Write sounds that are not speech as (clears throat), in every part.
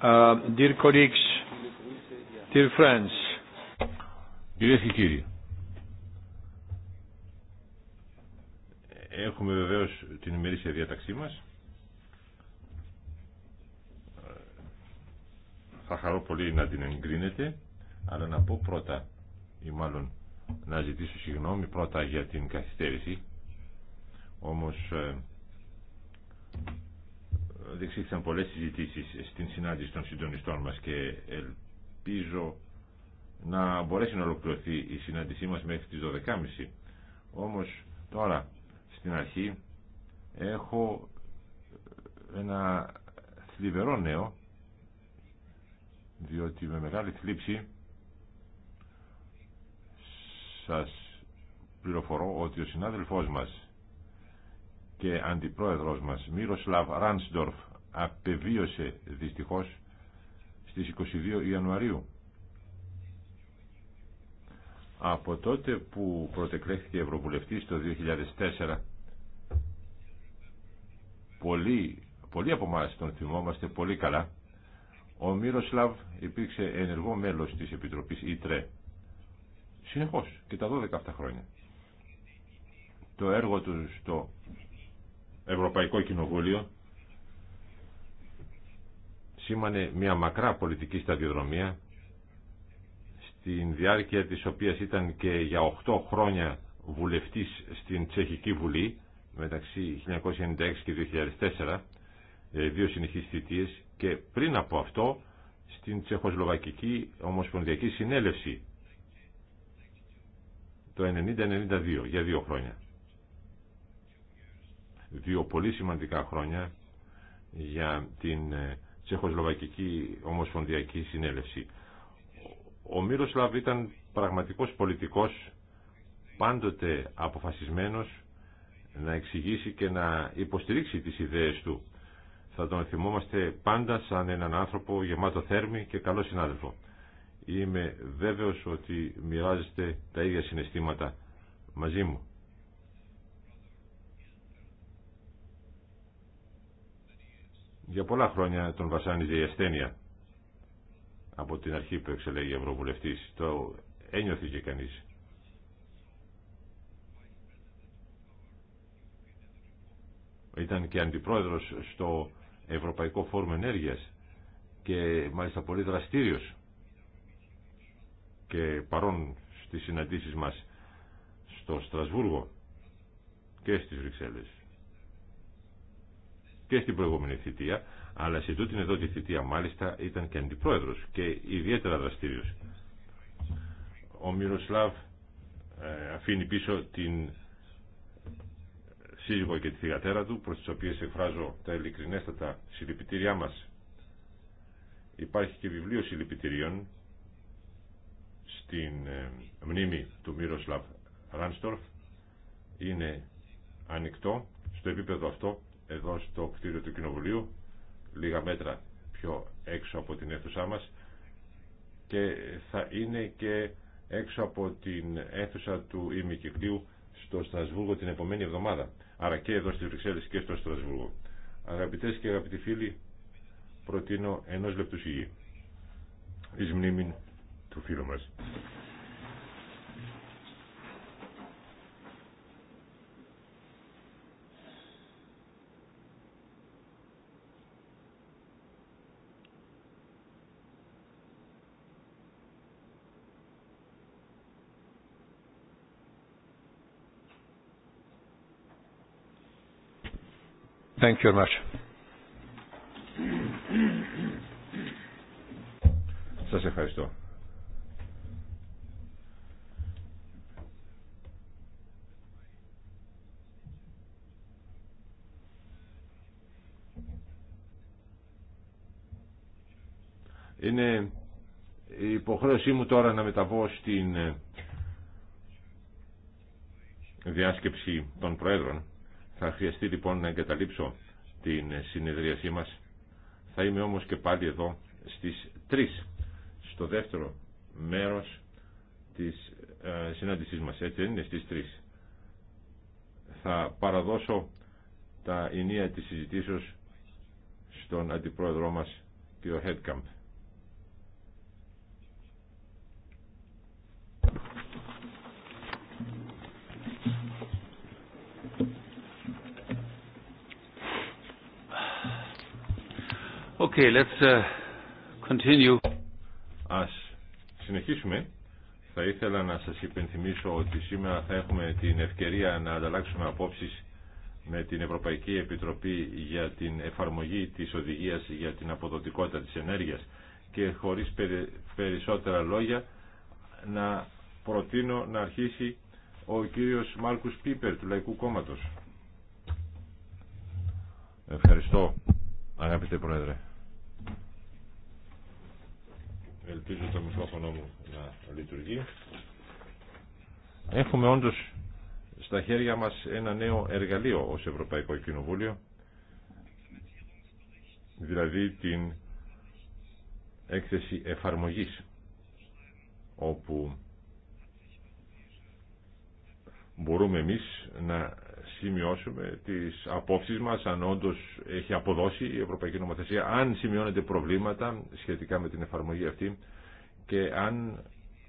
Uh, dear colleagues, dear friends. Κυρίες και κύριοι, έχουμε βεβαίως την ημερήσια διάταξή μας. Θα χαρώ πολύ να την εγκρίνετε, αλλά να πω πρώτα, ή μάλλον να ζητήσω συγγνώμη πρώτα για την καθυστέρηση, όμως ε, διεξήχθησαν πολλές συζητήσεις στην συνάντηση των συντονιστών μας και ελπίζω να μπορέσει να ολοκληρωθεί η συνάντησή μας μέχρι τις 12.30. Όμως τώρα στην αρχή έχω ένα θλιβερό νέο διότι με μεγάλη θλίψη σας πληροφορώ ότι ο συνάδελφός μας και αντιπρόεδρος μας Μύροσλαβ Ράνσντορφ απεβίωσε δυστυχώς στις 22 Ιανουαρίου. Από τότε που πρωτεκλέχθηκε Ευρωβουλευτής το 2004 πολλοί, πολλοί από εμά τον θυμόμαστε πολύ καλά ο Μύροσλαβ υπήρξε ενεργό μέλος της Επιτροπής ΙΤΡΕ συνεχώς και τα 12 αυτά χρόνια. Το έργο του στο Ευρωπαϊκό Κοινοβούλιο σήμανε μια μακρά πολιτική σταδιοδρομία στην διάρκεια της οποίας ήταν και για 8 χρόνια βουλευτής στην Τσεχική Βουλή μεταξύ 1996 και 2004 δύο ε, συνεχείς θητείες και πριν από αυτό στην Τσεχοσλοβακική Ομοσπονδιακή Συνέλευση το 1992 για δύο χρόνια δύο πολύ σημαντικά χρόνια για την ε, Τσεχοσλοβακική Ομοσπονδιακή Συνέλευση. Ο Λαβ ήταν πραγματικός πολιτικός, πάντοτε αποφασισμένος να εξηγήσει και να υποστηρίξει τις ιδέες του. Θα τον θυμόμαστε πάντα σαν έναν άνθρωπο γεμάτο θέρμη και καλό συνάδελφο. Είμαι βέβαιος ότι μοιράζεστε τα ίδια συναισθήματα μαζί μου. Για πολλά χρόνια τον βασάνιζε η ασθένεια. Από την αρχή που εξελέγει Ευρωβουλευτής, το ένιωθε και κανείς. Ήταν και αντιπρόεδρος στο Ευρωπαϊκό Φόρουμ Ενέργειας και μάλιστα πολύ δραστήριος και παρόν στις συναντήσεις μας στο Στρασβούργο και στις Βρυξέλλες και στην προηγούμενη θητεία, αλλά σε τούτην εδώ τη θητεία μάλιστα ήταν και αντιπρόεδρος και ιδιαίτερα δραστήριος. Ο Μυροσλάβ ε, αφήνει πίσω την σύζυγο και τη θηγατέρα του, προς τις οποίες εκφράζω τα ειλικρινέστατα συλληπιτήριά μας. Υπάρχει και βιβλίο συλληπιτηρίων στην ε, μνήμη του Μύροσλαβ Ράνστορφ. Είναι ανοιχτό στο επίπεδο αυτό εδώ στο κτίριο του Κοινοβουλίου, λίγα μέτρα πιο έξω από την αίθουσά μας και θα είναι και έξω από την αίθουσα του ημικυκλίου στο Στρασβούργο την επόμενη εβδομάδα. Άρα και εδώ στις Βρυξέλλες και στο Στρασβούργο. Αγαπητές και αγαπητοί φίλοι, προτείνω ενός λεπτού σιγή. Εις μνήμην του φίλου μας. Thank Σας ευχαριστώ. Είναι η υποχρέωσή μου τώρα να μεταβώ στην ε, διάσκεψη των Προέδρων. Θα χρειαστεί λοιπόν να εγκαταλείψω την συνεδρίασή μας. Θα είμαι όμως και πάλι εδώ στις 3, στο δεύτερο μέρος της ε, συνάντησής μας. Έτσι είναι στις 3. Θα παραδώσω τα ενία της συζητήσεως στον αντιπρόεδρό μας, κύριο Headcamp. Okay, let's uh, Ας συνεχίσουμε. Θα ήθελα να σας υπενθυμίσω ότι σήμερα θα έχουμε την ευκαιρία να ανταλλάξουμε απόψεις με την Ευρωπαϊκή Επιτροπή για την εφαρμογή της οδηγίας για την αποδοτικότητα της ενέργειας και χωρίς περισσότερα λόγια να προτείνω να αρχίσει ο κύριος Μάρκους Πίπερ του Λαϊκού Κόμματος. Ευχαριστώ, αγαπητέ Πρόεδρε. Ελπίζω το μικρόφωνο μου να λειτουργεί. Έχουμε όντως στα χέρια μας ένα νέο εργαλείο ως Ευρωπαϊκό Κοινοβούλιο, δηλαδή την έκθεση εφαρμογής, όπου μπορούμε εμείς να σημειώσουμε τις απόψεις μας αν όντω έχει αποδώσει η Ευρωπαϊκή Νομοθεσία, αν σημειώνονται προβλήματα σχετικά με την εφαρμογή αυτή και αν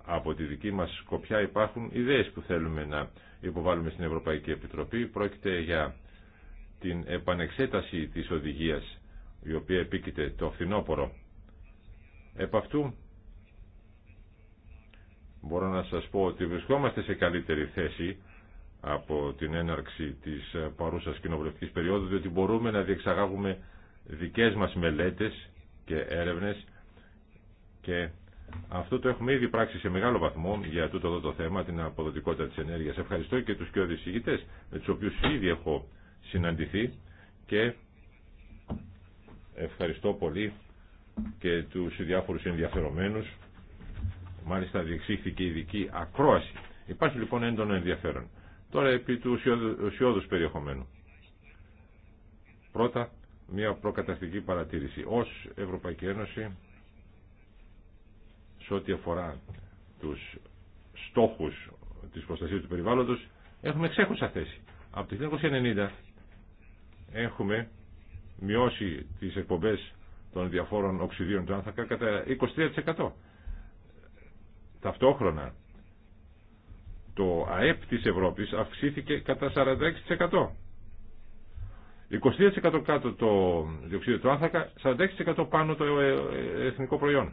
από τη δική μας σκοπιά υπάρχουν ιδέες που θέλουμε να υποβάλουμε στην Ευρωπαϊκή Επιτροπή. Πρόκειται για την επανεξέταση της οδηγίας η οποία επίκειται το φθινόπωρο. Επ' αυτού μπορώ να σας πω ότι βρισκόμαστε σε καλύτερη θέση από την έναρξη της ε, παρούσας κοινοβουλευτικής περίοδου, διότι μπορούμε να διεξαγάγουμε δικές μας μελέτες και έρευνες και αυτό το έχουμε ήδη πράξει σε μεγάλο βαθμό για τούτο εδώ το θέμα, την αποδοτικότητα της ενέργειας. Ευχαριστώ και τους και με τους οποίους ήδη έχω συναντηθεί και ευχαριστώ πολύ και τους διάφορους ενδιαφερομένους. Μάλιστα διεξήχθηκε ειδική ακρόαση. Υπάρχει λοιπόν έντονο ενδιαφέρον. Τώρα επί του ουσιώδους περιεχομένου. Πρώτα, μια προκαταστική παρατήρηση. Ως Ευρωπαϊκή Ένωση, σε ό,τι αφορά τους στόχους της προστασίας του περιβάλλοντος, έχουμε εξέχουσα θέση. Από το 1990 έχουμε μειώσει τις εκπομπές των διαφόρων οξυδίων του άνθρακα κατά 23%. Ταυτόχρονα το ΑΕΠ της Ευρώπης αυξήθηκε κατά 46%. 22% κάτω το διοξείδιο του άνθρακα, 46% πάνω το ε, ε, εθνικό προϊόν.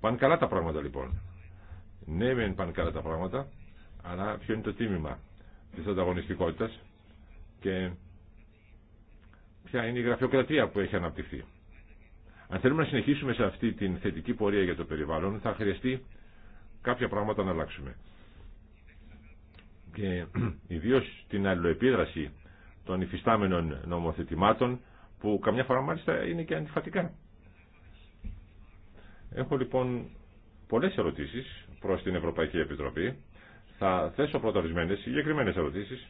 Πάνε καλά τα πράγματα λοιπόν. Ναι, μεν πάνε καλά τα πράγματα, αλλά ποιο είναι το τίμημα της ανταγωνιστικότητας και ποια είναι η γραφειοκρατία που έχει αναπτυχθεί. Αν θέλουμε να συνεχίσουμε σε αυτή την θετική πορεία για το περιβάλλον, θα χρειαστεί κάποια πράγματα να αλλάξουμε. Και (clears throat) ιδίω την αλληλοεπίδραση των υφιστάμενων νομοθετημάτων που καμιά φορά μάλιστα είναι και αντιφατικά. Έχω λοιπόν πολλές ερωτήσεις προς την Ευρωπαϊκή Επιτροπή. Θα θέσω πρώτα ορισμένες συγκεκριμένες ερωτήσεις.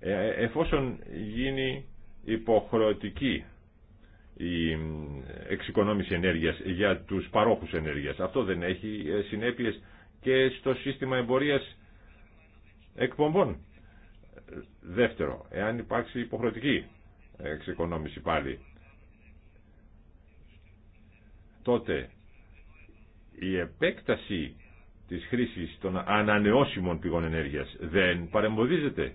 Ε, ε εφόσον γίνει υποχρεωτική η εξοικονόμηση ενέργειας για τους παρόχους ενέργειας. Αυτό δεν έχει ε, συνέπειες και στο σύστημα εμπορίας εκπομπών. Δεύτερο, εάν υπάρξει υποχρεωτική εξοικονόμηση πάλι, τότε η επέκταση της χρήσης των ανανεώσιμων πηγών ενέργειας δεν παρεμποδίζεται.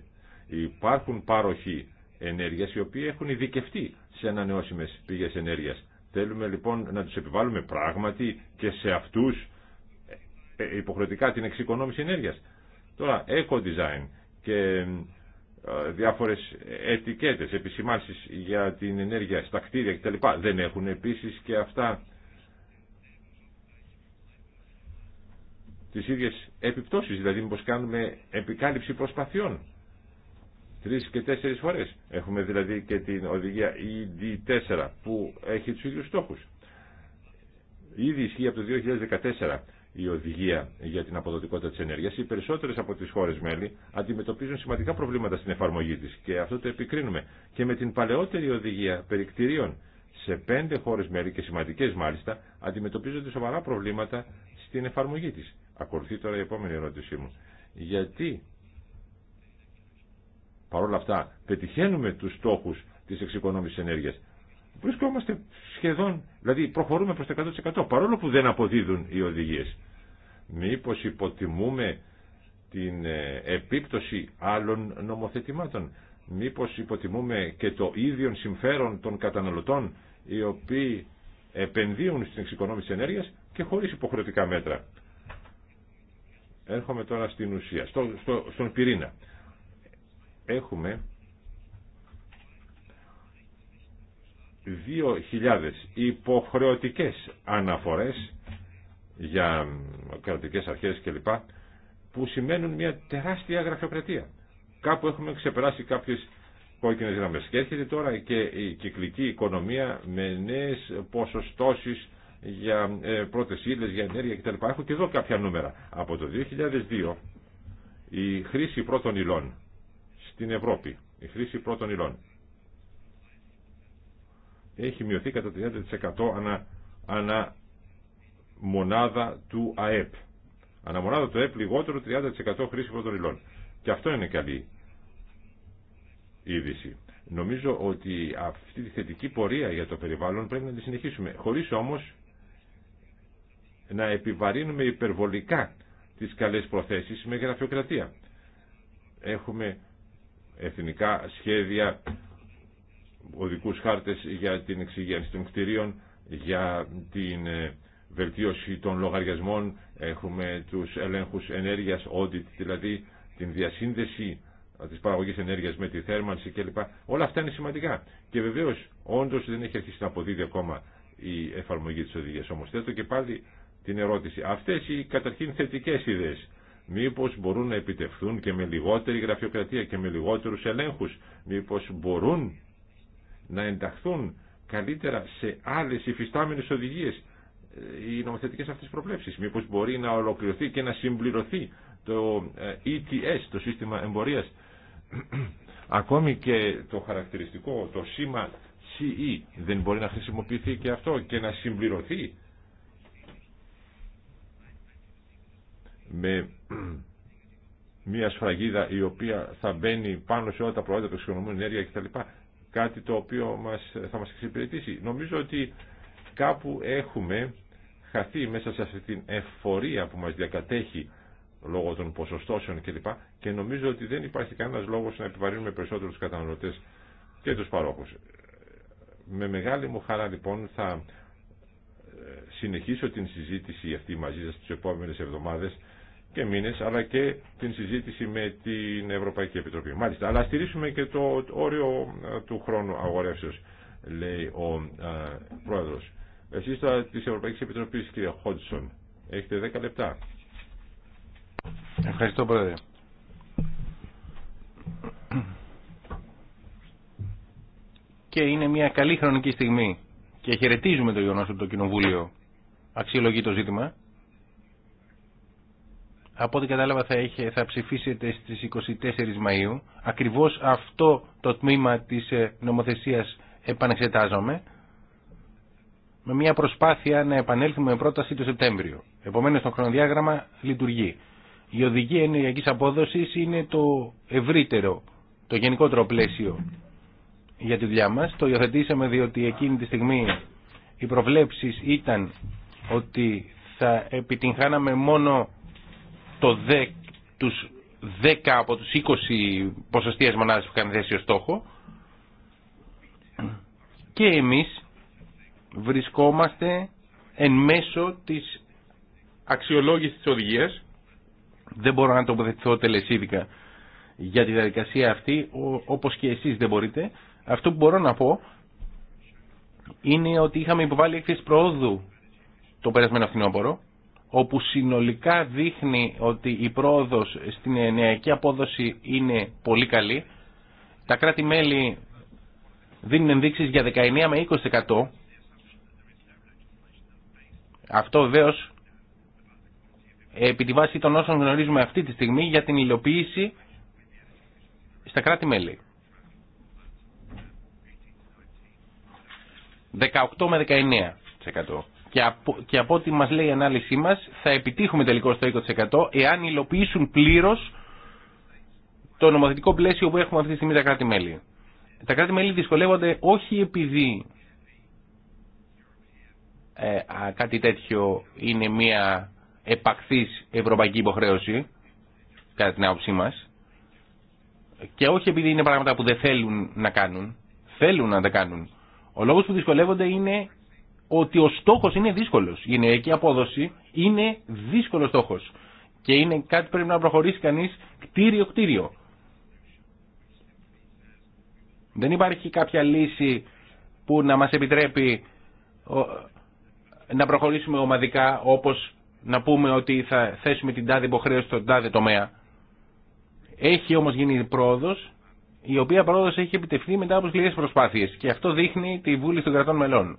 Υπάρχουν πάροχοι Ενέργειες οι οποίοι έχουν ειδικευτεί σε ανανεώσιμες πηγές ενέργειας. Θέλουμε λοιπόν να του επιβάλλουμε πράγματι και σε αυτούς ε, ε, υποχρεωτικά την εξοικονόμηση ενέργειας. Τώρα, eco-design και ε, διάφορες ετικέτε, επισημάνσει για την ενέργεια στα κτίρια κτλ. Δεν έχουν επίσης και αυτά τις ίδιες επιπτώσεις, δηλαδή μήπως κάνουμε επικάλυψη προσπαθειών. Τρει και τέσσερι φορέ Έχουμε δηλαδή και την οδηγία ED4 που έχει του ίδιου στόχου. Ήδη ισχύει από το 2014 η οδηγία για την αποδοτικότητα τη ενέργεια, Οι περισσότερε από τι χώρε μέλη αντιμετωπίζουν σημαντικά προβλήματα στην εφαρμογή τη και αυτό το επικρίνουμε. Και με την παλαιότερη οδηγία περί σε πέντε χώρε μέλη και σημαντικέ μάλιστα αντιμετωπίζονται σοβαρά προβλήματα στην εφαρμογή τη. Ακολουθεί τώρα η επόμενη ερώτησή μου. Γιατί Παρ' όλα αυτά πετυχαίνουμε τους στόχους της εξοικονόμησης ενέργειας. Βρισκόμαστε σχεδόν, δηλαδή προχωρούμε προς το 100% παρόλο που δεν αποδίδουν οι οδηγίες. Μήπω υποτιμούμε την ε, επίπτωση άλλων νομοθετημάτων. Μήπως υποτιμούμε και το ίδιο συμφέρον των καταναλωτών οι οποίοι επενδύουν στην εξοικονόμηση ενέργειας και χωρίς υποχρεωτικά μέτρα. Έρχομαι τώρα στην ουσία, στον πυρήνα έχουμε 2.000 υποχρεωτικές αναφορές για κρατικές αρχές κλπ που σημαίνουν μια τεράστια γραφειοκρατία. Κάπου έχουμε ξεπεράσει κάποιες κόκκινες γραμμές. Και έρχεται τώρα και η κυκλική οικονομία με νέες ποσοστώσεις για ε, πρώτες ύλες, για ενέργεια κτλ. Έχω και εδώ κάποια νούμερα. Από το 2002 η χρήση πρώτων υλών στην Ευρώπη, η χρήση πρώτων υλών, έχει μειωθεί κατά 30% ανά, ανά μονάδα του ΑΕΠ. Ανά μονάδα του ΑΕΠ λιγότερο 30% χρήση πρώτων υλών. Και αυτό είναι καλή είδηση. Νομίζω ότι αυτή τη θετική πορεία για το περιβάλλον πρέπει να τη συνεχίσουμε. Χωρίς όμως να επιβαρύνουμε υπερβολικά τις καλές προθέσεις με γραφειοκρατία. Έχουμε εθνικά σχέδια, οδικούς χάρτες για την εξυγένση των κτηρίων, για την ε, βελτίωση των λογαριασμών, έχουμε τους ελέγχους ενέργειας, audit δηλαδή, την διασύνδεση ε, της παραγωγής ενέργειας με τη θέρμανση κλπ. Όλα αυτά είναι σημαντικά. Και βεβαίως όντως δεν έχει αρχίσει να αποδίδει ακόμα η εφαρμογή της οδηγίας. Όμως θέτω και πάλι την ερώτηση. Αυτές οι καταρχήν θετικές ιδέες Μήπως μπορούν να επιτευχθούν και με λιγότερη γραφειοκρατία και με λιγότερους ελέγχους. Μήπως μπορούν να ενταχθούν καλύτερα σε άλλες υφιστάμενες οδηγίες ε, οι νομοθετικές αυτές προβλέψεις. Μήπως μπορεί να ολοκληρωθεί και να συμπληρωθεί το ε, ETS, το σύστημα εμπορίας. (clears throat) Ακόμη και το χαρακτηριστικό, το σήμα CE δεν μπορεί να χρησιμοποιηθεί και αυτό και να συμπληρωθεί με (clears throat) μια σφραγίδα η οποία θα μπαίνει πάνω σε όλα τα προϊόντα που εξοικονομούν ενέργεια κτλ. Κάτι το οποίο μας, θα μας εξυπηρετήσει. Νομίζω ότι κάπου έχουμε χαθεί μέσα σε αυτή την εφορία που μας διακατέχει λόγω των ποσοστώσεων κλπ. Και νομίζω ότι δεν υπάρχει κανένας λόγος να επιβαρύνουμε περισσότερους καταναλωτές και τους παρόχους. Με μεγάλη μου χαρά λοιπόν θα ε, συνεχίσω την συζήτηση αυτή μαζί σας τις επόμενες εβδομάδες και μήνες, αλλά και την συζήτηση με την Ευρωπαϊκή Επιτροπή. Μάλιστα, αλλά στηρίσουμε και το όριο ε, του χρόνου αγορεύσεως, λέει ο πρόεδρο. Πρόεδρος. Εσείς τα, της Ευρωπαϊκής Επιτροπής, κύριε Χόντσον, έχετε 10 λεπτά. Ευχαριστώ, Πρόεδρε. Και είναι μια καλή χρονική στιγμή και χαιρετίζουμε το γεγονό ότι το Κοινοβούλιο αξιολογεί το ζήτημα από ό,τι κατάλαβα θα, είχε, θα ψηφίσετε στις 24 Μαΐου. Ακριβώς αυτό το τμήμα της ε, νομοθεσίας επανεξετάζομαι με μια προσπάθεια να επανέλθουμε με πρόταση το Σεπτέμβριο. Επομένως το χρονοδιάγραμμα λειτουργεί. Η οδηγία ενεργειακής απόδοσης είναι το ευρύτερο, το γενικότερο πλαίσιο για τη δουλειά μας. Το υιοθετήσαμε διότι εκείνη τη στιγμή οι προβλέψεις ήταν ότι θα επιτυγχάναμε μόνο το τους 10 από τους 20 ποσοστίες μονάδες που είχαν θέσει ως στόχο και εμείς βρισκόμαστε εν μέσω της αξιολόγησης της οδηγίας δεν μπορώ να τοποθετηθώ τελεσίδικα για τη διαδικασία αυτή όπως και εσείς δεν μπορείτε αυτό που μπορώ να πω είναι ότι είχαμε υποβάλει έκθεση προόδου το περασμένο φθινόπωρο όπου συνολικά δείχνει ότι η πρόοδος στην ενιακή απόδοση είναι πολύ καλή. Τα κράτη-μέλη δίνουν ενδείξεις για 19 με 20%. Αυτό βεβαίω επί τη βάση των όσων γνωρίζουμε αυτή τη στιγμή για την υλοποίηση στα κράτη-μέλη. 18 με 19% και από, και ό,τι μας λέει η ανάλυση μας θα επιτύχουμε τελικώς το 20% εάν υλοποιήσουν πλήρως το νομοθετικό πλαίσιο που έχουμε αυτή τη στιγμή τα κράτη-μέλη. Τα κράτη-μέλη δυσκολεύονται όχι επειδή ε, κάτι τέτοιο είναι μια επακθής ευρωπαϊκή υποχρέωση, κατά την άποψή μας, και όχι επειδή είναι πράγματα που δεν θέλουν να κάνουν, θέλουν να τα κάνουν. Ο λόγος που δυσκολεύονται είναι ότι ο στόχος είναι δύσκολος. Η εκεί απόδοση είναι δύσκολος στόχος. Και είναι κάτι που πρέπει να προχωρήσει κανείς κτίριο-κτίριο. Δεν υπάρχει κάποια λύση που να μας επιτρέπει να προχωρήσουμε ομαδικά όπως να πούμε ότι θα θέσουμε την τάδε υποχρέωση στον τάδε τομέα. Έχει όμως γίνει πρόοδος, η οποία πρόοδος έχει επιτευχθεί μετά από σκληρές προσπάθειες και αυτό δείχνει τη βούληση των κρατών μελών.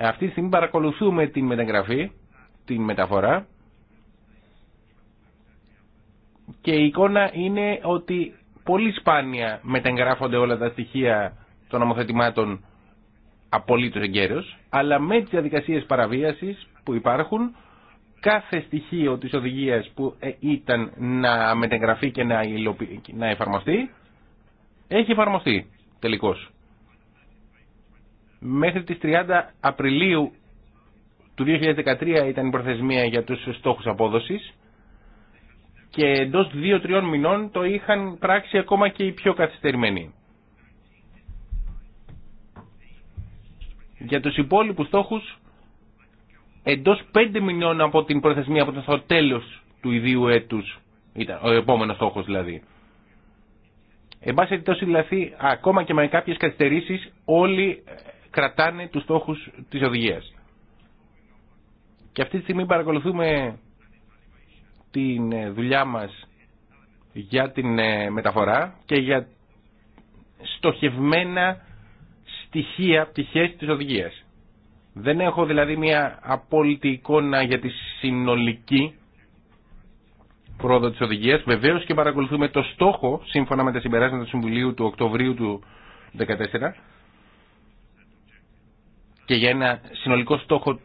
Αυτή τη στιγμή παρακολουθούμε την μεταγραφή, την μεταφορά και η εικόνα είναι ότι πολύ σπάνια μεταγράφονται όλα τα στοιχεία των νομοθετημάτων απολύτως εγκαίρως, αλλά με τις διαδικασίες παραβίασης που υπάρχουν, κάθε στοιχείο της οδηγίας που ε, ήταν να μεταγραφεί και να, να εφαρμοστεί, έχει εφαρμοστεί τελικώς. Μέχρι τις 30 Απριλίου του 2013 ήταν η προθεσμία για τους στόχους απόδοσης και εντος 2 2-3 μηνών το είχαν πράξει ακόμα και οι πιο καθυστερημένοι. Για τους υπόλοιπους στόχους εντός 5 μηνών από την προθεσμία από το τέλος του ιδίου έτους ήταν ο επόμενος στόχος δηλαδή. Εν πάση δηλαδή, ακόμα και με κάποιες καθυστερήσεις όλοι κρατάνε τους στόχους της οδηγίας. Και αυτή τη στιγμή παρακολουθούμε την ε, δουλειά μας για την ε, μεταφορά και για στοχευμένα στοιχεία, πτυχές της οδηγίας. Δεν έχω δηλαδή μια απόλυτη εικόνα για τη συνολική πρόοδο της οδηγίας. Βεβαίως και παρακολουθούμε το στόχο, σύμφωνα με τα συμπεράσματα του Συμβουλίου του Οκτωβρίου του 2014, και για ένα συνολικό στόχο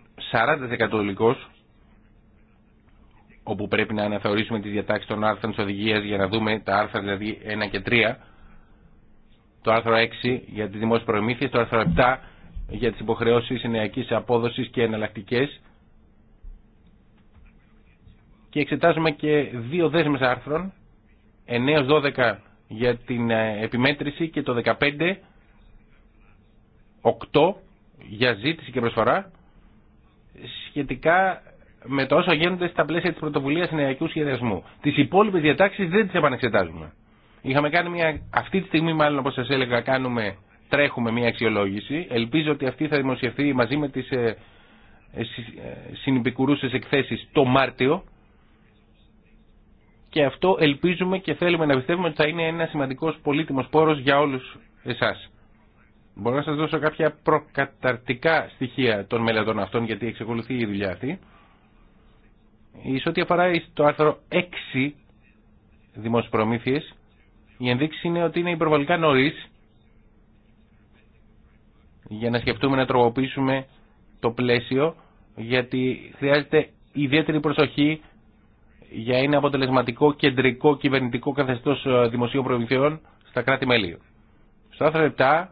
40% υλικό, όπου πρέπει να αναθεωρήσουμε τις διατάξεις των άρθρων της οδηγίας για να δούμε τα άρθρα δηλαδή 1 και 3, το άρθρο 6 για τις δημόσιες προμήθειες, το άρθρο 7 για τις υποχρεώσεις νεακή απόδοσης και εναλλακτικέ. Και εξετάζουμε και δύο δέσμες άρθρων, 9-12 για την ε, επιμέτρηση και το 15, 8 για ζήτηση και προσφορά σχετικά με το όσο γίνονται στα πλαίσια της πρωτοβουλίας νεαϊκού σχεδιασμού. Τις υπόλοιπες διατάξεις δεν τις επανεξετάζουμε. Είχαμε κάνει μια, αυτή τη στιγμή μάλλον όπως σας έλεγα κάνουμε, τρέχουμε μια αξιολόγηση. Ελπίζω ότι αυτή θα δημοσιευθεί μαζί με τις ε, ε, ε συνυπικουρούσες εκθέσεις το Μάρτιο και αυτό ελπίζουμε και θέλουμε να πιστεύουμε ότι θα είναι ένα σημαντικός πολύτιμος πόρος για όλους εσάς. Μπορώ να σας δώσω κάποια προκαταρτικά στοιχεία των μελετών αυτών γιατί εξεκολουθεί η δουλειά αυτή. Σε ό,τι αφορά το άρθρο 6 δημόσιες προμήθειες, η ενδείξη είναι ότι είναι υπερβολικά νωρί για να σκεφτούμε να τροποποιήσουμε το πλαίσιο γιατί χρειάζεται ιδιαίτερη προσοχή για ένα αποτελεσματικό κεντρικό κυβερνητικό καθεστώς δημοσίων προμηθειών στα κράτη-μέλη. Στο άρθρο 7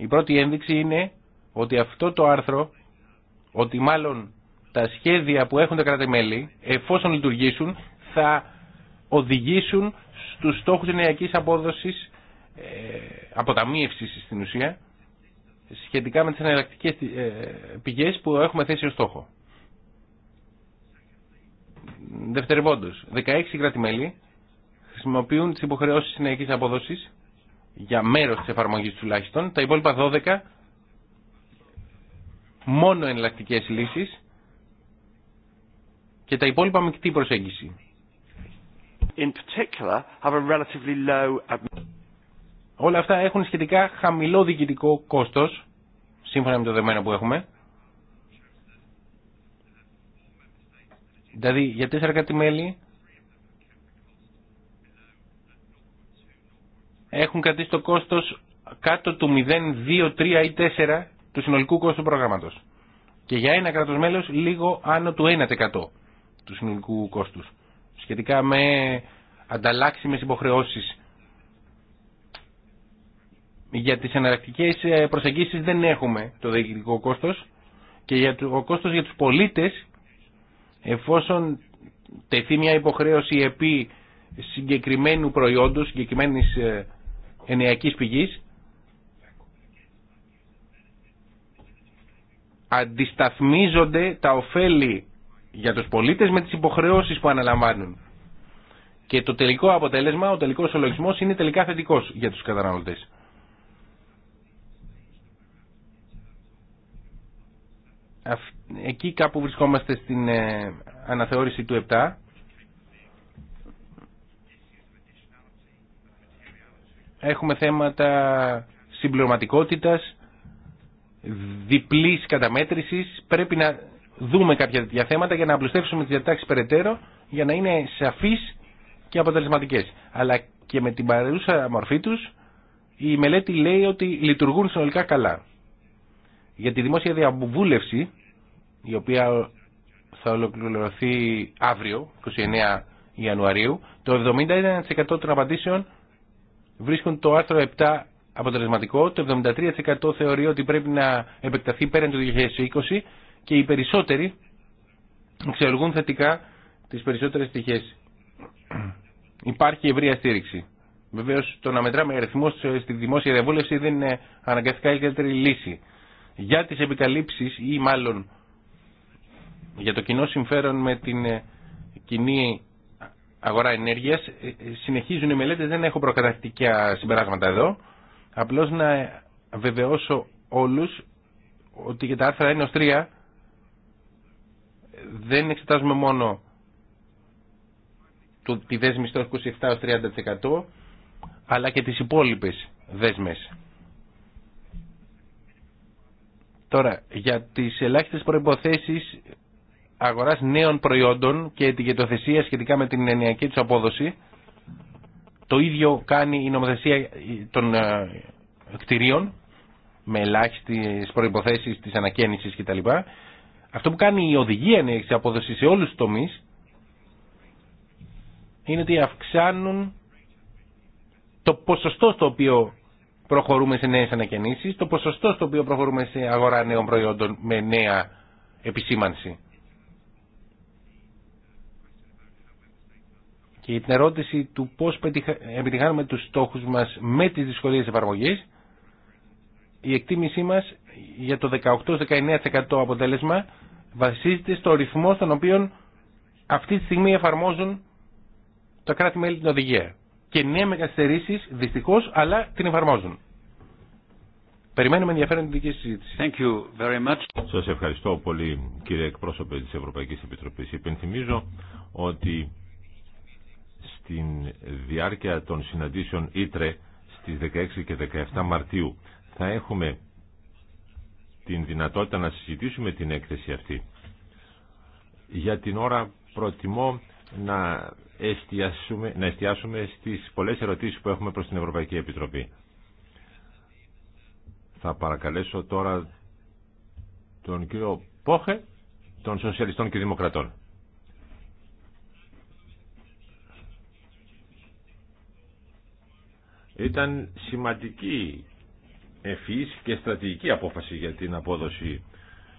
η πρώτη ένδειξη είναι ότι αυτό το άρθρο, ότι μάλλον τα σχέδια που έχουν τα κράτη-μέλη, εφόσον λειτουργήσουν, θα οδηγήσουν στους στόχους ενεργειακής απόδοσης, ε, αποταμίευσης στην ουσία, σχετικά με τις εναλλακτικές ε, πηγές που έχουμε θέσει ως στόχο. Δευτερευόντως, 16 κράτη-μέλη χρησιμοποιούν τις υποχρεώσεις συνεργικής απόδοσης για μέρος της εφαρμογής τουλάχιστον, τα υπόλοιπα 12 μόνο εναλλακτικές λύσεις και τα υπόλοιπα μεικτή προσέγγιση. In particular, have a relatively low... Όλα αυτά έχουν σχετικά χαμηλό διοικητικό κόστος, σύμφωνα με το δεδομένο που έχουμε. Δηλαδή, για τέσσερα κάτι μέλη έχουν κρατήσει το κόστος κάτω του 0, 2, 3 ή 4 του συνολικού του προγράμματος. Και για ένα κράτος μέλος λίγο άνω του 1% του συνολικού κόστους. Σχετικά με ανταλλάξιμες υποχρεώσεις. Για τις εναλλακτικές ε, προσεγγίσεις δεν έχουμε το διοικητικό κόστος και για το κόστος για τους πολίτες εφόσον τεθεί μια υποχρέωση επί συγκεκριμένου προϊόντος, συγκεκριμένης ε, ενιακής πηγής αντισταθμίζονται τα ωφέλη για τους πολίτες με τις υποχρεώσεις που αναλαμβάνουν. Και το τελικό αποτέλεσμα, ο τελικός ολογισμός είναι τελικά θετικός για τους καταναλωτές. Εκεί κάπου βρισκόμαστε στην ε, αναθεώρηση του 7 Έχουμε θέματα συμπληρωματικότητας, διπλής καταμέτρησης. Πρέπει να δούμε κάποια τέτοια θέματα για να απλουστεύσουμε τι διατάξει περαιτέρω για να είναι σαφείς και αποτελεσματικές. Αλλά και με την παρελούσα μορφή τους η μελέτη λέει ότι λειτουργούν συνολικά καλά. Για τη δημόσια διαβούλευση, η οποία θα ολοκληρωθεί αύριο, 29 Ιανουαρίου, το 71% των απαντήσεων βρίσκουν το άρθρο 7 αποτελεσματικό, το 73% θεωρεί ότι πρέπει να επεκταθεί πέραν του 2020 και οι περισσότεροι εξεργούν θετικά τις περισσότερες στοιχές. (clears throat) Υπάρχει ευρία στήριξη. Βεβαίως το να μετράμε αριθμό στη δημόσια διαβούλευση δεν είναι αναγκαστικά η καλύτερη λύση. Για τις επικαλύψεις ή μάλλον για το κοινό συμφέρον με την ε, κοινή αγορά ενέργειας. Ε, ε, συνεχίζουν οι μελέτες, δεν έχω προκαταρκτικά συμπεράσματα εδώ. Απλώς να βεβαιώσω όλους ότι για τα άρθρα 1 3 ε, δεν εξετάζουμε μόνο το, τη δέσμη στο 27-30% αλλά και τις υπόλοιπες δέσμες. Τώρα, για τις ελάχιστες προϋποθέσεις αγοράς νέων προϊόντων και ετικετοθεσία σχετικά με την ενιακή της απόδοση. Το ίδιο κάνει η νομοθεσία ε, των ε, κτηρίων με ελάχιστες προϋποθέσεις της ανακαίνησης κτλ. Αυτό που κάνει η οδηγία ενιακής απόδοση σε όλους τους τομείς είναι ότι αυξάνουν το ποσοστό στο οποίο προχωρούμε σε νέες ανακαινήσεις, το ποσοστό στο οποίο προχωρούμε σε αγορά νέων προϊόντων με νέα επισήμανση. και την ερώτηση του πώς επιτυχάνουμε τους στόχους μας με τις δυσκολίες εφαρμογής, η εκτίμησή μας για το 18-19% αποτέλεσμα βασίζεται στο ρυθμό στον οποίο αυτή τη στιγμή εφαρμόζουν τα κράτη-μέλη την οδηγία. Και νέα με καθυστερήσεις, δυστυχώς, αλλά την εφαρμόζουν. Περιμένουμε ενδιαφέρον την δική συζήτηση. Thank Σας ευχαριστώ πολύ κύριε εκπρόσωπε της Ευρωπαϊκής Επιτροπής. Υπενθυμίζω ότι στην διάρκεια των συναντήσεων Ήτρε στις 16 και 17 Μαρτίου θα έχουμε την δυνατότητα να συζητήσουμε την έκθεση αυτή. Για την ώρα προτιμώ να εστιάσουμε, να εστιάσουμε στις πολλές ερωτήσεις που έχουμε προς την Ευρωπαϊκή Επιτροπή. Θα παρακαλέσω τώρα τον κύριο Πόχε των Σοσιαλιστών και Δημοκρατών. Ήταν σημαντική ευφυής και στρατηγική απόφαση για την απόδοση,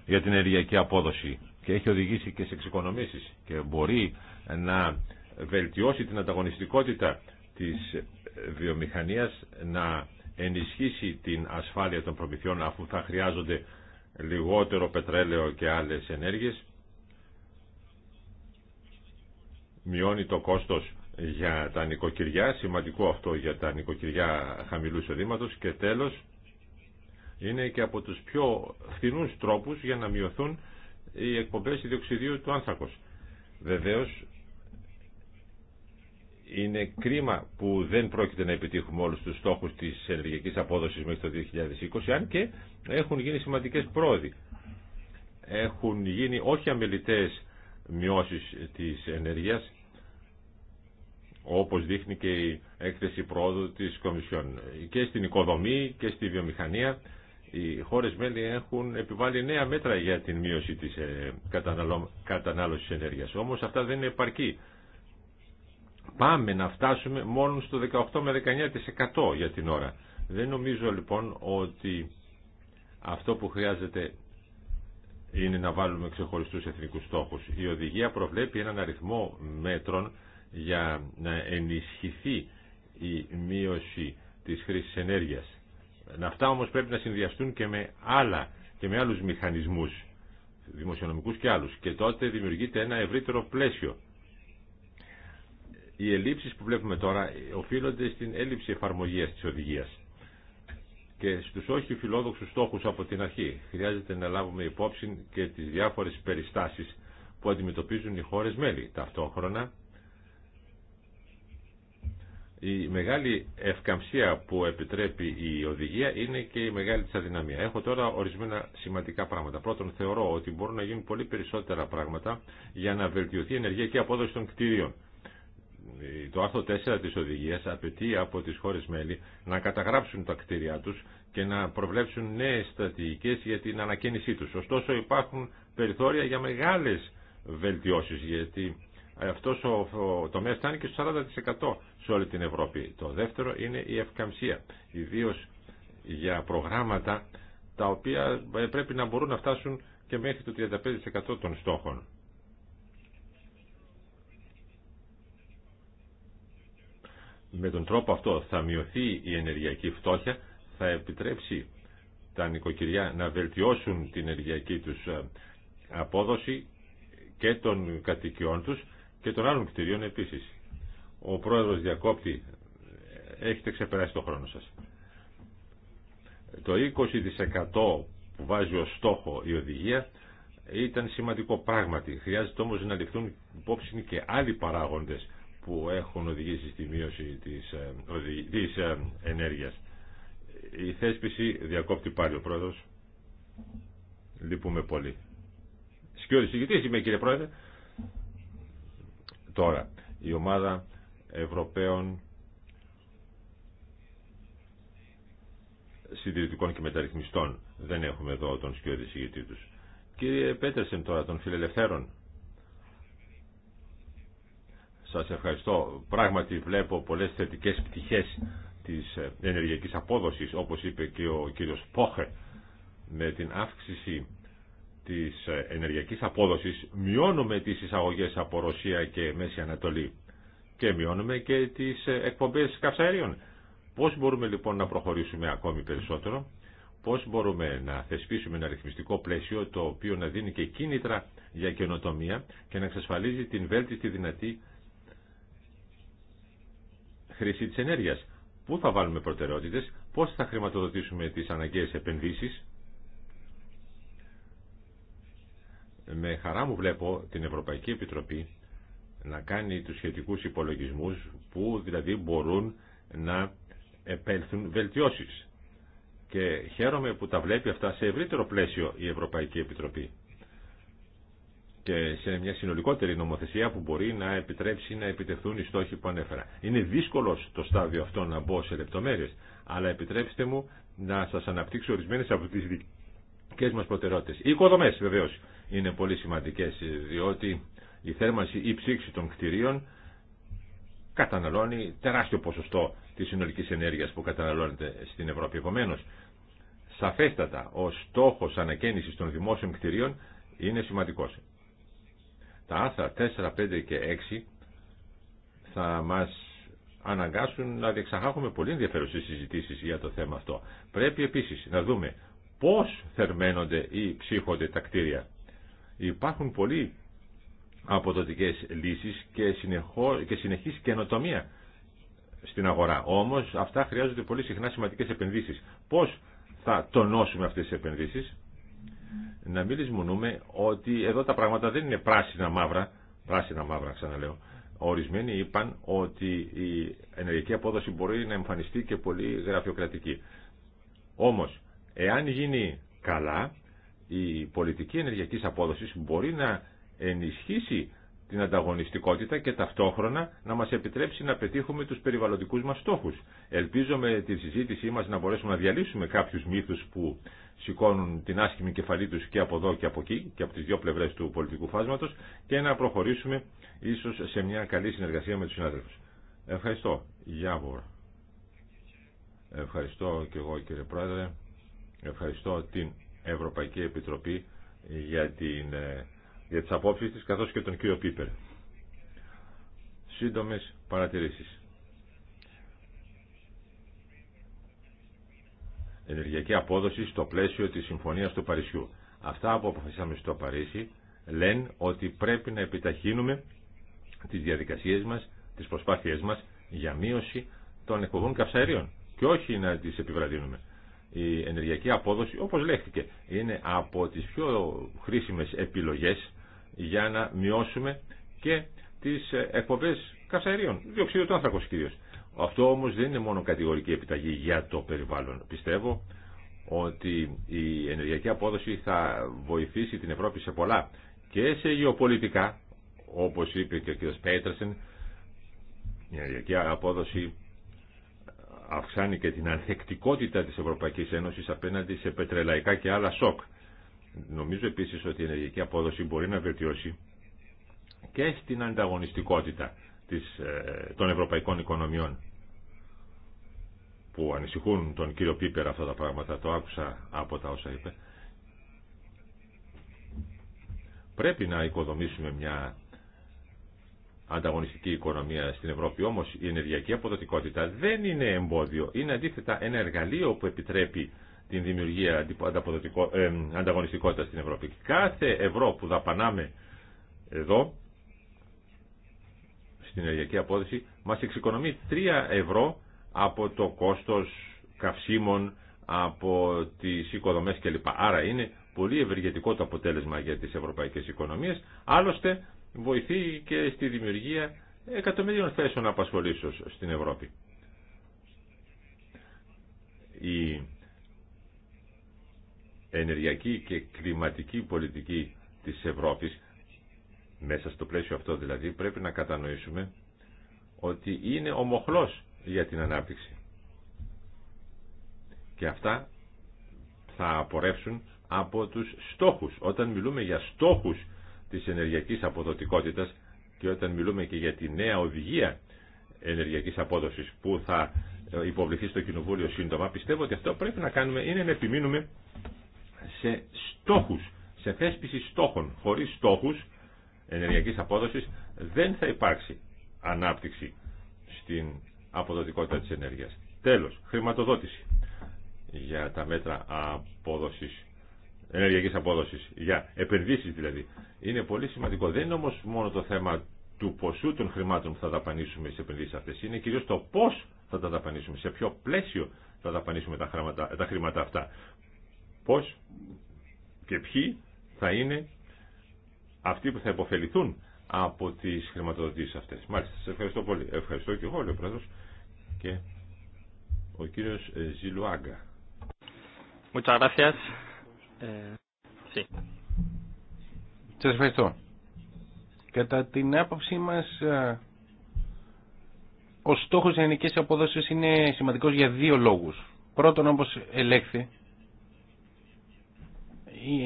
για την ενεργειακή απόδοση και έχει οδηγήσει και σε εξοικονομήσεις και μπορεί να βελτιώσει την ανταγωνιστικότητα της βιομηχανίας, να ενισχύσει την ασφάλεια των προμηθειών αφού θα χρειάζονται λιγότερο πετρέλαιο και άλλες ενέργειες, μειώνει το κόστος για τα νοικοκυριά, σημαντικό αυτό για τα νοικοκυριά χαμηλού εισοδήματο και τέλος είναι και από τους πιο φθηνούς τρόπους για να μειωθούν οι εκπομπές ιδιοξιδίου του άνθρακο. Βεβαίως είναι κρίμα που δεν πρόκειται να επιτύχουμε όλους τους στόχους της ενεργειακής απόδοσης μέχρι το 2020 αν και έχουν γίνει σημαντικές πρόοδοι. Έχουν γίνει όχι αμελητές μειώσεις της ενέργειας όπως δείχνει και η έκθεση πρόοδου της Κομισιόν. Και στην οικοδομή και στη βιομηχανία οι χώρες μέλη έχουν επιβάλει νέα μέτρα για την μείωση της ε, κατανάλωσης ενέργειας. Όμως αυτά δεν είναι επαρκή. Πάμε να φτάσουμε μόνο στο 18 με 19% για την ώρα. Δεν νομίζω λοιπόν ότι αυτό που χρειάζεται είναι να βάλουμε ξεχωριστούς εθνικούς στόχους. Η οδηγία προβλέπει έναν αριθμό μέτρων για να ενισχυθεί η μείωση της χρήσης ενέργειας. Αυτά όμως πρέπει να συνδυαστούν και με, άλλα, και με άλλους μηχανισμούς, δημοσιονομικούς και άλλους. Και τότε δημιουργείται ένα ευρύτερο πλαίσιο. Οι ελλείψεις που βλέπουμε τώρα οφείλονται στην έλλειψη εφαρμογίας της οδηγίας και στους όχι φιλόδοξους στόχους από την αρχή. Χρειάζεται να λάβουμε υπόψη και τις διάφορες περιστάσεις που αντιμετωπίζουν οι χώρες μέλη. Ταυτόχρονα η μεγάλη ευκαμψία που επιτρέπει η οδηγία είναι και η μεγάλη της αδυναμία. Έχω τώρα ορισμένα σημαντικά πράγματα. Πρώτον, θεωρώ ότι μπορούν να γίνουν πολύ περισσότερα πράγματα για να βελτιωθεί η ενεργειακή απόδοση των κτίριων. Το άρθρο 4 της οδηγίας απαιτεί από τις χώρες μέλη να καταγράψουν τα κτίρια τους και να προβλέψουν νέες στρατηγικέ για την ανακαίνισή τους. Ωστόσο υπάρχουν περιθώρια για μεγάλες βελτιώσεις γιατί ε, αυτό ο, ο τομέας φτάνει και στο 40% σε όλη την Ευρώπη. Το δεύτερο είναι η ευκαμψία, ιδίως για προγράμματα τα οποία ε, πρέπει να μπορούν να φτάσουν και μέχρι το 35% των στόχων. Με τον τρόπο αυτό θα μειωθεί η ενεργειακή φτώχεια, θα επιτρέψει τα νοικοκυριά να βελτιώσουν την ενεργειακή τους ε, απόδοση και των κατοικιών τους και των άλλων κτηρίων επίση. Ο πρόεδρο διακόπτη, έχετε ξεπεράσει το χρόνο σας. Το 20% που βάζει ως στόχο η οδηγία ήταν σημαντικό πράγματι. Χρειάζεται όμως να ληφθούν υπόψη και άλλοι παράγοντες που έχουν οδηγήσει στη μείωση της, ε, της ε, ενέργειας. Η θέσπιση διακόπτη πάλι ο πρόεδρος. Λυπούμε πολύ. Σκιώδης ηγητής είμαι κύριε πρόεδρε. Τώρα, η ομάδα Ευρωπαίων συντηρητικών και μεταρρυθμιστών. Δεν έχουμε εδώ τον σκιώδη ηγητή τους. Κύριε Πέτερσεν τώρα των φιλελευθέρων. Σας ευχαριστώ. Πράγματι βλέπω πολλές θετικές πτυχές της ε, ενεργειακής απόδοσης, όπως είπε και ο κύριος Πόχε, με την αύξηση της ε, ενεργειακής απόδοσης μειώνουμε τις εισαγωγές από Ρωσία και Μέση Ανατολή και μειώνουμε και τις ε, εκπομπές καυσαερίων. Πώς μπορούμε λοιπόν να προχωρήσουμε ακόμη περισσότερο, πώς μπορούμε να θεσπίσουμε ένα ρυθμιστικό πλαίσιο το οποίο να δίνει και κίνητρα για καινοτομία και να εξασφαλίζει την βέλτιστη δυνατή χρήση της ενέργειας. Πού θα βάλουμε προτεραιότητες, πώς θα χρηματοδοτήσουμε τις αναγκαίες επενδύσεις με χαρά μου βλέπω την Ευρωπαϊκή Επιτροπή να κάνει τους σχετικούς υπολογισμούς που δηλαδή μπορούν να επέλθουν βελτιώσεις. Και χαίρομαι που τα βλέπει αυτά σε ευρύτερο πλαίσιο η Ευρωπαϊκή Επιτροπή και σε μια συνολικότερη νομοθεσία που μπορεί να επιτρέψει να επιτεθούν οι στόχοι που ανέφερα. Είναι δύσκολο το στάδιο αυτό να μπω σε λεπτομέρειες, αλλά επιτρέψτε μου να σας αναπτύξω ορισμένες από τις δικές μας προτεραιότητες. Οι οικοδομές είναι πολύ σημαντικές διότι η θέρμανση ή ψήξη των κτηρίων καταναλώνει τεράστιο ποσοστό της συνολικής ενέργειας που καταναλώνεται στην Ευρώπη. Επομένω, σαφέστατα ο στόχος ανακαίνησης των δημόσιων κτηρίων είναι σημαντικός. Τα άθρα 4, 5 και 6 θα μας αναγκάσουν να διεξαγάγουμε πολύ ενδιαφέρουσε συζητήσει για το θέμα αυτό. Πρέπει επίσης να δούμε πώς θερμαίνονται ή ψύχονται τα κτίρια. Υπάρχουν πολλοί αποδοτικές λύσεις και, συνεχώ, και συνεχής καινοτομία στην αγορά. Όμως αυτά χρειάζονται πολύ συχνά σημαντικές επενδύσεις. Πώς θα τονώσουμε αυτές τις επενδύσεις, να μην λησμονούμε ότι εδώ τα πράγματα δεν είναι πράσινα μαύρα, πράσινα μαύρα ξαναλέω. Ορισμένοι είπαν ότι η ενεργειακή απόδοση μπορεί να εμφανιστεί και πολύ γραφειοκρατική. Όμως, εάν γίνει καλά, η πολιτική ενεργειακής απόδοσης μπορεί να ενισχύσει την ανταγωνιστικότητα και ταυτόχρονα να μας επιτρέψει να πετύχουμε τους περιβαλλοντικούς μας στόχους. Ελπίζω με τη συζήτησή μας να μπορέσουμε να διαλύσουμε κάποιους μύθους που σηκώνουν την άσχημη κεφαλή τους και από εδώ και από εκεί και από τις δύο πλευρές του πολιτικού φάσματος και να προχωρήσουμε ίσως σε μια καλή συνεργασία με τους συνάδελφους. Ευχαριστώ. Γιάβορ. Ευχαριστώ και εγώ κύριε Πρόεδρε. Ευχαριστώ την Ευρωπαϊκή Επιτροπή για, την, ε, για τις απόψεις της καθώς και τον κύριο Πίπερ. Σύντομες παρατηρήσεις. Ενεργειακή απόδοση στο πλαίσιο της Συμφωνίας του Παρισιού. Αυτά που αποφασίσαμε στο Παρίσι λένε ότι πρέπει να επιταχύνουμε τις διαδικασίες μας, τις προσπάθειές μας για μείωση των εκπομπών καυσαερίων και όχι να τις επιβραδύνουμε. Η ενεργειακή απόδοση, όπως λέχθηκε, είναι από τις πιο χρήσιμες επιλογές για να μειώσουμε και τις ε, εκπομπές καυσαερίων, διοξείδιο του άνθρακος κυρίως. Αυτό όμως δεν είναι μόνο κατηγορική επιταγή για το περιβάλλον. Πιστεύω ότι η ενεργειακή απόδοση θα βοηθήσει την Ευρώπη σε πολλά και σε γεωπολιτικά, όπως είπε και ο κ. Πέτρασεν, η ενεργειακή απόδοση αυξάνει και την ανθεκτικότητα της Ευρωπαϊκής Ένωσης απέναντι σε πετρελαϊκά και άλλα σοκ. Νομίζω επίσης ότι η ενεργειακή απόδοση μπορεί να βελτιώσει και στην ανταγωνιστικότητα της, ε, των ευρωπαϊκών οικονομιών που ανησυχούν τον κύριο Πίπερ αυτά τα πράγματα, το άκουσα από τα όσα είπε. Πρέπει να οικοδομήσουμε μια ανταγωνιστική οικονομία στην Ευρώπη. Όμως η ενεργειακή αποδοτικότητα δεν είναι εμπόδιο. Είναι αντίθετα ένα εργαλείο που επιτρέπει την δημιουργία ε, ανταγωνιστικότητα στην Ευρώπη. Κάθε ευρώ που δαπανάμε εδώ στην ενεργειακή απόδοση μας εξοικονομεί 3 ευρώ από το κόστος καυσίμων, από τις οικοδομές κλπ. Άρα είναι πολύ ευεργετικό το αποτέλεσμα για τι ευρωπαϊκέ οικονομίε, Άλλωστε βοηθεί και στη δημιουργία εκατομμυρίων θέσεων απασχολήσεως στην Ευρώπη. Η ενεργειακή και κλιματική πολιτική της Ευρώπης, μέσα στο πλαίσιο αυτό δηλαδή, πρέπει να κατανοήσουμε ότι είναι ομοχλός για την ανάπτυξη. Και αυτά θα απορρεύσουν από τους στόχους. Όταν μιλούμε για στόχους της ενεργειακής αποδοτικότητας και όταν μιλούμε και για τη νέα οδηγία ενεργειακής απόδοσης που θα ε, υποβληθεί στο Κοινοβούλιο σύντομα, πιστεύω ότι αυτό πρέπει να κάνουμε είναι να επιμείνουμε σε στόχους, σε θέσπιση στόχων. Χωρίς στόχους ενεργειακής απόδοσης δεν θα υπάρξει ανάπτυξη στην αποδοτικότητα της ενέργειας. Τέλος, χρηματοδότηση για τα μέτρα απόδοσης Ενεργειακή απόδοση για επενδύσει, δηλαδή. Είναι πολύ σημαντικό. Δεν είναι όμω μόνο το θέμα του ποσού των χρημάτων που θα δαπανίσουμε σε επενδύσεις αυτέ, Είναι κυρίως το πώς θα τα δαπανίσουμε, σε ποιο πλαίσιο θα δαπανίσουμε τα χρήματα, τα χρήματα αυτά. Πώς και ποιοι θα είναι αυτοί που θα υποφεληθούν από τις χρηματοδοτήσεις αυτέ. Μάλιστα, σα ευχαριστώ πολύ. Ευχαριστώ και εγώ, λέει και ο κύριος ε, Ζιλουάγκα. Ε, ε, Σας ευχαριστώ. Κατά την άποψή μας, ε, ο στόχος της ελληνικής αποδόσης είναι σημαντικός για δύο λόγους. Πρώτον, όπως ελέγχθη,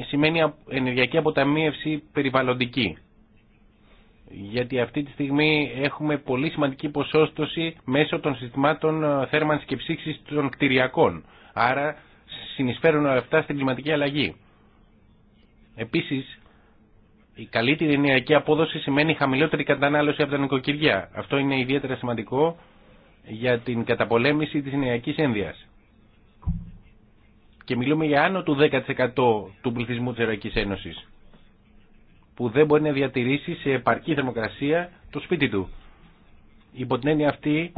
σημαίνει ενεργειακή αποταμίευση περιβαλλοντική. Γιατί αυτή τη στιγμή έχουμε πολύ σημαντική ποσόστοση μέσω των συστημάτων ε, θέρμανσης και ψήξης των κτηριακών. Άρα συνεισφέρουν αυτά στην κλιματική αλλαγή. Επίσης, η καλύτερη ενεργειακή απόδοση σημαίνει χαμηλότερη κατανάλωση από τα νοικοκυριά. Αυτό είναι ιδιαίτερα σημαντικό για την καταπολέμηση της ενεργειακής ένδειας. Και μιλούμε για άνω του 10% του πληθυσμού της Ευρωπαϊκής Ένωσης που δεν μπορεί να διατηρήσει σε επαρκή θερμοκρασία το σπίτι του. Υπό την έννοια αυτή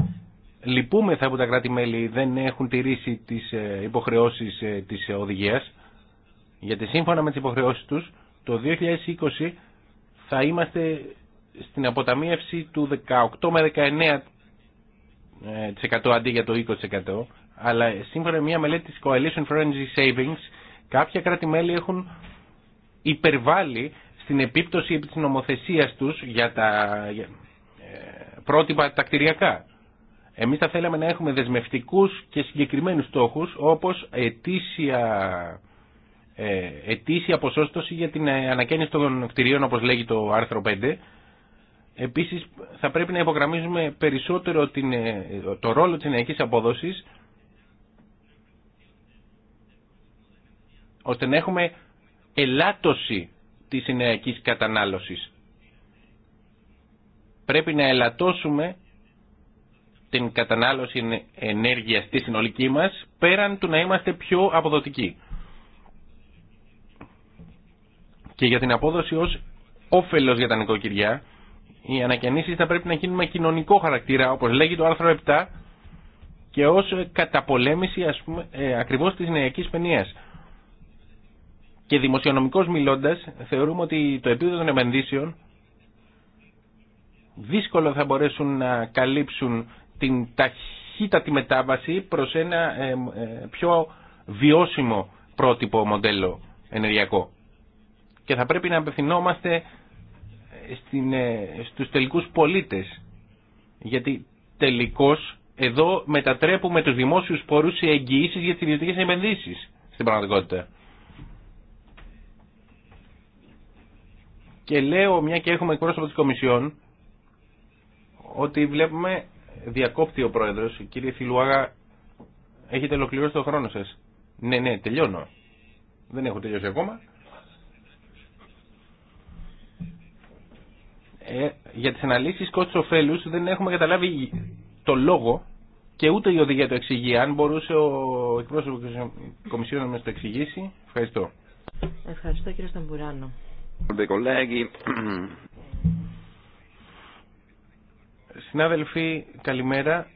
λυπούμεθα που τα κράτη-μέλη δεν έχουν τηρήσει τις ε, υποχρεώσεις ε, της οδηγίας, γιατί σύμφωνα με τις υποχρεώσεις τους, το 2020 θα είμαστε στην αποταμίευση του 18 με 19% ε, αντί για το 20%, αλλά σύμφωνα με μια μελέτη της Coalition for Energy Savings, κάποια κράτη-μέλη έχουν υπερβάλλει στην επίπτωση της νομοθεσίας τους για τα πρότυπα τακτηριακά. Εμείς θα θέλαμε να έχουμε δεσμευτικούς και συγκεκριμένους στόχους όπως ετήσια, ε, ετήσια ποσόστοση για την ε, ανακαίνιση των κτηρίων όπως λέγει το άρθρο 5. Επίσης θα πρέπει να υπογραμμίζουμε περισσότερο την, ε, το ρόλο της ενεργειακής απόδοσης ώστε να έχουμε ελάττωση της ενεργειακής κατανάλωσης. Πρέπει να ελαττώσουμε την κατανάλωση ενέργειας στη συνολική μας, πέραν του να είμαστε πιο αποδοτικοί. Και για την απόδοση ως όφελος για τα νοικοκυριά, οι ανακαινήσει θα πρέπει να γίνουν με κοινωνικό χαρακτήρα, όπως λέγει το άρθρο 7, και ως καταπολέμηση ας πούμε, ε, ακριβώς της νεακής παινίας. Και δημοσιονομικώς μιλώντας, θεωρούμε ότι το επίπεδο των επενδύσεων δύσκολο θα μπορέσουν να καλύψουν την ταχύτατη μετάβαση προς ένα ε, ε, πιο βιώσιμο πρότυπο μοντέλο ενεργειακό. Και θα πρέπει να απευθυνόμαστε ε, στην, στους τελικούς πολίτες. Γιατί τελικώς εδώ μετατρέπουμε τους δημόσιους πόρους σε εγγυήσεις για τις ιδιωτικές επενδύσεις στην πραγματικότητα. Και λέω, μια και έχουμε εκπρόσωπο της Κομισιόν, ότι βλέπουμε Διακόπτει ο Πρόεδρος. Κύριε Φιλουάγα, έχετε ολοκληρώσει το χρόνο σας. Ναι, ναι, τελειώνω. Δεν έχω τελειώσει ακόμα. Ε, για τις αναλύσεις κόστος ωφέλους δεν έχουμε καταλάβει το λόγο και ούτε η οδηγία το εξηγεί. Αν μπορούσε ο εκπρόσωπος της Κομισιόν να μας το εξηγήσει. Ευχαριστώ. Ευχαριστώ κύριε Σταμπουράνο. Συνάδελφοι, καλημέρα.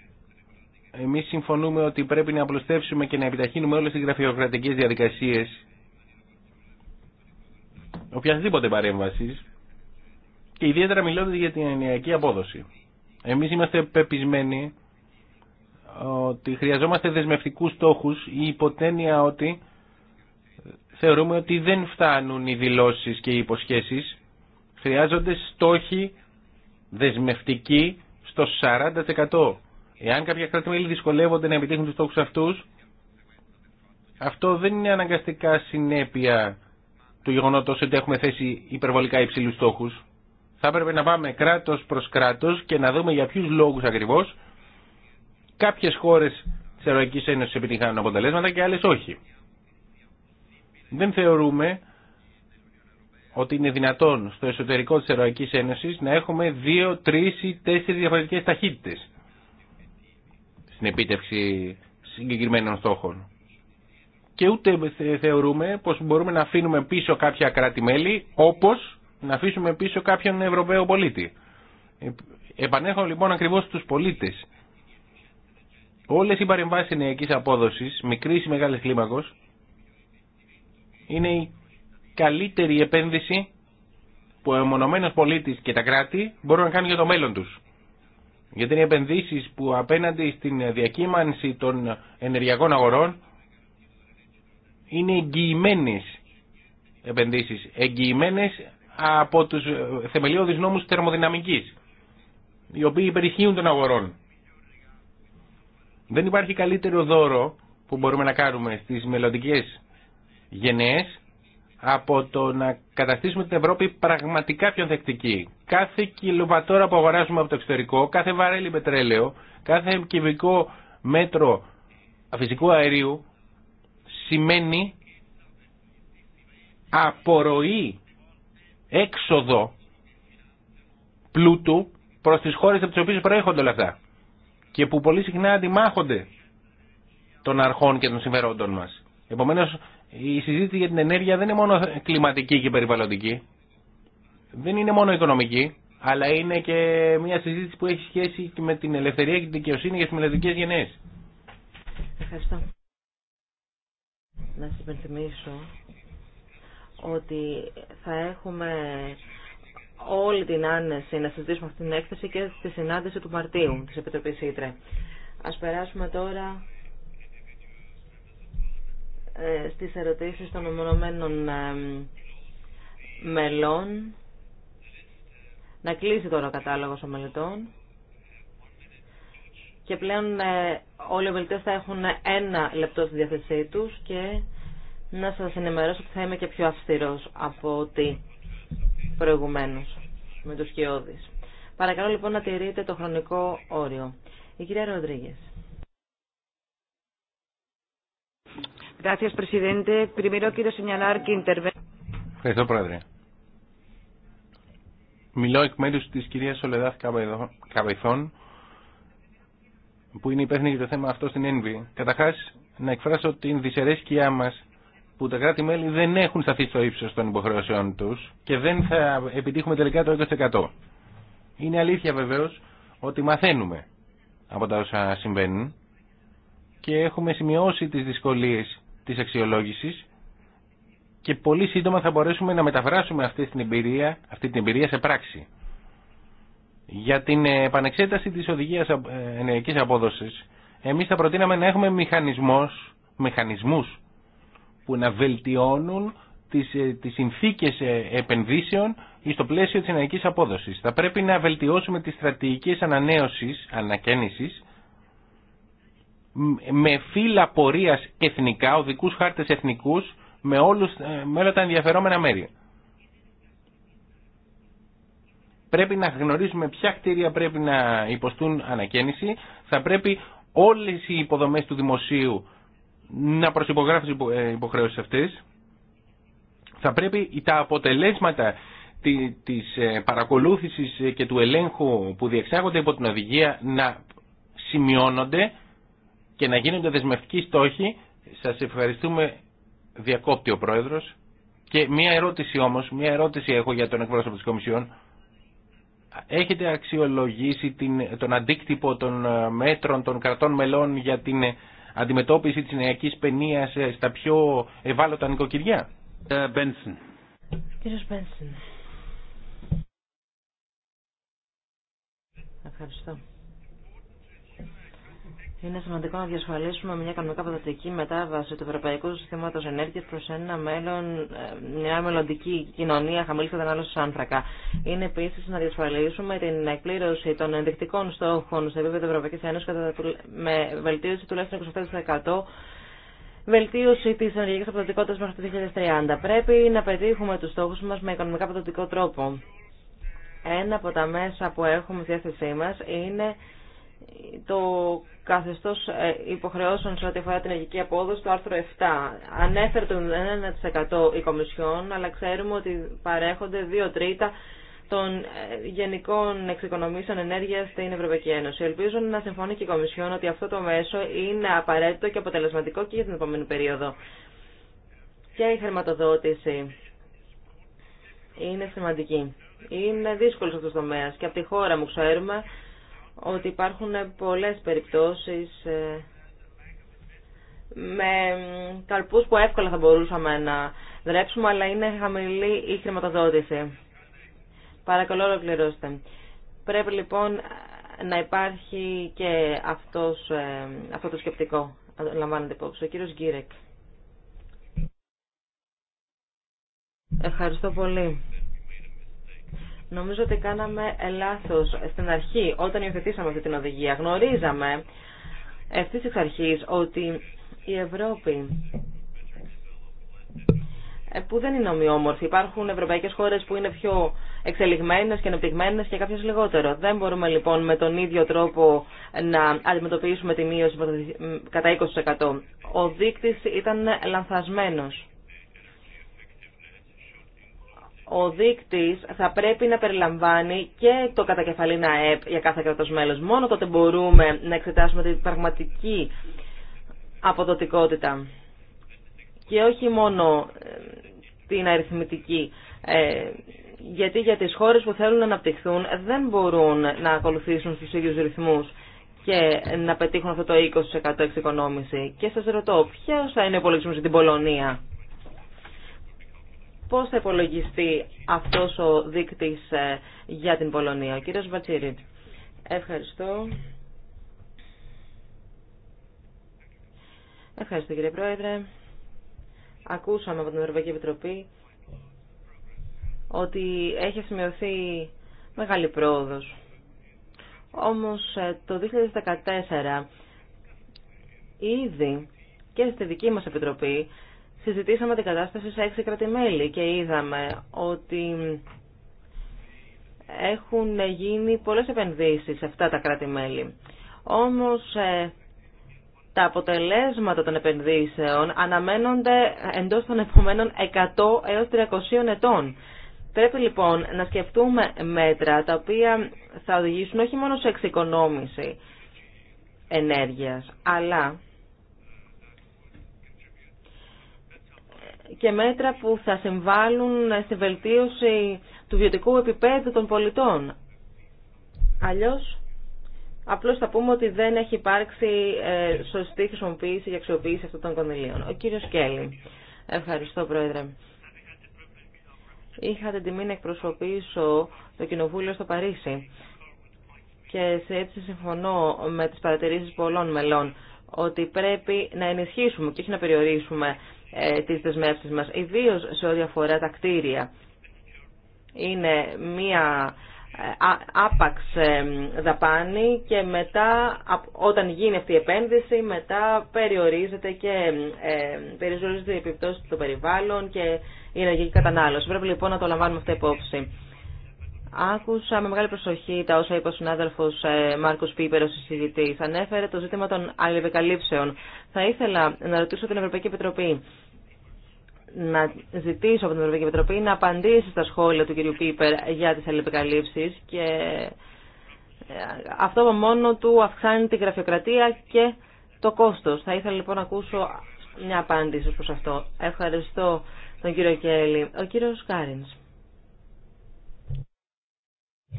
Εμείς συμφωνούμε ότι πρέπει να απλουστεύσουμε και να επιταχύνουμε όλες τις γραφειοκρατικές διαδικασίες οποιασδήποτε παρέμβασης και ιδιαίτερα μιλώντας για την ενιακή απόδοση. Εμείς είμαστε πεπισμένοι ότι χρειαζόμαστε δεσμευτικούς στόχους η υποτένεια ότι θεωρούμε ότι δεν φτάνουν οι δηλώσεις και οι υποσχέσεις. Χρειάζονται στόχοι δεσμευτικοί στο 40%. Εάν κάποια κράτη-μέλη δυσκολεύονται να επιτύχουν τους στόχους αυτούς, αυτό δεν είναι αναγκαστικά συνέπεια του γεγονότος ότι έχουμε θέσει υπερβολικά υψηλούς στόχους. Θα έπρεπε να πάμε κράτος προς κράτος και να δούμε για ποιους λόγους ακριβώς κάποιες χώρες της Ευρωπαϊκής Ένωσης επιτυχάνουν αποτελέσματα και άλλες όχι. Δεν θεωρούμε ότι είναι δυνατόν στο εσωτερικό της Ευρωπαϊκής Ένωσης να έχουμε δύο, τρεις ή τέσσερις διαφορετικές ταχύτητες στην επίτευξη συγκεκριμένων στόχων. Και ούτε θεωρούμε πως μπορούμε να αφήνουμε πίσω κάποια κράτη-μέλη όπως να αφήσουμε πίσω κάποιον Ευρωπαίο πολίτη. Ε, Επανέχω λοιπόν ακριβώς στους πολίτες. Όλες οι παρεμβάσεις ενεργειακής απόδοσης, μικρής ή μεγάλης κλίμακος, είναι η καλύτερη επένδυση που ο μονομένος πολίτης και τα κράτη μπορούν να κάνουν για το μέλλον τους. Γιατί είναι επενδύσει που απέναντι στην διακύμανση των ενεργειακών αγορών είναι εγγυημένε επενδύσει, εγγυημένε από τους θεμελιώδεις νόμους θερμοδυναμικής, οι οποίοι υπερισχύουν των αγορών. Δεν υπάρχει καλύτερο δώρο που μπορούμε να κάνουμε στις μελλοντικέ γενναίες από το να καταστήσουμε την Ευρώπη πραγματικά πιο δεκτική. Κάθε κιλοβατόρα που αγοράζουμε από το εξωτερικό, κάθε βαρέλι πετρέλαιο, κάθε κυβικό μέτρο φυσικού αερίου σημαίνει απορροή, έξοδο πλούτου προς τις χώρες από τις οποίες προέρχονται όλα αυτά και που πολύ συχνά αντιμάχονται των αρχών και των συμφερόντων μας. Επομένως η συζήτηση για την ενέργεια δεν είναι μόνο κλιματική και περιβαλλοντική. Δεν είναι μόνο οικονομική, αλλά είναι και μια συζήτηση που έχει σχέση και με την ελευθερία και την δικαιοσύνη για τι μελλοντικέ γενναίε. Ευχαριστώ. Να σα υπενθυμίσω ότι θα έχουμε όλη την άνεση να συζητήσουμε αυτή την έκθεση και στη συνάντηση του Μαρτίου της Επιτροπής Ήτρε. Ας περάσουμε τώρα ε, στις ερωτήσεις των ομονωμένων ε, μελών. Να κλείσει τώρα ο κατάλογος μελετών. Και πλέον ε, όλοι οι θα έχουν ένα λεπτό στη διάθεσή τους και να σας ενημερώσω ότι θα είμαι και πιο αυστηρός από ότι προηγουμένως με τους κοιόδης. Παρακαλώ λοιπόν να τηρείτε το χρονικό όριο. Η κυρία Ροδρίγες. Gracias, presidente. Primero quiero señalar que Ευχαριστώ, Πρόεδρε. Μιλώ εκ μέρους της κυρίας Σολεδάθ Καβεθών, που είναι υπεύθυνη για το θέμα αυτό στην ΕΝΒΗ. Καταρχά να εκφράσω την δυσαρέσκειά μας που τα κράτη-μέλη δεν έχουν σταθεί στο ύψος των υποχρεώσεών του και δεν θα επιτύχουμε τελικά το 20%. Είναι αλήθεια βεβαίω ότι μαθαίνουμε από τα όσα συμβαίνουν και έχουμε σημειώσει τις δυσκολίες της αξιολόγησης και πολύ σύντομα θα μπορέσουμε να μεταφράσουμε αυτή την εμπειρία, αυτή την εμπειρία σε πράξη. Για την επανεξέταση της οδηγίας ε, ενεργικής απόδοσης, εμείς θα προτείναμε να έχουμε μηχανισμός, μηχανισμούς που να βελτιώνουν τις, ε, τις συνθήκες ε, επενδύσεων στο πλαίσιο της ενεργικής απόδοσης. Θα πρέπει να βελτιώσουμε τις στρατηγικές ανανέωσης, ανακαίνησης, με φύλλα πορεία εθνικά, οδικού χάρτες εθνικούς, με, όλους, ε, όλα τα ενδιαφερόμενα μέρη. Πρέπει να γνωρίζουμε ποια κτίρια πρέπει να υποστούν ανακαίνιση. Θα πρέπει όλες οι υποδομές του δημοσίου να προσυπογράφουν τι ε, υποχρεώσει αυτέ. Θα πρέπει τα αποτελέσματα της ε, παρακολούθησης και του ελέγχου που διεξάγονται υπό την οδηγία να σημειώνονται και να γίνονται δεσμευτικοί στόχοι. Σας ευχαριστούμε, διακόπτει ο Πρόεδρος. Και μία ερώτηση όμως, μία ερώτηση έχω για τον εκπρόσωπο της Κομισιόν. Έχετε αξιολογήσει την, τον αντίκτυπο των ε, μέτρων των κρατών μελών για την ε, αντιμετώπιση της νεακής παινίας ε, στα πιο ευάλωτα νοικοκυριά. Μπένσον. Κύριος Μπένσον. Ευχαριστώ. Είναι σημαντικό να διασφαλίσουμε μια κανονικά αποδοτική μετάβαση του ευρωπαϊκού συστήματο ενέργεια προ ένα μέλλον, ε, μια μελλοντική κοινωνία χαμηλή κατανάλωση άνθρακα. Είναι επίση να διασφαλίσουμε την εκπλήρωση των ενδεικτικών στόχων σε επίπεδο Ευρωπαϊκή Ένωση με βελτίωση τουλάχιστον 27% βελτίωση τη ενεργειακή αποδοτικότητα μέχρι το 2030. Πρέπει να πετύχουμε του στόχου μα με οικονομικά αποδοτικό τρόπο. Ένα από τα μέσα που έχουμε στη διάθεσή μα είναι το καθεστώ ε, υποχρεώσεων σε ό,τι αφορά την αγική απόδοση, το άρθρο 7. Ανέφερε το 1% η Κομισιόν, αλλά ξέρουμε ότι παρέχονται 2 τρίτα των ε, γενικών εξοικονομήσεων ενέργεια στην Ευρωπαϊκή Ένωση. Ελπίζω να συμφωνεί και η Κομισιόν ότι αυτό το μέσο είναι απαραίτητο και αποτελεσματικό και για την επόμενη περίοδο. Και η χρηματοδότηση είναι σημαντική. Είναι δύσκολο αυτό το τομέα και από τη χώρα μου ξέρουμε ότι υπάρχουν πολλές περιπτώσεις ε, με καρπούς που εύκολα θα μπορούσαμε να δρέψουμε, αλλά είναι χαμηλή η χρηματοδότηση. Παρακαλώ, ολοκληρώστε. Πρέπει λοιπόν να υπάρχει και αυτός, ε, αυτό το σκεπτικό, λαμβάνεται υπόψη. Ο κύριος Γκίρεκ. Ευχαριστώ πολύ. Νομίζω ότι κάναμε λάθος στην αρχή όταν υιοθετήσαμε αυτή την οδηγία. Γνωρίζαμε ευθύ εξ αρχής ότι η Ευρώπη ε, που δεν είναι ομοιόμορφη. Υπάρχουν ευρωπαϊκές χώρες που είναι πιο εξελιγμένε και ανεπτυγμένε και κάποιες λιγότερο. Δεν μπορούμε λοιπόν με τον ίδιο τρόπο να αντιμετωπίσουμε τη μείωση κατά 20%. Ο δείκτης ήταν λανθασμένος ο δείκτης θα πρέπει να περιλαμβάνει και το κατακεφαλήν ΑΕΠ για κάθε κρατός μέλος. Μόνο τότε μπορούμε να εξετάσουμε την πραγματική αποδοτικότητα και όχι μόνο ε, την αριθμητική. Ε, γιατί για τις χώρες που θέλουν να αναπτυχθούν δεν μπορούν να ακολουθήσουν στους ίδιους ρυθμούς και να πετύχουν αυτό το 20% εξοικονόμηση. Και σας ρωτώ, ποιος θα είναι ο υπολογισμός για την Πολωνία πώς θα υπολογιστεί αυτός ο δείκτης ε, για την Πολωνία. Ο κύριος Ευχαριστώ. Ευχαριστώ κύριε Πρόεδρε. Ακούσαμε από την Ευρωπαϊκή Επιτροπή ότι έχει σημειωθεί μεγάλη πρόοδος. Όμως ε, το 2014 ήδη και στη δική μας Επιτροπή συζητήσαμε την κατάσταση σε έξι κρατημέλη και είδαμε ότι έχουν γίνει πολλές επενδύσεις σε αυτά τα κράτη-μέλη. Όμως ε, τα αποτελέσματα των επενδύσεων αναμένονται εντός των επόμενων 100 έως 300 ετών. Πρέπει λοιπόν να σκεφτούμε μέτρα τα οποία θα οδηγήσουν όχι μόνο σε εξοικονόμηση ενέργειας, αλλά και μέτρα που θα συμβάλλουν στη βελτίωση του βιωτικού επίπεδου των πολιτών. Αλλιώς, απλώς θα πούμε ότι δεν έχει υπάρξει ε, σωστή χρησιμοποίηση και αξιοποίηση αυτών των κονδυλίων. Ο κύριος Κέλλη. Ευχαριστώ, Πρόεδρε. Είχα την τιμή να εκπροσωπήσω το Κοινοβούλιο στο Παρίσι και σε έτσι συμφωνώ με τις παρατηρήσεις πολλών μελών ότι πρέπει να ενισχύσουμε και όχι να περιορίσουμε ε, τις δεσμεύσεις μας, ιδίως σε ό,τι αφορά τα κτίρια. Είναι μία ε, άπαξ ε, δαπάνη και μετά όταν γίνει αυτή η επένδυση μετά περιορίζεται και περιορίζεται η επιπτώση του περιβάλλον και η ενεργική κατανάλωση. Πρέπει λοιπόν να το λαμβάνουμε αυτό υπόψη. Άκουσα με μεγάλη προσοχή τα όσα είπε ο συνάδελφο ε, Μάρκο Πίπερο, συζητητή. Ανέφερε το ζήτημα των αλληλεπικαλύψεων. Θα ήθελα να ρωτήσω την Ευρωπαϊκή Επιτροπή να ζητήσω από την Ευρωπαϊκή Επιτροπή να απαντήσει στα σχόλια του κύριου Πίπερ για τις αλληλεπικαλύψεις και ε, αυτό από μόνο του αυξάνει τη γραφειοκρατία και το κόστος. Θα ήθελα λοιπόν να ακούσω μια απάντηση προς αυτό. Ευχαριστώ τον κύριο Κέλλη. Ο κύριος Κάρινς.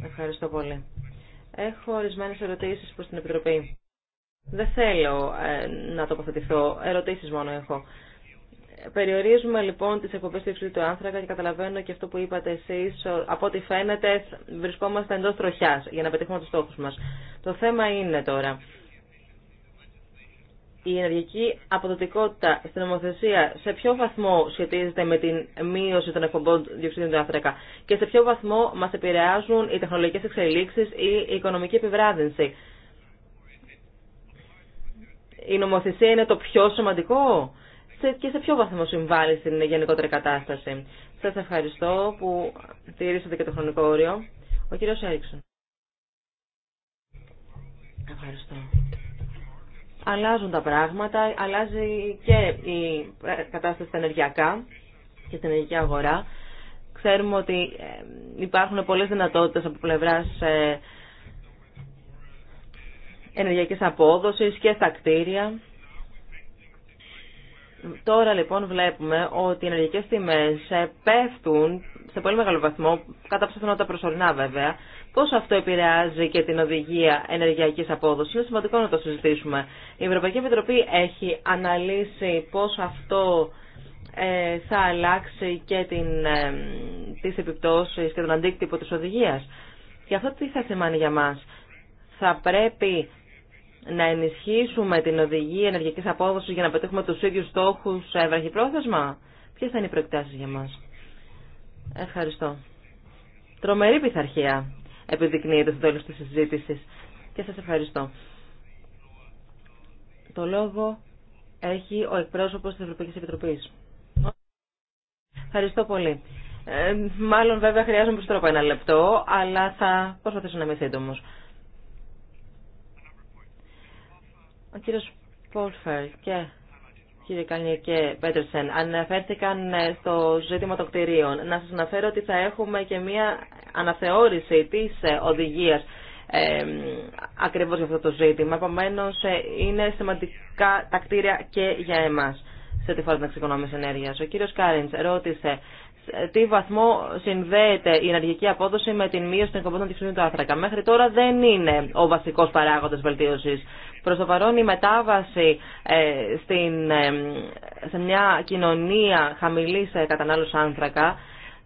Ευχαριστώ πολύ. Έχω ορισμένε ερωτήσει προ την Επιτροπή. Δεν θέλω ε, να τοποθετηθώ. Ερωτήσει μόνο έχω. Περιορίζουμε λοιπόν τι εκπομπέ του του άνθρακα και καταλαβαίνω και αυτό που είπατε εσεί. Από ό,τι φαίνεται βρισκόμαστε εντό τροχιά για να πετύχουμε του στόχου μα. Το θέμα είναι τώρα η ενεργειακή αποδοτικότητα στην νομοθεσία σε ποιο βαθμό σχετίζεται με την μείωση των εκπομπών διοξιδίων του άνθρακα και σε ποιο βαθμό μα επηρεάζουν οι τεχνολογικέ εξελίξει ή η οικονομική επιβράδυνση. Η νομοθεσία είναι το πιο σημαντικό και σε ποιο βαθμό συμβάλλει στην γενικότερη κατάσταση. Σα ευχαριστώ που τηρήσατε και το χρονικό όριο. Ο κύριος Έριξον. Ευχαριστώ αλλάζουν τα πράγματα, αλλάζει και η ε, κατάσταση στα ενεργειακά και στην ενεργειακή αγορά. Ξέρουμε ότι ε, υπάρχουν πολλές δυνατότητες από πλευράς ε, ενεργειακής απόδοσης και στα κτίρια. Τώρα λοιπόν βλέπουμε ότι οι ενεργειακές τιμές πέφτουν σε πολύ μεγάλο βαθμό, κατά πιθανότητα προσωρινά βέβαια, πώς αυτό επηρεάζει και την οδηγία ενεργειακής απόδοσης. Είναι σημαντικό να το συζητήσουμε. Η Ευρωπαϊκή Επιτροπή έχει αναλύσει πώς αυτό ε, θα αλλάξει και την, ε, τις επιπτώσεις και τον αντίκτυπο της οδηγίας. Και αυτό τι θα σημαίνει για μας. Θα πρέπει να ενισχύσουμε την οδηγία ενεργειακής απόδοσης για να πετύχουμε τους ίδιους στόχους ε, βραχυπρόθεσμα. Ποιε θα είναι οι προεκτάσεις για μας. Ευχαριστώ. Τρομερή πειθαρχία επιδεικνύεται στο τέλος της συζήτηση. Και σας ευχαριστώ. Το λόγο έχει ο εκπρόσωπος της Ευρωπαϊκής Επιτροπής. Ευχαριστώ πολύ. Ε, μάλλον βέβαια χρειάζομαι πριν ένα λεπτό, αλλά θα προσπαθήσω να είμαι σύντομο. Ο κύριος Πόλφερ και κύριε Καλνιέ και Πέτερσεν, αναφέρθηκαν ε, στο ζήτημα των κτηρίων. Να σας αναφέρω ότι θα έχουμε και μία αναθεώρηση της ε, οδηγίας ε, ακριβώς για αυτό το ζήτημα. Επομένω, ε, είναι σημαντικά τα κτίρια και για εμάς σε τη φορά την εξοικονόμηση ενέργειας. Ο κύριος Κάριντς ρώτησε τι βαθμό συνδέεται η ενεργειακή απόδοση με την μείωση των εκπομπών διοξιδίου του άνθρακα. Μέχρι τώρα δεν είναι ο βασικό παράγοντα βελτίωση. Προ το παρόν, η μετάβαση ε, στην, ε, σε μια κοινωνία χαμηλή ε, κατανάλωση άνθρακα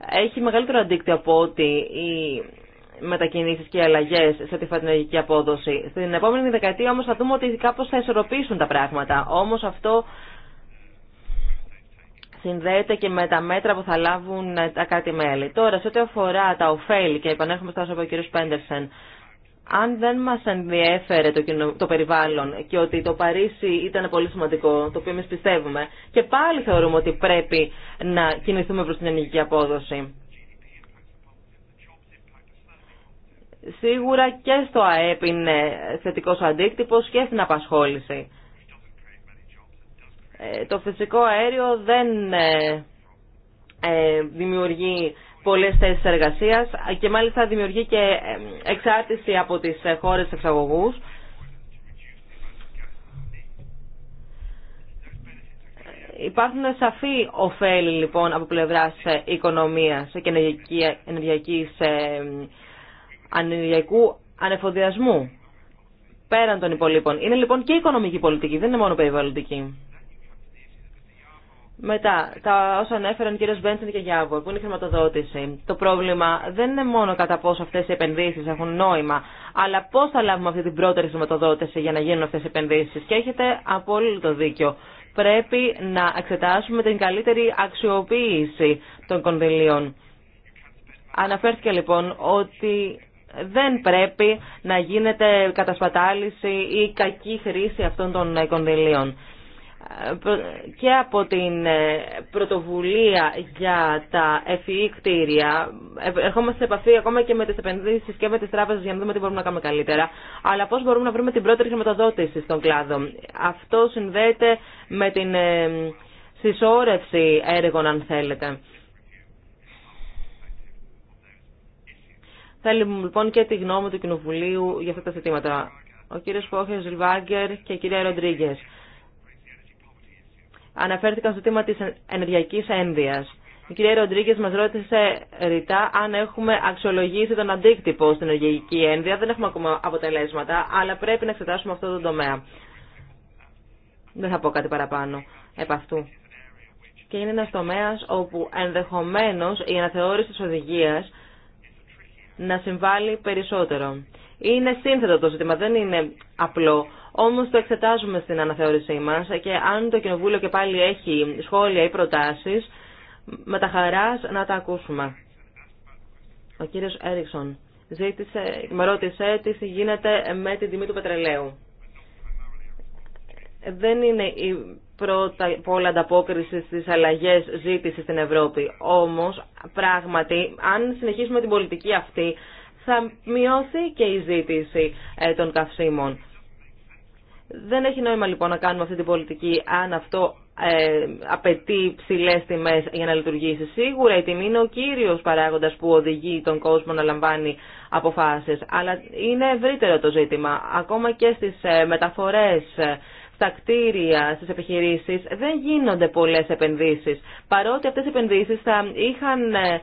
έχει μεγαλύτερο αντίκτυο από ότι οι μετακινήσεις και οι αλλαγές σε τη φατινογική απόδοση. Στην επόμενη δεκαετία όμως θα δούμε ότι κάπως θα ισορροπήσουν τα πράγματα. Όμως αυτό συνδέεται και με τα μέτρα που θα λάβουν ε, τα κάτι μελη Τώρα, σε ό,τι αφορά τα ωφέλη, και επανέρχομαι στα όσα είπε ο κ. Πέντερσεν, αν δεν μας ενδιέφερε το, το περιβάλλον και ότι το Παρίσι ήταν πολύ σημαντικό, το οποίο εμείς πιστεύουμε, και πάλι θεωρούμε ότι πρέπει να κινηθούμε προς την ενεργική απόδοση. Σίγουρα και στο ΑΕΠ είναι θετικός αντίκτυπος και στην απασχόληση. Ε, το φυσικό αέριο δεν ε, ε, δημιουργεί πολλές θέσεις εργασίας και μάλιστα δημιουργεί και εξάρτηση από τις χώρες εξαγωγούς. Υπάρχουν σαφή ωφέλη λοιπόν από πλευράς οικονομίας και σε ενεργειακού ανεφοδιασμού πέραν των υπολείπων. Είναι λοιπόν και οικονομική πολιτική, δεν είναι μόνο περιβαλλοντική. Μετά, τα όσα ανέφεραν ο κύριος Μπέντσεν και Γιάβορ, που είναι η χρηματοδότηση. Το πρόβλημα δεν είναι μόνο κατά πόσο αυτέ οι επενδύσει έχουν νόημα, αλλά πώ θα λάβουμε αυτή την πρώτερη χρηματοδότηση για να γίνουν αυτέ οι επενδύσει Και έχετε απόλυτο δίκιο. Πρέπει να εξετάσουμε την καλύτερη αξιοποίηση των κονδυλίων. Αναφέρθηκε λοιπόν ότι δεν πρέπει να γίνεται κατασπατάληση ή κακή χρήση αυτών των κονδυλίων και από την ε, πρωτοβουλία για τα FEE e κτίρια. Ε, ερχόμαστε σε επαφή ακόμα και με τις επενδύσει και με τις τράπεζε για να δούμε τι μπορούμε να κάνουμε καλύτερα. Αλλά πώς μπορούμε να βρούμε την πρώτη χρηματοδότηση στον κλάδο. Αυτό συνδέεται με την ε, συσσόρευση έργων αν θέλετε. Θέλουμε λοιπόν και τη γνώμη του Κοινοβουλίου για αυτά τα ζητήματα. Ο κύριος Φόχερ Ζιλβάγκερ και η κυρία Ροντρίγκες αναφέρθηκαν στο θέμα της ενεργειακής ένδυας. Η κυρία Ροντρίγκε μα ρώτησε ρητά αν έχουμε αξιολογήσει τον αντίκτυπο στην ενεργειακή ένδυα. Δεν έχουμε ακόμα αποτελέσματα, αλλά πρέπει να εξετάσουμε αυτό το τομέα. Δεν θα πω κάτι παραπάνω επ' αυτού. Και είναι ένα τομέα όπου ενδεχομένω η αναθεώρηση τη οδηγία να συμβάλλει περισσότερο. Είναι σύνθετο το ζήτημα, δεν είναι απλό. Όμω το εξετάζουμε στην αναθεώρησή μα και αν το Κοινοβούλιο και πάλι έχει σχόλια ή προτάσει, με τα χαρά να τα ακούσουμε. Ο κύριο Έριξον ζήτησε, με ρώτησε τι γίνεται με την τιμή του πετρελαίου. Δεν είναι η πρώτα απ' όλα ανταπόκριση στι αλλαγέ ζήτηση στην Ευρώπη. Όμω, πράγματι, αν συνεχίσουμε την πολιτική αυτή, θα μειωθεί και η ζήτηση ε, των καυσίμων. Δεν έχει νόημα λοιπόν να κάνουμε αυτή την πολιτική αν αυτό ε, απαιτεί ψηλέ τιμέ για να λειτουργήσει. Σίγουρα η τιμή είναι ο κύριο παράγοντα που οδηγεί τον κόσμο να λαμβάνει αποφάσει. Αλλά είναι ευρύτερο το ζήτημα. Ακόμα και στι ε, μεταφορέ, ε, στα κτίρια, στι επιχειρήσει δεν γίνονται πολλέ επενδύσει. Παρότι αυτέ οι επενδύσει θα είχαν. Ε,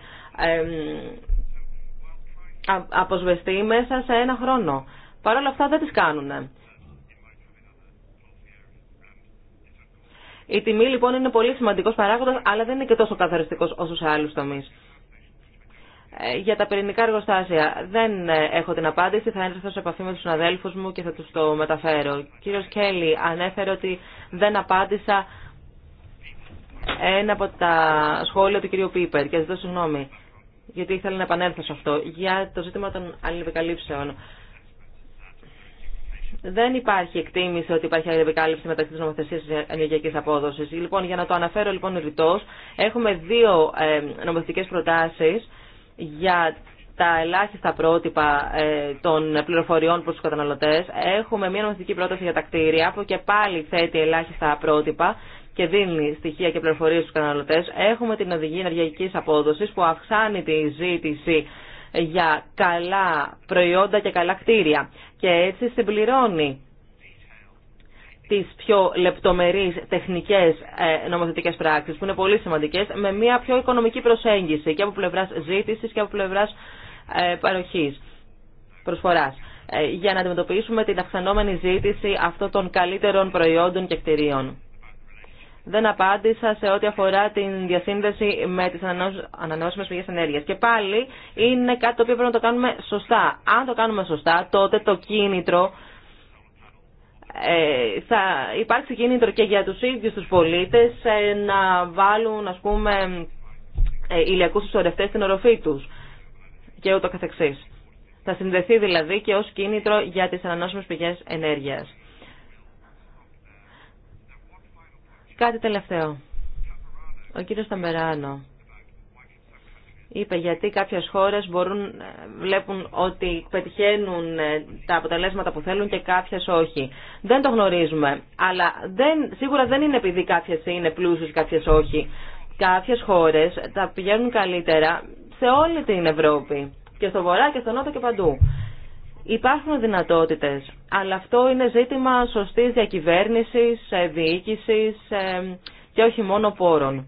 αποσβεστεί μέσα σε ένα χρόνο. Παρ' όλα αυτά δεν τις κάνουν. Η τιμή λοιπόν είναι πολύ σημαντικό παράγοντας, αλλά δεν είναι και τόσο καθοριστικό όσο σε άλλους τομείς. Ε, για τα πυρηνικά εργοστάσια δεν ε, έχω την απάντηση, θα έρθω σε επαφή με του συναδέλφου μου και θα του το μεταφέρω. Κύριο κύριος Κέλλη ανέφερε ότι δεν απάντησα ένα από τα σχόλια του κυρίου Πίπερ και ζητώ συγγνώμη γιατί ήθελα να επανέλθω σε αυτό για το ζήτημα των αλληλεπικαλύψεων. Δεν υπάρχει εκτίμηση ότι υπάρχει αλληλεπικάλυψη μεταξύ τη νομοθεσία και ενεργειακή απόδοση. Λοιπόν, για να το αναφέρω λοιπόν ρητό, έχουμε δύο ε, νομοθετικέ προτάσει για τα ελάχιστα πρότυπα ε, των πληροφοριών προ του καταναλωτέ. Έχουμε μία νομοθετική πρόταση για τα κτίρια που και πάλι θέτει ελάχιστα πρότυπα και δίνει στοιχεία και πληροφορίε στου καταναλωτέ. Έχουμε την οδηγία ενεργειακή απόδοση που αυξάνει τη ζήτηση για καλά προϊόντα και καλά κτίρια. Και έτσι συμπληρώνει τις πιο λεπτομερείς τεχνικές ε, νομοθετικές πράξεις που είναι πολύ σημαντικές με μια πιο οικονομική προσέγγιση και από πλευράς ζήτησης και από πλευράς ε, παροχής, προσφοράς ε, για να αντιμετωπίσουμε την αυξανόμενη ζήτηση αυτών των καλύτερων προϊόντων και κτηρίων δεν απάντησα σε ό,τι αφορά την διασύνδεση με τις ανανεώσιμες πηγές ενέργειας. Και πάλι είναι κάτι το οποίο πρέπει να το κάνουμε σωστά. Αν το κάνουμε σωστά, τότε το κίνητρο ε, θα υπάρξει κίνητρο και για τους ίδιους τους πολίτες ε, να βάλουν, ας πούμε, ε, ηλιακούς συσσωρευτές στην οροφή τους και ούτω καθεξής. Θα συνδεθεί δηλαδή και ως κίνητρο για τις ανανεώσιμες πηγές ενέργειας. Κάτι τελευταίο. Ο κύριος Ταμεράνο είπε γιατί κάποιες χώρες μπορούν, ε, βλέπουν ότι πετυχαίνουν ε, τα αποτελέσματα που θέλουν και κάποιες όχι. Δεν το γνωρίζουμε, αλλά δεν, σίγουρα δεν είναι επειδή κάποιες είναι πλούσιες και κάποιες όχι. Κάποιες χώρες τα πηγαίνουν καλύτερα σε όλη την Ευρώπη και στο βορρά και στο νότο και παντού. Υπάρχουν δυνατότητες, αλλά αυτό είναι ζήτημα σωστής διακυβέρνησης, ε, διοίκησης ε, και όχι μόνο πόρων.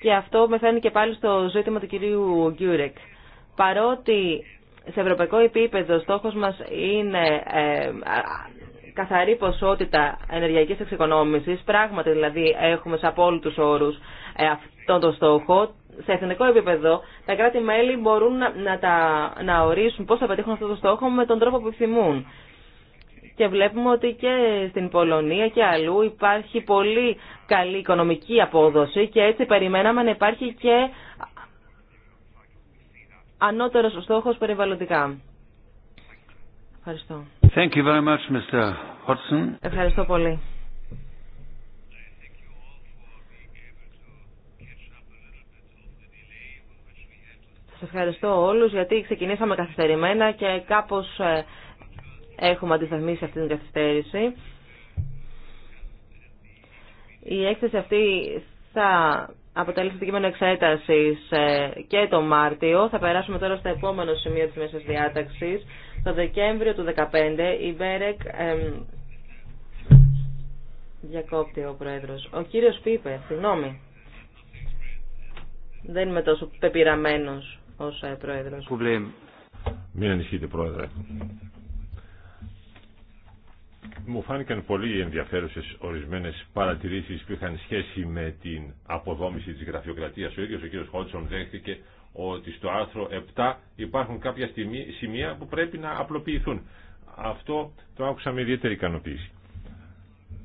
Και αυτό με φαίνει και πάλι στο ζήτημα του κυρίου Γκιούρεκ. Παρότι σε ευρωπαϊκό επίπεδο στόχος μας είναι ε, καθαρή ποσότητα ενεργειακής εξοικονόμησης, πράγματι δηλαδή έχουμε σε απόλυτους όρους αυτόν τον στόχο, σε εθνικό επίπεδο τα κράτη-μέλη μπορούν να, να, τα, να ορίσουν πώς θα πετύχουν αυτό το στόχο με τον τρόπο που επιθυμούν. Και βλέπουμε ότι και στην Πολωνία και αλλού υπάρχει πολύ καλή οικονομική απόδοση και έτσι περιμέναμε να υπάρχει και ανώτερος στόχος περιβαλλοντικά. Ευχαριστώ. Thank you very much, Mr. Ευχαριστώ πολύ. Σας ευχαριστώ όλους γιατί ξεκινήσαμε καθυστερημένα και κάπως ε, έχουμε αντισταθμίσει αυτή την καθυστέρηση. Η έκθεση αυτή θα αποτελεί το κείμενο εξέταση ε, και το Μάρτιο. Θα περάσουμε τώρα στο επόμενο σημείο της μέσας διάταξης. Το Δεκέμβριο του 2015 η Μπέρεκ... διακόπτει ο Πρόεδρος. Ο κύριος Πίπερ, συγγνώμη. Δεν είμαι τόσο πεπειραμένος ως ε, Πρόεδρος. Μην ανησυχείτε Πρόεδρε. Μου φάνηκαν πολύ ενδιαφέρουσε ορισμένε παρατηρήσει που είχαν σχέση με την αποδόμηση τη γραφειοκρατία. Ο ίδιο ο κ. Χότσον δέχτηκε ότι στο άρθρο 7 υπάρχουν κάποια σημεία που πρέπει να απλοποιηθούν. Αυτό το άκουσα με ιδιαίτερη ικανοποίηση.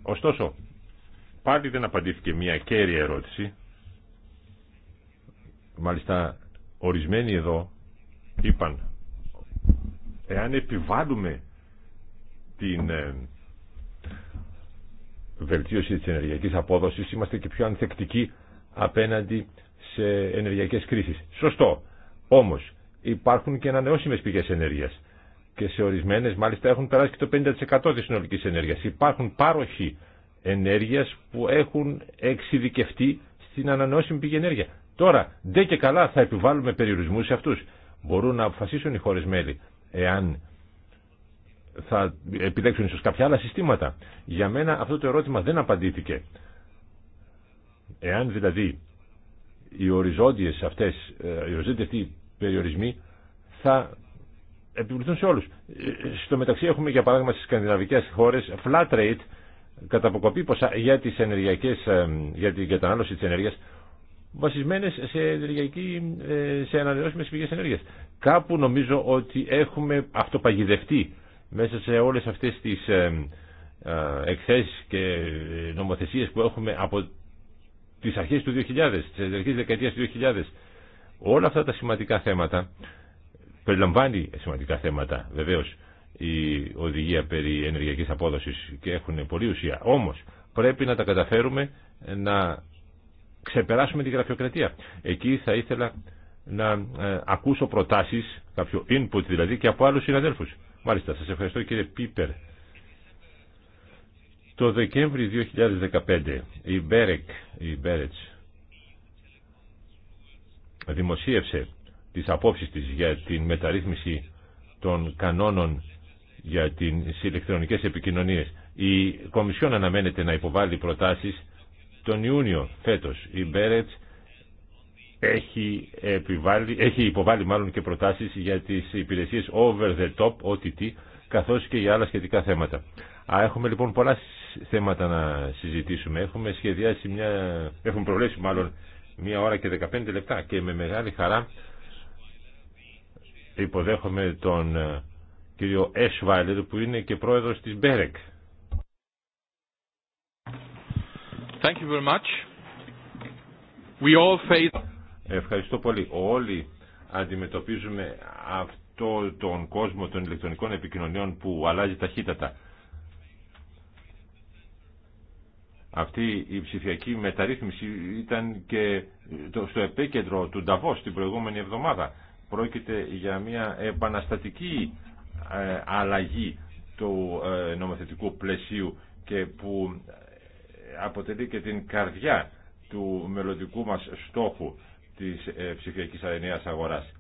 Ωστόσο, πάλι δεν απαντήθηκε μια κέρια ερώτηση. Μάλιστα Ορισμένοι εδώ είπαν εάν επιβάλλουμε την ε, βελτίωση της ενεργειακής απόδοσης είμαστε και πιο ανθεκτικοί απέναντι σε ενεργειακές κρίσεις. Σωστό. Όμως υπάρχουν και ανανεώσιμες πηγές ενέργειας και σε ορισμένες μάλιστα έχουν περάσει και το 50% της συνολικής ενέργειας. Υπάρχουν πάροχοι ενέργειας που έχουν εξειδικευτεί στην ανανεώσιμη πηγή ενέργεια. Τώρα, ντε και καλά θα επιβάλλουμε περιορισμού σε αυτού. Μπορούν να αποφασίσουν οι χώρε μέλη εάν θα επιλέξουν ίσω κάποια άλλα συστήματα. Για μένα αυτό το ερώτημα δεν απαντήθηκε. Εάν δηλαδή οι οριζόντιες αυτές, ε, οι οριζόντιες περιορισμοί θα επιβληθούν σε όλους. Ε, στο μεταξύ έχουμε για παράδειγμα στις σκανδιναβικές χώρες flat rate κατά αποκοπή για, τις ε, για την κατανάλωση της ενέργειας βασισμένες σε, ενεργειακή, ε, σε ανανεώσιμες πηγές ενέργειας. Κάπου νομίζω ότι έχουμε αυτοπαγιδευτεί μέσα σε όλες αυτές τις ε, ε, εκθέσεις και νομοθεσίες που έχουμε από τις αρχές του 2000, τις αρχές δεκαετίας του 2000. Όλα αυτά τα σημαντικά θέματα, περιλαμβάνει σημαντικά θέματα βεβαίως η οδηγία περί ενεργειακής απόδοσης και έχουν πολλή ουσία. Όμως πρέπει να τα καταφέρουμε να ξεπεράσουμε τη γραφειοκρατία. Εκεί θα ήθελα να ε, ακούσω προτάσεις, κάποιο input δηλαδή, και από άλλους συναδέλφους. Μάλιστα, σας ευχαριστώ κύριε Πίπερ. Το Δεκέμβρη 2015 η Μπέρεκ, η Μπέρετς, δημοσίευσε τις απόψεις της για την μεταρρύθμιση των κανόνων για τις ηλεκτρονικές επικοινωνίες. Η Κομισιόν αναμένεται να υποβάλει προτάσεις τον Ιούνιο φέτος η Μπέρετς έχει, επιβάλει, έχει υποβάλει μάλλον και προτάσεις για τις υπηρεσίες over the top, OTT, καθώς και για άλλα σχετικά θέματα. Α, έχουμε λοιπόν πολλά θέματα να συζητήσουμε. Έχουμε σχεδιάσει μια, έχουμε προβλέψει μάλλον μια ώρα και 15 λεπτά και με μεγάλη χαρά υποδέχομαι τον ε, κύριο Εσβάλλερ που είναι και πρόεδρος της Μπέρεκ. Ευχαριστώ πολύ. Όλοι αντιμετωπίζουμε αυτό τον κόσμο των ηλεκτρονικών επικοινωνιών που αλλάζει ταχύτατα. Αυτή η ψηφιακή μεταρρύθμιση ήταν και στο επίκεντρο του Νταβός την προηγούμενη εβδομάδα. Πρόκειται για μια επαναστατική ε, αλλαγή του ε, νομοθετικού πλαισίου και που αποτελεί και την καρδιά του μελλοντικού μας στόχου της ε, ψηφιακής αδενίας αγοράς.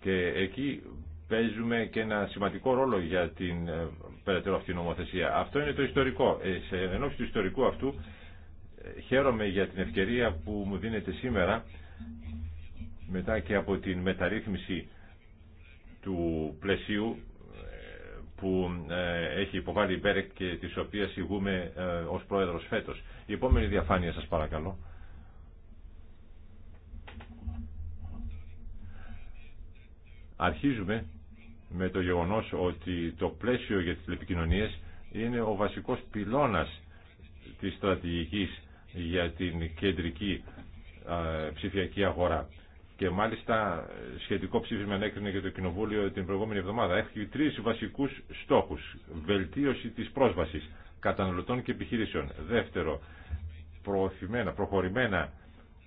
Και εκεί παίζουμε και ένα σημαντικό ρόλο για την ε, περαιτέρω αυτή νομοθεσία. Αυτό είναι το ιστορικό. Ε, σε ενώπιση του ιστορικού αυτού χαίρομαι για την ευκαιρία που μου δίνεται σήμερα μετά και από την μεταρρύθμιση του πλαισίου που ε, έχει υποβάλει η Μπέρεκ και της οποίες ηγούμε ε, ως πρόεδρος φέτος. Η επόμενη διαφάνεια σας παρακαλώ. Αρχίζουμε με το γεγονός ότι το πλαίσιο για τις τηλεπικοινωνίες είναι ο βασικός πυλώνας της στρατηγικής για την κεντρική ε, ψηφιακή αγορά και μάλιστα ε, σχετικό ψήφισμα ανέκρινε και το Κοινοβούλιο την προηγούμενη εβδομάδα. Έχει τρει βασικούς στόχους. Βελτίωση της πρόσβασης καταναλωτών και επιχειρήσεων. Δεύτερο, προωθημένα, προχωρημένα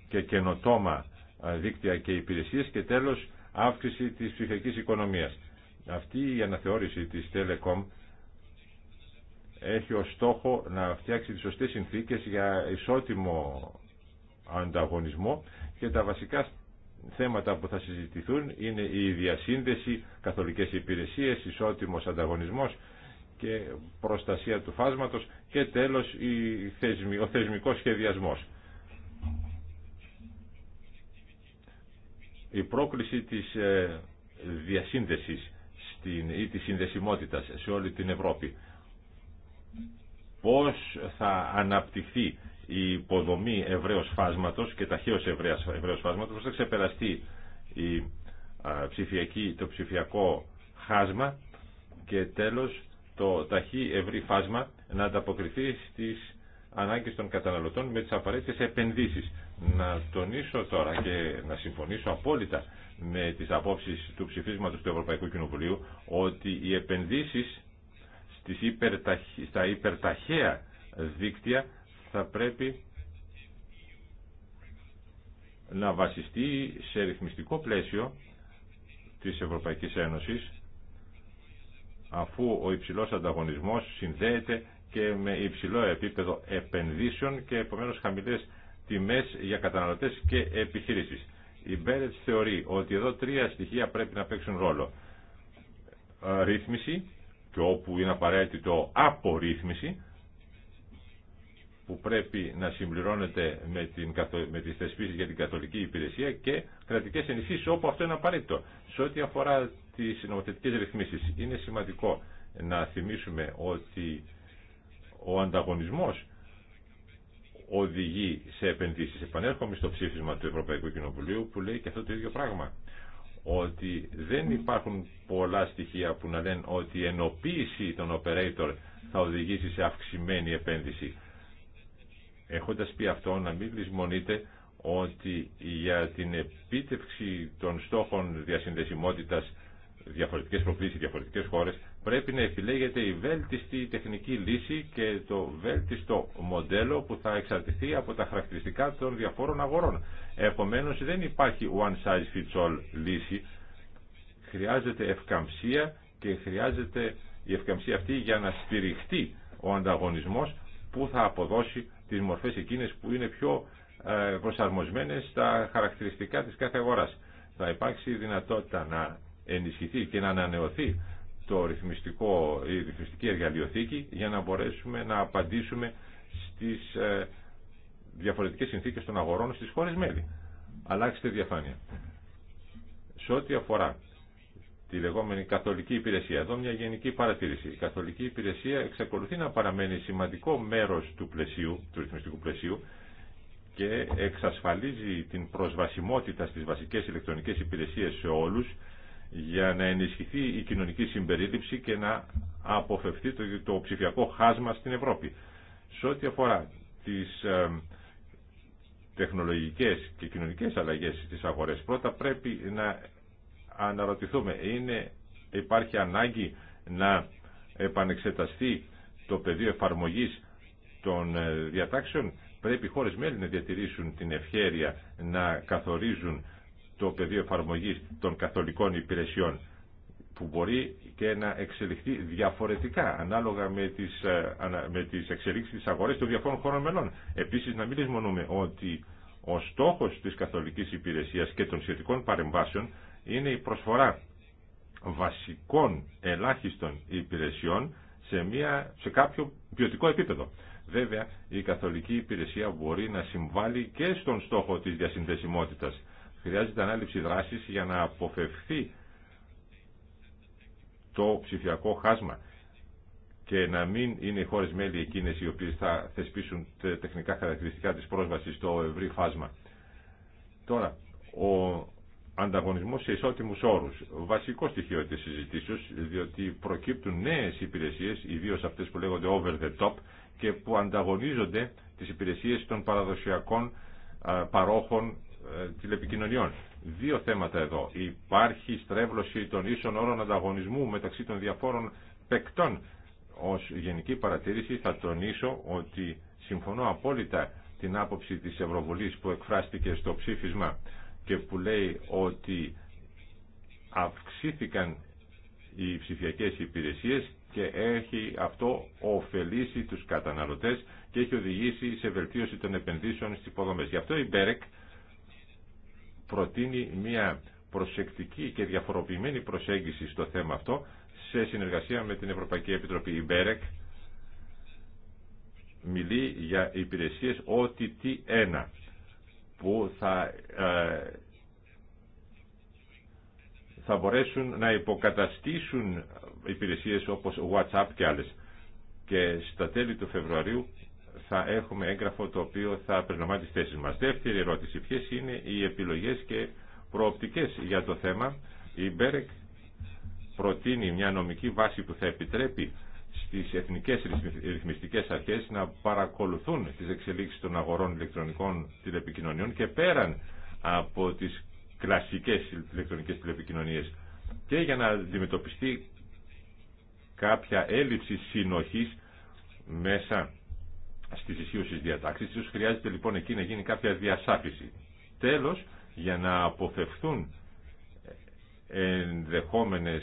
και καινοτόμα ε, δίκτυα και υπηρεσίες. Και τέλος, αύξηση της ψηφιακή οικονομίας. Αυτή η αναθεώρηση τη Telecom έχει ως στόχο να φτιάξει τις σωστές συνθήκες για ισότιμο ανταγωνισμό και τα βασικά θέματα που θα συζητηθούν είναι η διασύνδεση, καθολικές υπηρεσίες, ισότιμος ανταγωνισμός και προστασία του φάσματος και τέλος ο θεσμικός σχεδιασμός. Η πρόκληση της ε, διασύνδεσης στην, ή της συνδεσιμότητας σε όλη την Ευρώπη. Πώς θα αναπτυχθεί η υποδομή ευρέως φάσματος και ταχαίως ευρέως φάσματος ώστε ξεπεραστεί η ψηφιακή, το ψηφιακό χάσμα και τέλος το ταχύ ευρύ φάσμα να ανταποκριθεί στις ανάγκες των καταναλωτών με τις απαραίτητες επενδύσεις. Να τονίσω τώρα και να συμφωνήσω απόλυτα με τις απόψεις του ψηφίσματος του Ευρωπαϊκού Κοινοβουλίου ότι οι επενδύσεις στις στα υπερταχαία δίκτυα θα πρέπει να βασιστεί σε ρυθμιστικό πλαίσιο της Ευρωπαϊκής Ένωσης αφού ο υψηλός ανταγωνισμός συνδέεται και με υψηλό επίπεδο επενδύσεων και επομένως χαμηλές τιμές για καταναλωτές και επιχειρήσεις. Η Μπέρετς θεωρεί ότι εδώ τρία στοιχεία πρέπει να παίξουν ρόλο. Ε, ρύθμιση και όπου είναι απαραίτητο απορρίθμιση που πρέπει να συμπληρώνεται με, την, με τις θεσπίσεις για την καθολική υπηρεσία και κρατικές ενισχύσεις όπου αυτό είναι απαραίτητο. Σε ό,τι αφορά τις νομοθετικές ρυθμίσεις είναι σημαντικό να θυμίσουμε ότι ο ανταγωνισμός οδηγεί σε επενδύσεις. Επανέρχομαι στο ψήφισμα του Ευρωπαϊκού Κοινοβουλίου που λέει και αυτό το ίδιο πράγμα. Ότι δεν υπάρχουν πολλά στοιχεία που να λένε ότι η ενοποίηση των operator θα οδηγήσει σε αυξημένη επένδυση. Έχοντας πει αυτό, να μην λησμονείτε ότι για την επίτευξη των στόχων διασυνδεσιμότητας διαφορετικές προκλήσεις, διαφορετικές χώρες, πρέπει να επιλέγεται η βέλτιστη τεχνική λύση και το βέλτιστο μοντέλο που θα εξαρτηθεί από τα χαρακτηριστικά των διαφόρων αγορών. Επομένως δεν υπάρχει one size fits all λύση. Χρειάζεται ευκαμψία και χρειάζεται η ευκαμψία αυτή για να στηριχτεί ο ανταγωνισμός που θα αποδώσει τις μορφές εκείνες που είναι πιο ε, προσαρμοσμένες στα χαρακτηριστικά της κάθε αγοράς. Θα υπάρξει δυνατότητα να ενισχυθεί και να ανανεωθεί το ρυθμιστικό, η ρυθμιστική εργαλειοθήκη για να μπορέσουμε να απαντήσουμε στις ε, διαφορετικές συνθήκες των αγορών στις χώρες μέλη. Αλλάξτε διαφάνεια. Σε ό,τι αφορά τη λεγόμενη καθολική υπηρεσία. Εδώ μια γενική παρατήρηση. Η καθολική υπηρεσία εξακολουθεί να παραμένει σημαντικό μέρος του πλαισίου, του ρυθμιστικού πλαισίου και εξασφαλίζει την προσβασιμότητα στις βασικές ηλεκτρονικές υπηρεσίες σε όλους για να ενισχυθεί η κοινωνική συμπερίληψη και να αποφευθεί το, ψηφιακό χάσμα στην Ευρώπη. Σε ό,τι αφορά τις ε, τεχνολογικές και κοινωνικές αλλαγέ στις αγορές πρώτα πρέπει να αναρωτηθούμε, είναι, υπάρχει ανάγκη να επανεξεταστεί το πεδίο εφαρμογής των ε, διατάξεων. Πρέπει οι χώρες μέλη να διατηρήσουν την ευχέρεια να καθορίζουν το πεδίο εφαρμογής των καθολικών υπηρεσιών που μπορεί και να εξελιχθεί διαφορετικά ανάλογα με τις, ε, με τις εξελίξεις της αγορές των διαφόρων χώρων μελών. Επίσης να μην λησμονούμε ότι ο στόχος της καθολικής υπηρεσίας και των σχετικών παρεμβάσεων είναι η προσφορά βασικών ελάχιστων υπηρεσιών σε, μια, σε κάποιο ποιοτικό επίπεδο. Βέβαια, η καθολική υπηρεσία μπορεί να συμβάλλει και στον στόχο της διασυνδεσιμότητας. Χρειάζεται ανάληψη δράσης για να αποφευθεί το ψηφιακό χάσμα και να μην είναι οι χώρες μέλη εκείνες οι οποίες θα θεσπίσουν τεχνικά χαρακτηριστικά της πρόσβασης στο ευρύ φάσμα. Τώρα, ο ανταγωνισμό σε ισότιμου όρου. Βασικό στοιχείο τη συζητήσεω, διότι προκύπτουν νέε υπηρεσίε, ιδίω αυτέ που λέγονται over the top και που ανταγωνίζονται τι υπηρεσίε των παραδοσιακών παρόχων τηλεπικοινωνιών. Δύο θέματα εδώ. Υπάρχει στρέβλωση των ίσων όρων ανταγωνισμού μεταξύ των διαφόρων παικτών. ω γενική παρατήρηση θα τονίσω ότι συμφωνώ απόλυτα την άποψη της Ευρωβουλής που εκφράστηκε στο ψήφισμα και που λέει ότι αυξήθηκαν οι ψηφιακές υπηρεσίες και έχει αυτό ωφελήσει τους καταναλωτές και έχει οδηγήσει σε βελτίωση των επενδύσεων στις υποδομές. Γι' αυτό η Μπέρεκ προτείνει μια προσεκτική και διαφοροποιημένη προσέγγιση στο θέμα αυτό σε συνεργασία με την Ευρωπαϊκή Επιτροπή. Η Μπέρεκ μιλεί για υπηρεσίες OTT1 που ε, θα, μπορέσουν να υποκαταστήσουν υπηρεσίες όπως WhatsApp και άλλες. Και στα τέλη του Φεβρουαρίου θα έχουμε έγγραφο το οποίο θα περιλαμβάνει τις θέσεις μας. Δεύτερη ερώτηση, ποιες είναι οι επιλογές και προοπτικές για το θέμα. Η Μπέρεκ προτείνει μια νομική βάση που θα επιτρέπει στις εθνικές ρυθμιστικές αρχές να παρακολουθούν τις εξελίξεις των αγορών ηλεκτρονικών τηλεπικοινωνιών και πέραν από τις κλασικές ηλεκτρονικές τηλεπικοινωνίες και για να αντιμετωπιστεί κάποια έλλειψη συνοχής μέσα στις ισχύουσες διατάξεις. Ίσως χρειάζεται λοιπόν εκεί να γίνει κάποια διασάφηση. Τέλος, για να αποφευθούν ενδεχόμενες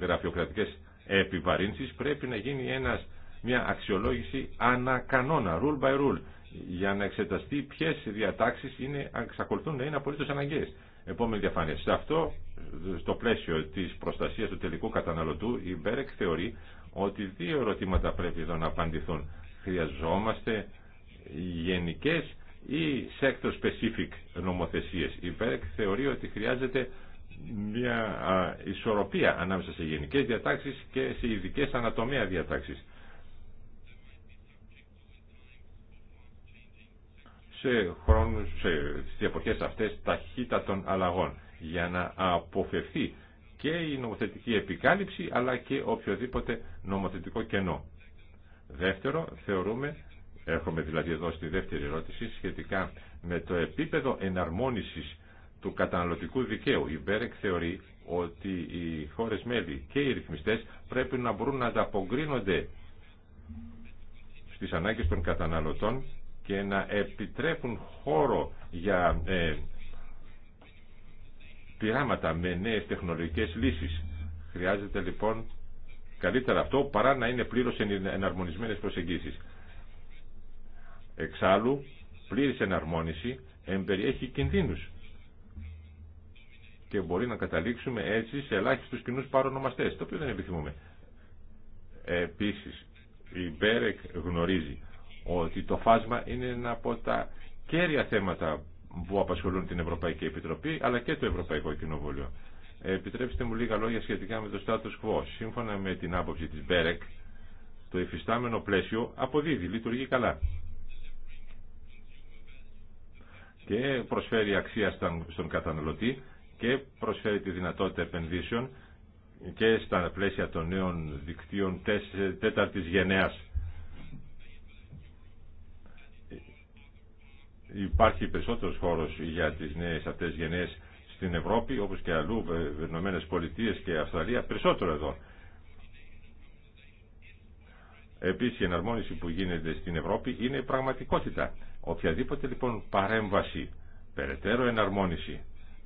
γραφειοκρατικές επιβαρύνσεις πρέπει να γίνει ένας, μια αξιολόγηση ανακανόνα, rule by rule, για να εξεταστεί ποιες διατάξεις είναι, εξακολουθούν να είναι απολύτως αναγκαίες. Επόμενη διαφάνεια. Σε αυτό, στο πλαίσιο της προστασίας του τελικού καταναλωτού, η Μπέρεκ θεωρεί ότι δύο ερωτήματα πρέπει εδώ να απαντηθούν. Χρειαζόμαστε γενικές ή sector-specific νομοθεσίες. Η Μπέρεκ θεωρεί ότι χρειάζεται μια ισορροπία ανάμεσα σε γενικές διατάξεις και σε ειδικές ανατομία διατάξεις. σε χρόνους, σε, στις εποχές αυτές ταχύτατων αλλαγών για να αποφευθεί και η νομοθετική επικάλυψη αλλά και οποιοδήποτε νομοθετικό κενό. Δεύτερο, θεωρούμε, έχουμε δηλαδή εδώ στη δεύτερη ερώτηση σχετικά με το επίπεδο εναρμόνισης του καταναλωτικού δικαίου. Η Μπέρεκ θεωρεί ότι οι χώρες μέλη και οι ρυθμιστές πρέπει να μπορούν να ανταπογκρίνονται στις ανάγκες των καταναλωτών και να επιτρέπουν χώρο για ε, πειράματα με νέες τεχνολογικές λύσεις. Χρειάζεται λοιπόν καλύτερα αυτό παρά να είναι πλήρως εναρμονισμένες προσεγγίσεις. Εξάλλου, πλήρης εναρμόνιση εμπεριέχει κινδύνους και μπορεί να καταλήξουμε έτσι σε ελάχιστου κοινού παρονομαστές, το οποίο δεν επιθυμούμε. Επίσης, η Μπέρεκ γνωρίζει ότι το φάσμα είναι ένα από τα κέρια θέματα που απασχολούν την Ευρωπαϊκή Επιτροπή αλλά και το Ευρωπαϊκό Κοινοβούλιο. Επιτρέψτε μου λίγα λόγια σχετικά με το status quo. Σύμφωνα με την άποψη της Μπέρεκ, το υφιστάμενο πλαίσιο αποδίδει, λειτουργεί καλά και προσφέρει αξία στον καταναλωτή και προσφέρει τη δυνατότητα επενδύσεων και στα πλαίσια των νέων δικτύων τέταρτης γενναίας. Υπάρχει περισσότερος χώρος για τις νέες αυτές γενναίες στην Ευρώπη, όπως και αλλού, Ηνωμένες Πολιτείες και Αυστραλία, περισσότερο εδώ. Επίσης η εναρμόνιση που γίνεται στην Ευρώπη είναι πραγματικότητα. Οποιαδήποτε λοιπόν παρέμβαση, περαιτέρω εναρμόνιση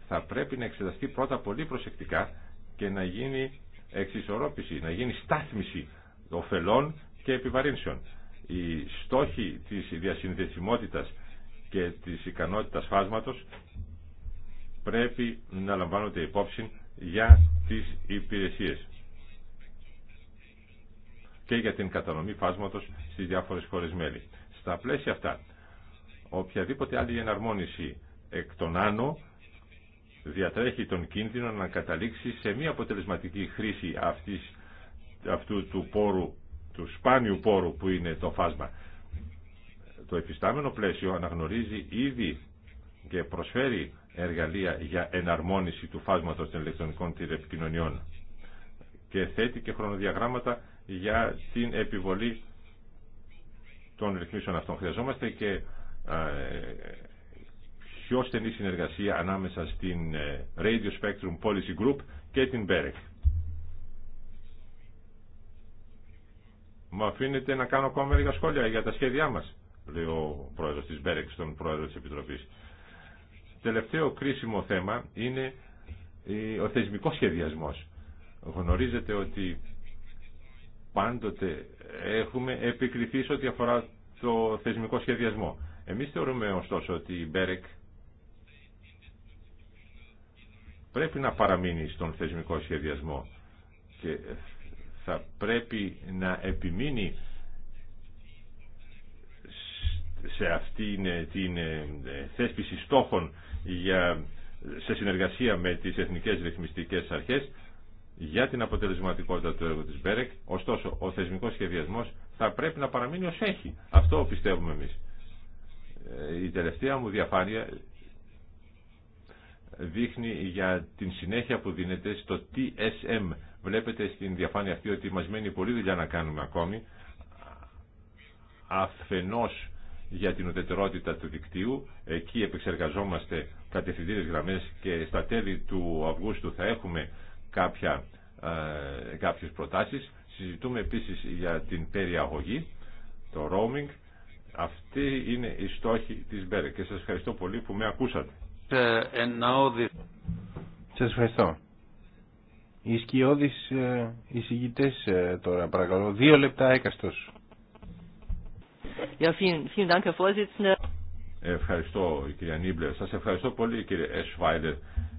θα πρέπει να εξεταστεί πρώτα πολύ προσεκτικά και να γίνει εξισορρόπηση, να γίνει στάθμιση ωφελών και επιβαρύνσεων. Οι στόχοι της διασυνδεσιμότητας και της ικανότητας φάσματος πρέπει να λαμβάνονται υπόψη για τις υπηρεσίες και για την κατανομή φάσματος στις διάφορες χώρες μέλη. Στα πλαίσια αυτά, οποιαδήποτε άλλη εναρμόνιση εκ των άνω διατρέχει τον κίνδυνο να καταλήξει σε μία αποτελεσματική χρήση αυτής, αυτού του πόρου, του σπάνιου πόρου που είναι το φάσμα. Το εφιστάμενο πλαίσιο αναγνωρίζει ήδη και προσφέρει εργαλεία για εναρμόνιση του φάσματος των ηλεκτρονικών τηλεπικοινωνιών και θέτει και χρονοδιαγράμματα για την επιβολή των ρυθμίσεων αυτών. Χρειαζόμαστε και ε, πιο στενή συνεργασία ανάμεσα στην ε, Radio Spectrum Policy Group και την BEREC. Μου αφήνετε να κάνω ακόμα μερικά σχόλια για τα σχέδιά μας, λέει ο πρόεδρο της BEREC στον πρόεδρο της Επιτροπής. Τελευταίο κρίσιμο θέμα είναι ε, ο θεσμικός σχεδιασμός. Γνωρίζετε ότι πάντοτε έχουμε επικριθεί σε ό,τι αφορά το θεσμικό σχεδιασμό. Εμείς θεωρούμε ωστόσο ότι η Μπέρεκ πρέπει να παραμείνει στον θεσμικό σχεδιασμό και θα πρέπει να επιμείνει σε αυτή την ε, θέσπιση στόχων για, σε συνεργασία με τις εθνικές ρυθμιστικές αρχές για την αποτελεσματικότητα του έργου της Μπέρεκ. Ωστόσο, ο θεσμικός σχεδιασμός θα πρέπει να παραμείνει ως έχει. Αυτό πιστεύουμε εμείς. Ε, η τελευταία μου διαφάνεια δείχνει για την συνέχεια που δίνεται στο TSM. Βλέπετε στην διαφάνεια αυτή ότι μας μένει πολύ δουλειά να κάνουμε ακόμη αφενός για την ουδετερότητα του δικτύου. Εκεί επεξεργαζόμαστε κατευθυντήρες γραμμές και στα τέλη του Αυγούστου θα έχουμε κάποια, ε, κάποιες προτάσεις. Συζητούμε επίσης για την περιαγωγή, το roaming. Αυτή είναι η στόχη της Μπέρε και σας ευχαριστώ πολύ που με ακούσατε. Ε, Σα ευχαριστώ. Οι σκιώδει εισηγητέ ε, τώρα παρακαλώ. Δύο λεπτά έκαστο. Ευχαριστώ κυρία Νίμπλερ. Σα ευχαριστώ πολύ κύριε Εσφάιλερ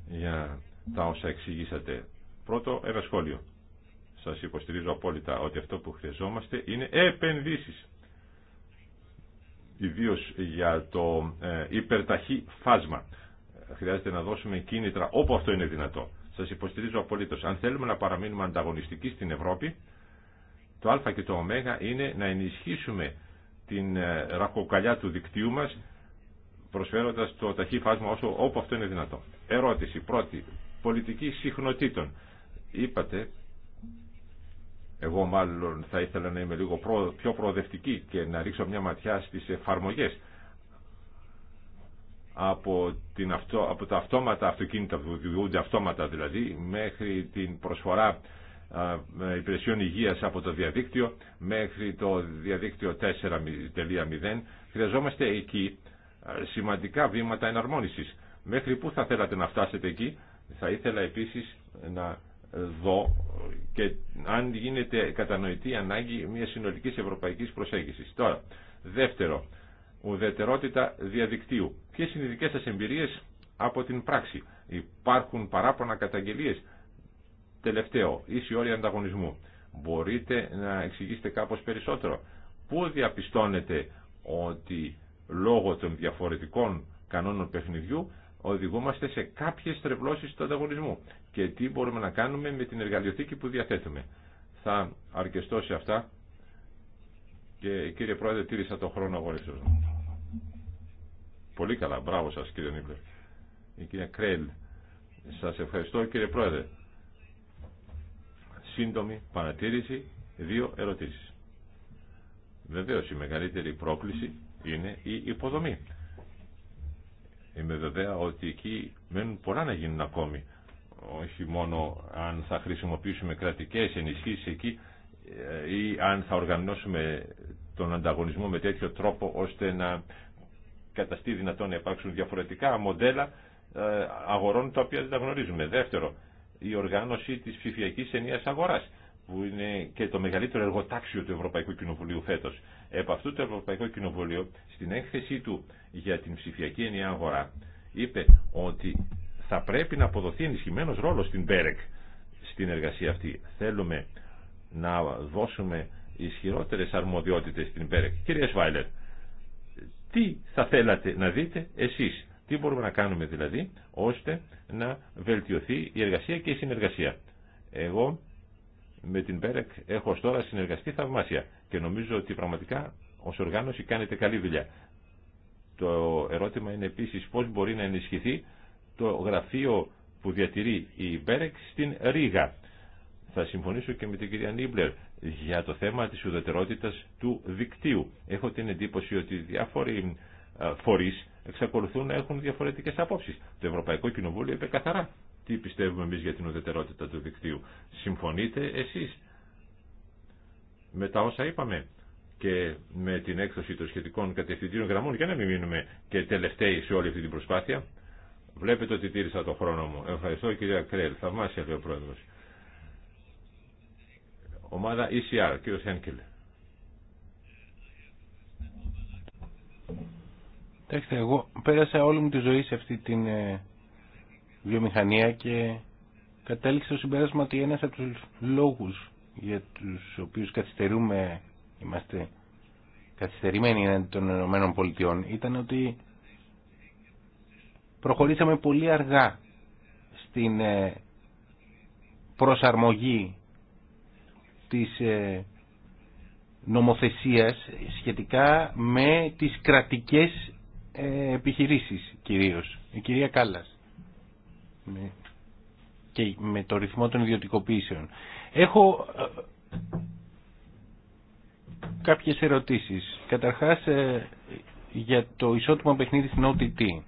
για τα όσα εξηγήσατε. Πρώτο ένα σχόλιο. Σα υποστηρίζω απόλυτα ότι αυτό που χρειαζόμαστε είναι επενδύσει, ιδίω για το ε, υπερταχή φάσμα χρειάζεται να δώσουμε κίνητρα όπου αυτό είναι δυνατό. Σα υποστηρίζω απολύτω. Αν θέλουμε να παραμείνουμε ανταγωνιστικοί στην Ευρώπη, το α και το ω είναι να ενισχύσουμε την ε, ρακοκαλιά του δικτύου μας προσφέροντας το ταχύ φάσμα όσο, όπου αυτό είναι δυνατό. Ερώτηση πρώτη. Πολιτική συχνοτήτων. Είπατε, εγώ μάλλον θα ήθελα να είμαι λίγο πιο προοδευτική και να ρίξω μια ματιά στις εφαρμογές από, την αυτο, από τα αυτόματα αυτοκίνητα που δημιουργούνται αυτόματα δηλαδή μέχρι την προσφορά υπηρεσιών υγείας από το διαδίκτυο μέχρι το διαδίκτυο 4.0 χρειαζόμαστε εκεί σημαντικά βήματα εναρμόνισης μέχρι που θα θέλατε να φτάσετε εκεί θα ήθελα επίσης να δω και αν γίνεται κατανοητή ανάγκη μια συνολικής ευρωπαϊκής προσέγγισης τώρα δεύτερο ουδετερότητα διαδικτύου και είναι οι δικέ από την πράξη. Υπάρχουν παράπονα καταγγελίες. Τελευταίο, ίση όρια ανταγωνισμού. Μπορείτε να εξηγήσετε κάπως περισσότερο. Πού διαπιστώνετε ότι λόγω των διαφορετικών κανόνων παιχνιδιού οδηγούμαστε σε κάποιες τρευλώσεις του ανταγωνισμού και τι μπορούμε να κάνουμε με την εργαλειοθήκη που διαθέτουμε. Θα αρκεστώ σε αυτά και κύριε Πρόεδρε τήρησα το χρόνο αγόρευσης. Πολύ καλά. Μπράβο σας κύριε Νίμπλερ. Η ε, κυρία Κρέλ. Σας ευχαριστώ κύριε Πρόεδρε. Σύντομη παρατήρηση, δύο ερωτήσεις. Βεβαίως η μεγαλύτερη πρόκληση είναι η υποδομή. Είμαι βεβαία ότι εκεί μένουν πολλά να γίνουν ακόμη. Όχι μόνο αν θα χρησιμοποιήσουμε κρατικές ενισχύσεις εκεί ε, ή αν θα οργανώσουμε τον ανταγωνισμό με τέτοιο τρόπο ώστε να καταστεί δυνατόν να υπάρξουν διαφορετικά μοντέλα ε, αγορών τα οποία δεν τα γνωρίζουμε. Δεύτερο, η οργάνωση της ψηφιακή ενίας αγοράς που είναι και το μεγαλύτερο εργοτάξιο του Ευρωπαϊκού Κοινοβουλίου φέτος. Επ' αυτού το Ευρωπαϊκό Κοινοβουλίο στην έκθεσή του για την ψηφιακή ενία αγορά είπε ότι θα πρέπει να αποδοθεί ενισχυμένο ρόλο στην ΠΕΡΕΚ στην εργασία αυτή. Θέλουμε να δώσουμε ισχυρότερες αρμοδιότητες στην ΠΕΡΕΚ. Κυρία Σβάιλερ, τι θα θέλατε να δείτε εσείς. Τι μπορούμε να κάνουμε δηλαδή ώστε να βελτιωθεί η εργασία και η συνεργασία. Εγώ με την ΠΕΡΕΚ έχω ως τώρα συνεργαστεί θαυμάσια και νομίζω ότι πραγματικά ως οργάνωση κάνετε καλή δουλειά. Το ερώτημα είναι επίσης πώς μπορεί να ενισχυθεί το γραφείο που διατηρεί η ΠΕΡΕΚ στην Ρήγα. Θα συμφωνήσω και με την κυρία Νίμπλερ για το θέμα της ουδετερότητας του δικτύου. Έχω την εντύπωση ότι διάφοροι ε, φορείς εξακολουθούν να έχουν διαφορετικές απόψεις. Το Ευρωπαϊκό Κοινοβούλιο είπε καθαρά τι πιστεύουμε εμείς για την ουδετερότητα του δικτύου. Συμφωνείτε εσείς με τα όσα είπαμε και με την έκδοση των σχετικών κατευθυντήριων γραμμών για να μην μείνουμε και τελευταίοι σε όλη αυτή την προσπάθεια. Βλέπετε ότι τήρησα το χρόνο μου. Ευχαριστώ κυρία Κρέλ. Θαυμάσια λέει ο πρόεδρος. Ομάδα ECR, Κύριο Χένκελ. Κοιτάξτε, εγώ πέρασα όλη μου τη ζωή σε αυτή την ε, βιομηχανία και κατέληξα στο συμπέρασμα ότι ένας από τους λόγους για τους οποίους καθυστερούμε, είμαστε καθυστερημένοι εναντί των Ηνωμένων Πολιτειών, ήταν ότι προχωρήσαμε πολύ αργά στην ε, προσαρμογή της ε, νομοθεσίας σχετικά με τις κρατικές ε, επιχειρήσεις κυρίως. Η κυρία Κάλλας και με το ρυθμό των ιδιωτικοποίησεων. Έχω ε, κάποιες ερωτήσεις. Καταρχάς για το ισότιμο παιχνίδι στην OTT.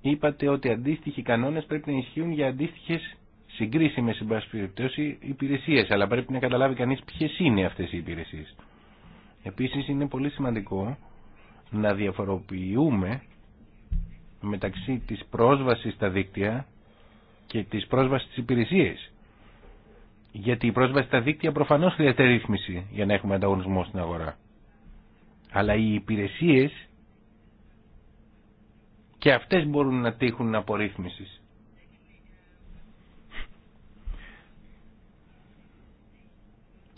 Είπατε ότι αντίστοιχοι κανόνες πρέπει να ισχύουν για αντίστοιχες Συγκρίσιμε εν πάση περιπτώσει υπηρεσίες, αλλά πρέπει να καταλάβει κανείς ποιε είναι αυτές οι υπηρεσίες. Επίσης είναι πολύ σημαντικό να διαφοροποιούμε μεταξύ της πρόσβασης στα δίκτυα και της πρόσβασης στις υπηρεσίες. Γιατί η πρόσβαση στα δίκτυα προφανώς χρειάζεται ρύθμιση για να έχουμε ανταγωνισμό στην αγορά. Αλλά οι υπηρεσίε και αυτέ μπορούν να τύχουν ρύθμισης.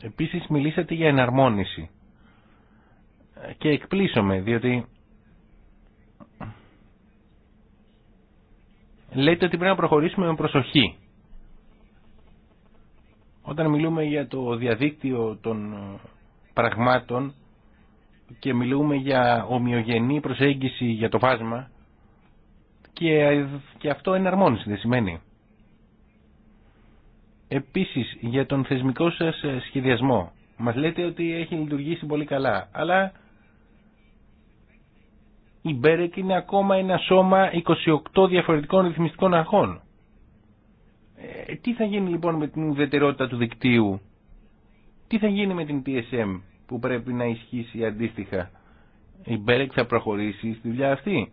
Επίσης μιλήσατε για εναρμόνιση. Και εκπλήσωμαι, διότι λέτε ότι πρέπει να προχωρήσουμε με προσοχή. Όταν μιλούμε για το διαδίκτυο των πραγμάτων και μιλούμε για ομοιογενή προσέγγιση για το φάσμα και, και αυτό εναρμόνιση δεν σημαίνει. Επίσης, για τον θεσμικό σας ε, σχεδιασμό. Μας λέτε ότι έχει λειτουργήσει πολύ καλά, αλλά η Μπέρεκ είναι ακόμα ένα σώμα 28 διαφορετικών ρυθμιστικών αρχών. Ε, τι θα γίνει λοιπόν με την ουδετερότητα του δικτύου, τι θα γίνει με την TSM που πρέπει να ισχύσει αντίστοιχα. Η Μπέρεκ θα προχωρήσει στη δουλειά αυτή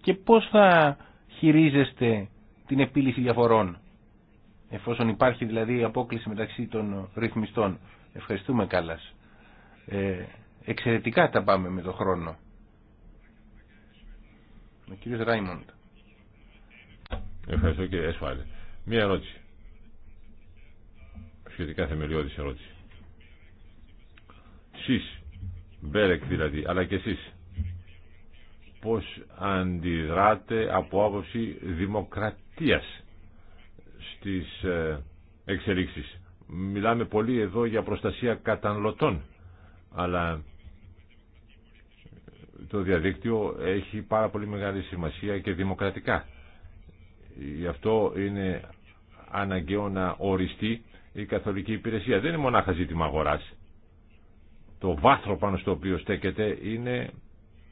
και πώς θα χειρίζεστε την επίλυση διαφορών εφόσον υπάρχει δηλαδή η απόκληση μεταξύ των ρυθμιστών. Ευχαριστούμε κάλλας. Ε, εξαιρετικά τα πάμε με το χρόνο. Ο κύριος Ράιμοντ. Ευχαριστώ κύριε έσφαλε Μία ερώτηση. Σχετικά θεμελιώδης ερώτηση. Σεις, Μπέρεκ δηλαδή, αλλά και εσείς, πώς αντιδράτε από άποψη δημοκρατίας στις ε, εξελίξεις. Μιλάμε πολύ εδώ για προστασία καταναλωτών, αλλά ε, το διαδίκτυο έχει πάρα πολύ μεγάλη σημασία και δημοκρατικά. Γι' αυτό είναι αναγκαίο να οριστεί η καθολική υπηρεσία. Δεν είναι μονάχα ζήτημα αγοράς. Το βάθρο πάνω στο οποίο στέκεται είναι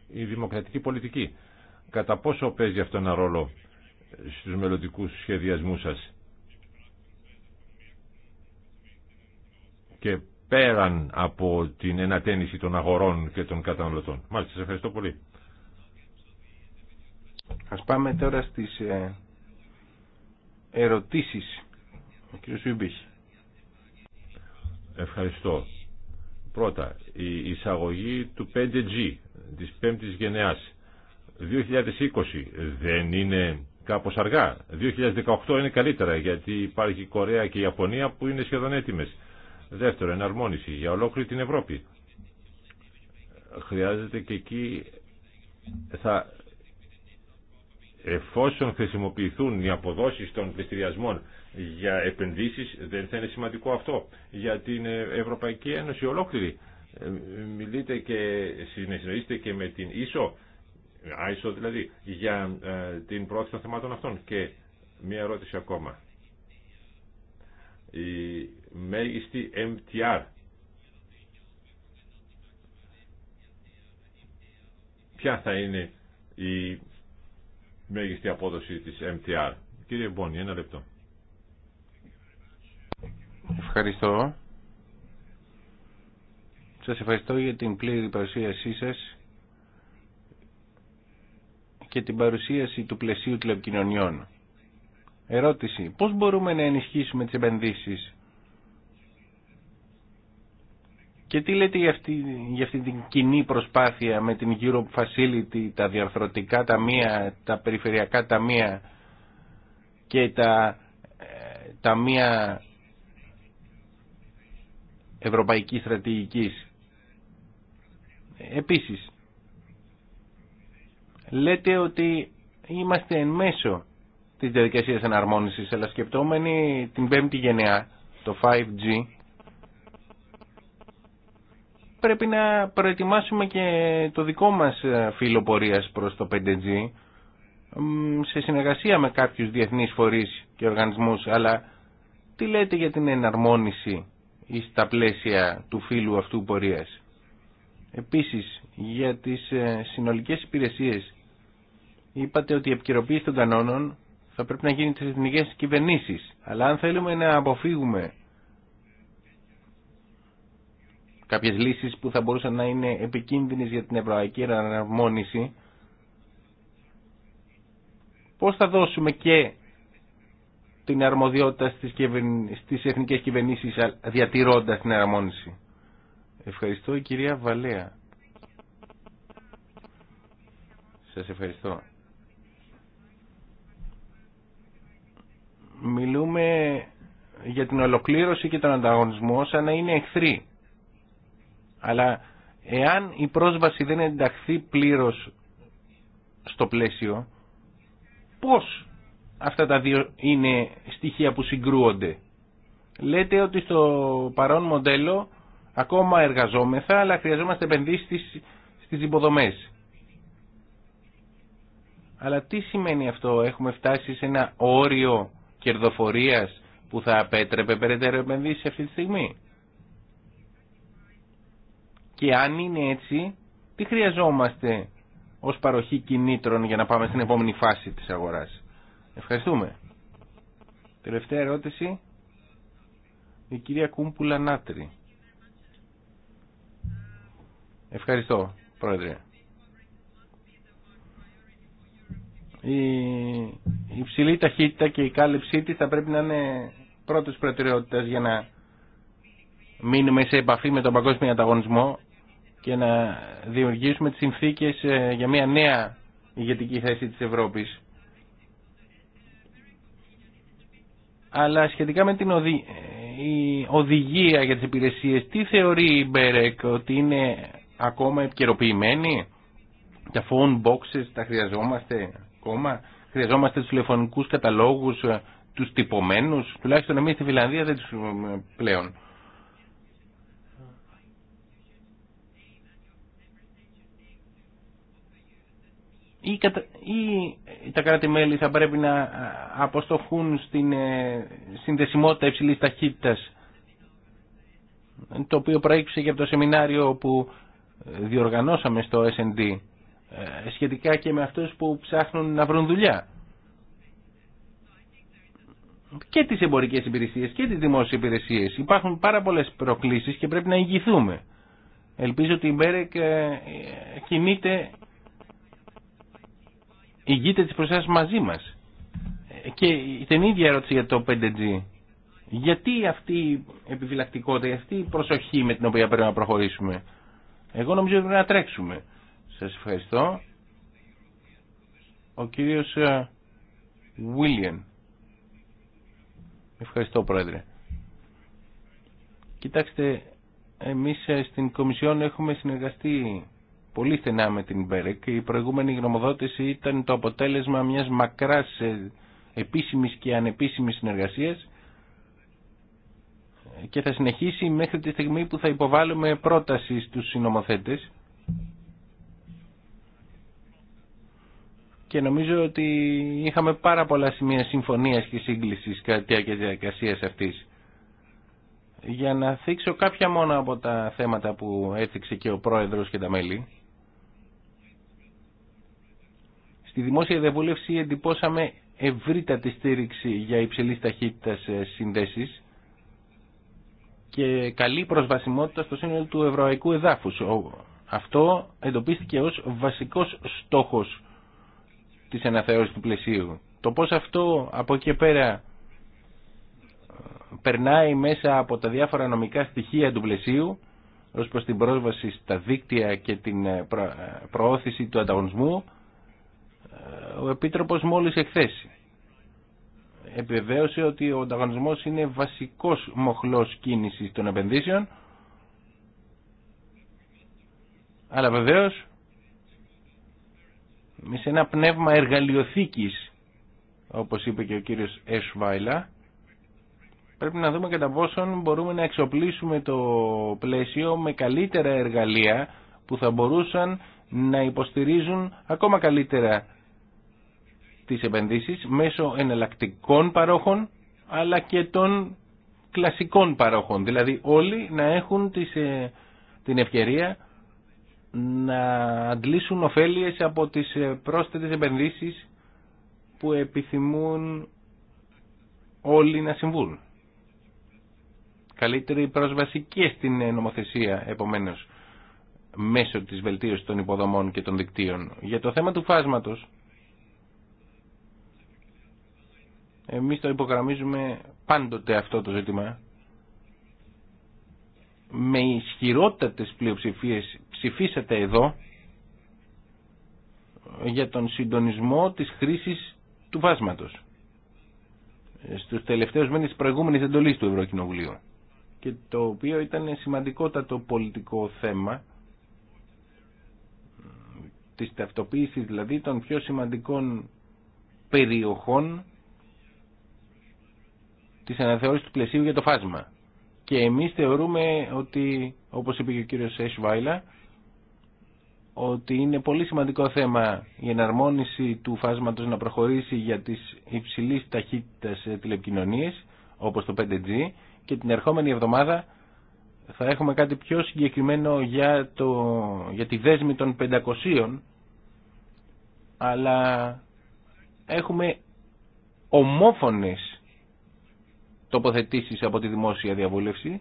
η δημοκρατική πολιτική. Κατά πόσο παίζει αυτό ένα ρόλο στους μελλοντικού σχεδιασμούς σας. και πέραν από την ενατένιση των αγορών και των καταναλωτών. Μάλιστα, σε ευχαριστώ πολύ. Ας πάμε τώρα στις ε, ερωτήσεις. Ο κ. Ευχαριστώ. Πρώτα, η εισαγωγή του 5G, της πέμπτης γενεάς. 2020 δεν είναι κάπως αργά. 2018 είναι καλύτερα γιατί υπάρχει η Κορέα και η Ιαπωνία που είναι σχεδόν έτοιμες. Δεύτερο, εναρμόνιση για ολόκληρη την Ευρώπη. Χρειάζεται και εκεί θα εφόσον χρησιμοποιηθούν οι αποδόσεις των πληστηριασμών για επενδύσεις δεν θα είναι σημαντικό αυτό για την ε, Ευρωπαϊκή Ένωση ολόκληρη ε, μιλείτε και συνεχίζετε και με την ίσο ISO δηλαδή για ε, την πρόθεση των θεμάτων αυτών και μία ερώτηση ακόμα η μέγιστη MTR. Ποια θα είναι η μέγιστη απόδοση της MTR. Κύριε Μπόνι, ένα λεπτό. Ευχαριστώ. Σας ευχαριστώ για την πλήρη παρουσίασή σας και την παρουσίαση του πλαισίου τηλεπικοινωνιών. Ερώτηση. Πώς μπορούμε να ενισχύσουμε τις επενδύσεις Και τι λέτε για αυτή, για αυτή την κοινή προσπάθεια με την Europe Facility, τα διαρθρωτικά ταμεία, τα περιφερειακά ταμεία και τα ε, ταμεία ευρωπαϊκής στρατηγικής. Επίσης, λέτε ότι είμαστε εν μέσω της διαδικασίας εναρμόνισης, αλλά σκεπτόμενοι την πέμπτη γενεά, το 5G, πρέπει να προετοιμάσουμε και το δικό μας ε, φύλλο πορείας προς το 5G σε συνεργασία με κάποιους διεθνείς φορείς και οργανισμούς αλλά τι λέτε για την εναρμόνιση στα πλαίσια του φύλου αυτού πορείας επίσης για τις ε, συνολικές υπηρεσίες είπατε ότι η επικαιροποίηση των κανόνων θα πρέπει να γίνει τις εθνικές κυβερνήσεις αλλά αν θέλουμε να αποφύγουμε κάποιες λύσεις που θα μπορούσαν να είναι επικίνδυνες για την ευρωπαϊκή εναρμόνιση πώς θα δώσουμε και την αρμοδιότητα στις, κυβερν... στις εθνικές κυβερνήσεις διατηρώντας την αρμόνιση. Ευχαριστώ η κυρία Βαλέα. Σας ευχαριστώ. Μιλούμε για την ολοκλήρωση και τον ανταγωνισμό σαν να είναι εχθροί. Αλλά εάν η πρόσβαση δεν ενταχθεί πλήρως στο πλαίσιο, πώς αυτά τα δύο είναι στοιχεία που συγκρούονται. Λέτε ότι στο παρόν μοντέλο ακόμα εργαζόμεθα, αλλά χρειαζόμαστε επενδύσεις στις, στις υποδομές. Αλλά τι σημαίνει αυτό, έχουμε φτάσει σε ένα όριο κερδοφορίας που θα απέτρεπε περαιτέρω επενδύσεις αυτή τη στιγμή. Και αν είναι έτσι, τι χρειαζόμαστε ως παροχή κινήτρων για να πάμε στην επόμενη φάση της αγοράς. Ευχαριστούμε. Τελευταία ερώτηση, η κυρία Κούμπουλα Νάτρη. Ευχαριστώ, Πρόεδρε. Η υψηλή ταχύτητα και η κάλυψή της θα πρέπει να είναι πρώτης προτεραιότητας για να μείνουμε σε επαφή με τον παγκόσμιο ανταγωνισμό και να δημιουργήσουμε τις συνθήκες ε, για μια νέα ηγετική θέση της Ευρώπης. Αλλά σχετικά με την ε, οδηγία για τις υπηρεσίες, τι θεωρεί η Μπέρεκ ότι είναι ακόμα επικαιροποιημένη, τα phone boxes τα χρειαζόμαστε ακόμα, χρειαζόμαστε τους τηλεφωνικούς καταλόγους, ε, τους τυπωμένους, τουλάχιστον εμείς στη Βιλανδία δεν τους πλέον. ή, τα κράτη-μέλη θα πρέπει να ε, αποστοχούν στην ε, συνδεσιμότητα υψηλής ταχύτητας το οποίο προέκυψε και από το σεμινάριο που ε, διοργανώσαμε στο S&D σχετικά και με αυτούς που ψάχνουν να βρουν δουλειά και τις εμπορικές υπηρεσίες και τις δημόσιες υπηρεσίες υπάρχουν πάρα πολλές προκλήσεις και πρέπει να ηγηθούμε ελπίζω ότι η Μπέρεκ κινείται ηγείται της προστασίας μαζί μας. Ε, και την ίδια ερώτηση για το 5G. Γιατί αυτή η επιφυλακτικότητα, αυτή η προσοχή με την οποία πρέπει να προχωρήσουμε. Εγώ νομίζω ότι πρέπει να τρέξουμε. Σας ευχαριστώ. Ο κύριος Βίλιαν. Ε, ευχαριστώ πρόεδρε. Κοιτάξτε, εμείς ε, στην Κομισιόν έχουμε συνεργαστεί πολύ στενά με την Μπέρεκ. Η προηγούμενη γνωμοδότηση ήταν το αποτέλεσμα μιας μακράς ε, επίσημης και ανεπίσημης συνεργασίας και θα συνεχίσει μέχρι τη στιγμή που θα υποβάλουμε πρόταση στους συνομοθέτες και νομίζω ότι είχαμε πάρα πολλά σημεία συμφωνίας και σύγκλησης κατά τη διαδικασίας αυτής. Για να θίξω κάποια μόνο από τα θέματα που έθιξε και ο πρόεδρος και τα μέλη. Στη δημόσια διαβούλευση εντυπώσαμε ευρύτατη στήριξη για υψηλής ταχύτητας ε, συνδέσεις και καλή προσβασιμότητα στο σύνολο του ευρωαϊκού εδάφους. Αυτό εντοπίστηκε ως βασικός στόχος της αναθεώρησης του πλαισίου. Το πώς αυτό από εκεί πέρα ε, περνάει μέσα από τα διάφορα νομικά στοιχεία του πλαισίου ως προς την πρόσβαση στα δίκτυα και την ε, προώθηση του ανταγωνισμού ο Επίτροπος μόλις εκθέσει. Επιβεβαίωσε ότι ο ανταγωνισμός είναι βασικός μοχλός κίνησης των επενδύσεων αλλά βεβαίως σε ένα πνεύμα εργαλειοθήκης όπως είπε και ο κύριος Εσβάιλα πρέπει να δούμε κατά πόσον μπορούμε να εξοπλίσουμε το πλαίσιο με καλύτερα εργαλεία που θα μπορούσαν να υποστηρίζουν ακόμα καλύτερα τις επενδύσεις μέσω εναλλακτικών παρόχων αλλά και των κλασικών παρόχων. Δηλαδή όλοι να έχουν τις, ε, την ευκαιρία να αντλήσουν ωφέλειες από τις ε, πρόσθετες επενδύσεις που επιθυμούν όλοι να συμβούν. Καλύτερη πρόσβαση και στην ε, νομοθεσία επομένως μέσω της βελτίωσης των υποδομών και των δικτύων. Για το θέμα του φάσματος Εμείς το υπογραμμίζουμε πάντοτε αυτό το ζήτημα με ισχυρότατες πλειοψηφίες ψηφίσατε εδώ για τον συντονισμό της χρήσης του βάσματος στους τελευταίους μήνες της προηγούμενης εντολής του Ευρωκοινοβουλίου και το οποίο ήταν σημαντικότατο πολιτικό θέμα της ταυτοποίησης δηλαδή των πιο σημαντικών περιοχών της αναθεώρησης του πλαισίου για το φάσμα. Και εμείς θεωρούμε ότι, όπως είπε και ο κύριος Σέσβάιλα, ότι είναι πολύ σημαντικό θέμα η εναρμόνιση του φάσματος να προχωρήσει για τις υψηλής ταχύτητας τηλεπικοινωνίες, όπως το 5G, και την ερχόμενη εβδομάδα θα έχουμε κάτι πιο συγκεκριμένο για, το, για τη δέσμη των 500, αλλά έχουμε ομόφωνες τοποθετήσεις από τη δημόσια διαβούλευση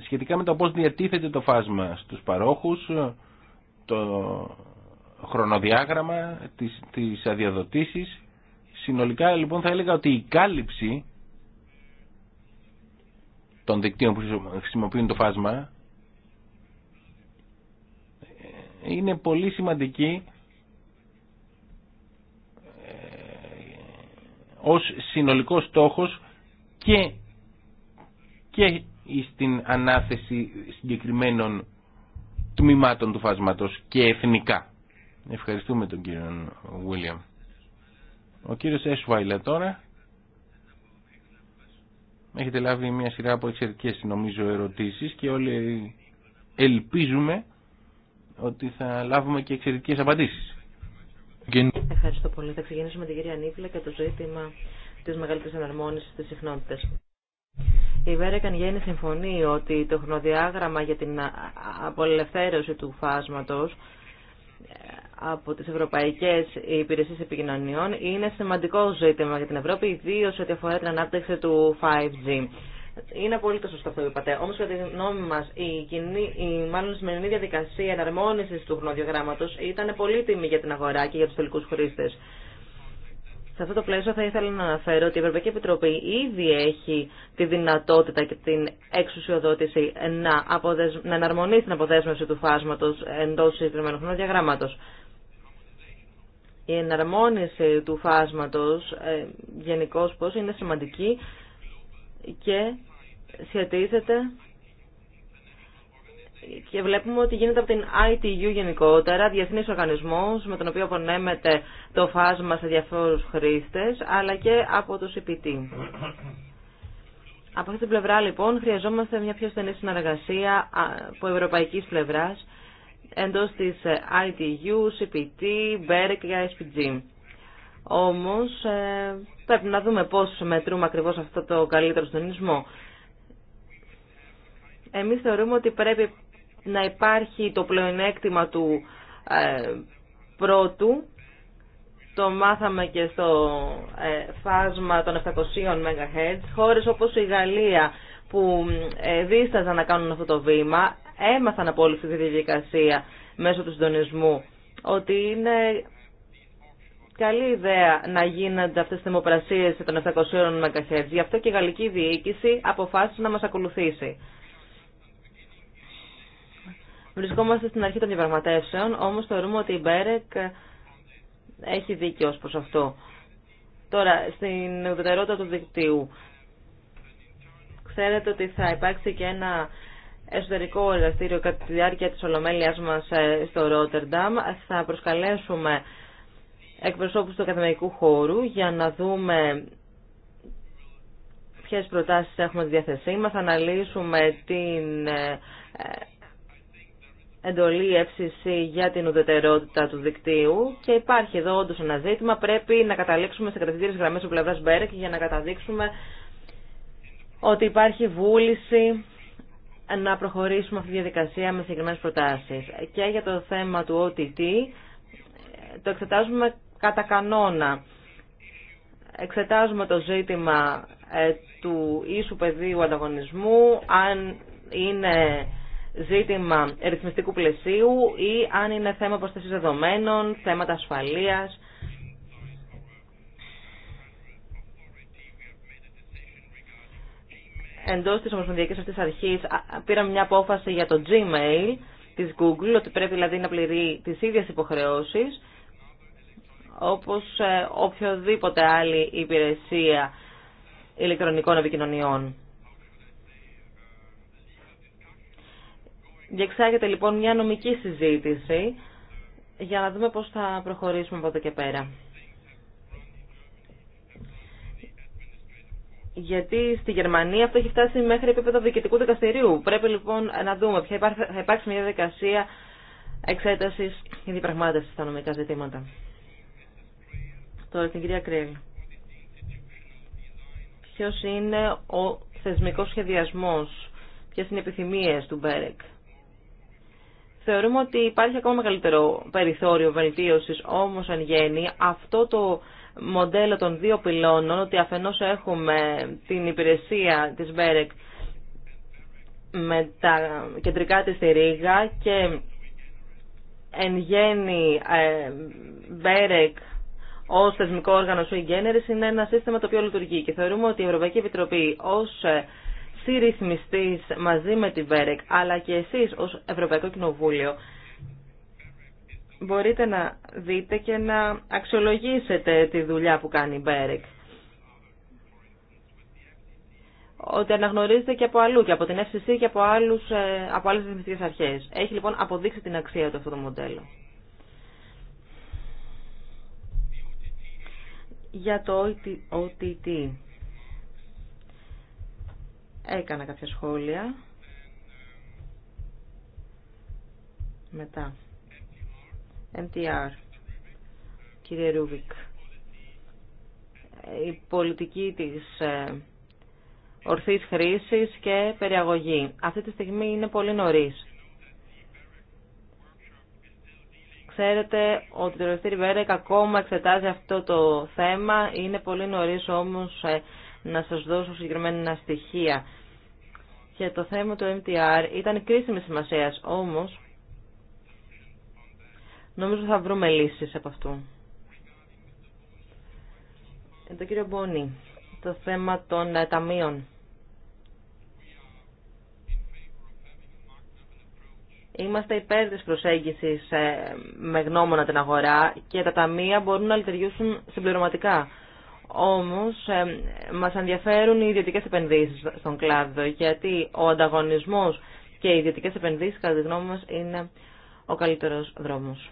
σχετικά με το πώς διατίθεται το φάσμα στους παρόχους, το χρονοδιάγραμμα, τις, τις Συνολικά λοιπόν θα έλεγα ότι η κάλυψη των δικτύων που χρησιμοποιούν το φάσμα είναι πολύ σημαντική ε, ως συνολικός στόχος και, και στην ανάθεση συγκεκριμένων τμήματων του φάσματος και εθνικά. Ευχαριστούμε τον κύριο Βίλιαμ. Ο κύριος Έσουαϊλα τώρα έχετε λάβει μια σειρά από εξαιρετικές νομίζω ερωτήσεις και όλοι ελπίζουμε ότι θα λάβουμε και εξαιρετικές απαντήσεις. Ευχαριστώ πολύ. Θα ξεκινήσουμε την κυρία Νίπλα και το ζήτημα της μεγαλύτερη εναρμόνιση της συχνότητας. Η Βέρα Γέννη συμφωνεί ότι το χρονοδιάγραμμα για την απολευθέρωση του φάσματος ε, από τις Ευρωπαϊκές Υπηρεσίες Επικοινωνιών είναι σημαντικό ζήτημα για την Ευρώπη, ιδίω ό,τι αφορά την ανάπτυξη του 5G. Είναι απολύτω σωστό αυτό που είπατε. Όμω, κατά τη γνώμη μα, η, κοινή, η μάλλον σημερινή διαδικασία εναρμόνιση του χρονοδιογράμματο ήταν πολύτιμη για την αγορά και για του τελικού χρήστε. Σε αυτό το πλαίσιο θα ήθελα να αναφέρω ότι η Ευρωπαϊκή Επιτροπή ήδη έχει τη δυνατότητα και την εξουσιοδότηση να, αποδεσ... να την αποδέσμευση του φάσματος εντός συγκεκριμένου χρονοδιαγράμματος. Η εναρμόνιση του φάσματος ε, γενικώ πώς είναι σημαντική και σχετίζεται και βλέπουμε ότι γίνεται από την ITU γενικότερα, διεθνή οργανισμό με τον οποίο απονέμεται το φάσμα σε διαφόρου χρήστε, αλλά και από το CPT. Από αυτή την πλευρά λοιπόν χρειαζόμαστε μια πιο στενή συνεργασία από ευρωπαϊκή πλευρά εντό τη ε, ITU, CPT, BEREC και SPG. Όμως ε, πρέπει να δούμε πώ μετρούμε ακριβώ αυτό το καλύτερο συντονισμό. Εμείς θεωρούμε ότι πρέπει να υπάρχει το πλεονέκτημα του ε, πρώτου. Το μάθαμε και στο ε, φάσμα των 700 MHz. Χώρες όπως η Γαλλία που ε, δίσταζαν να κάνουν αυτό το βήμα έμαθαν από όλη αυτή τη διαδικασία μέσω του συντονισμού ότι είναι καλή ιδέα να γίνονται αυτές τις θερμοπρασίες των 700 MHz. Γι' αυτό και η γαλλική διοίκηση αποφάσισε να μας ακολουθήσει. Βρισκόμαστε στην αρχή των διαπραγματεύσεων, όμω θεωρούμε ότι η Μπέρεκ έχει δίκιο ως προς αυτό. Τώρα, στην ουδετερότητα του δικτύου. Ξέρετε ότι θα υπάρξει και ένα εσωτερικό εργαστήριο κατά τη διάρκεια της Ολομέλειας μας ε, στο Ρότερνταμ. Θα προσκαλέσουμε εκπροσώπους του ακαδημαϊκού χώρου για να δούμε ποιες προτάσεις έχουμε στη διάθεσή μας, θα αναλύσουμε την ε, εντολή FCC για την ουδετερότητα του δικτύου και υπάρχει εδώ όντως ένα ζήτημα. Πρέπει να καταλήξουμε σε κρατητήρες γραμμές του πλευράς Μπέρεκ για να καταδείξουμε ότι υπάρχει βούληση να προχωρήσουμε αυτή τη διαδικασία με συγκεκριμένες προτάσεις. Και για το θέμα του OTT το εξετάζουμε κατά κανόνα. Εξετάζουμε το ζήτημα ε, του ίσου πεδίου ανταγωνισμού, αν είναι ζήτημα ρυθμιστικού πλαισίου ή αν είναι θέμα προστασία δεδομένων, θέματα ασφαλείας. Εντός της Ομοσπονδιακής αυτής αρχής πήραμε μια απόφαση για το Gmail της Google, ότι πρέπει δηλαδή να πληρεί τις ίδιε υποχρεώσεις, όπως ε, οποιοδήποτε άλλη υπηρεσία ηλεκτρονικών επικοινωνιών. Διεξάγεται λοιπόν μια νομική συζήτηση για να δούμε πώς θα προχωρήσουμε από εδώ και πέρα. Γιατί στη Γερμανία αυτό έχει φτάσει μέχρι επίπεδο διοικητικού δικαστηρίου. Πρέπει λοιπόν να δούμε ποια θα υπάρξει μια διαδικασία εξέταση και διαπραγμάτευση στα νομικά ζητήματα. Τώρα την κυρία Κρέλ. Ποιο είναι ο θεσμικό σχεδιασμό, ποιε είναι οι επιθυμίε του Μπέρεκ. Θεωρούμε ότι υπάρχει ακόμα μεγαλύτερο περιθώριο βελτίωσης, όμως εν γέννη αυτό το μοντέλο των δύο πυλώνων, ότι αφενός έχουμε την υπηρεσία της Μπέρεκ με τα κεντρικά της στη Ρήγα και εν γέννη ε, Μπέρεκ ω θεσμικό όργανο σου είναι ένα σύστημα το οποίο λειτουργεί και θεωρούμε ότι η Ευρωπαϊκή Επιτροπή ω εσύ μαζί με την ΒΕΡΕΚ αλλά και εσείς ως Ευρωπαϊκό Κοινοβούλιο μπορείτε να δείτε και να αξιολογήσετε τη δουλειά που κάνει η ΒΕΡΕΚ. Ότι αναγνωρίζεται και από αλλού και από την FCC και από, άλλους, ε, από άλλες ρυθμιστικές αρχές. Έχει λοιπόν αποδείξει την αξία του αυτό το μοντέλο. Για το OTT. Έκανα κάποια σχόλια. Μετά. MTR. Κύριε Ρούβικ. Η πολιτική της ε, ορθής χρήσης και περιαγωγή. Αυτή τη στιγμή είναι πολύ νωρίς. Ξέρετε ότι το Ρευτήρι Βέρεκ ακόμα εξετάζει αυτό το θέμα. Είναι πολύ νωρίς όμως ε, να σας δώσω συγκεκριμένα στοιχεία. Και το θέμα του MTR ήταν κρίσιμη σημασία, όμως νομίζω θα βρούμε λύσεις από αυτού. Ε, το κύριο Μπόνι, το θέμα των ε, ταμείων. Είμαστε υπέρ της προσέγγισης ε, με γνώμονα την αγορά και τα ταμεία μπορούν να λειτουργήσουν συμπληρωματικά. Όμως μας ενδιαφέρουν οι ιδιωτικές επενδύσεις στον κλάδο γιατί ο ανταγωνισμός και οι ιδιωτικές επενδύσεις κατά τη γνώμη μας είναι ο καλύτερος δρόμος.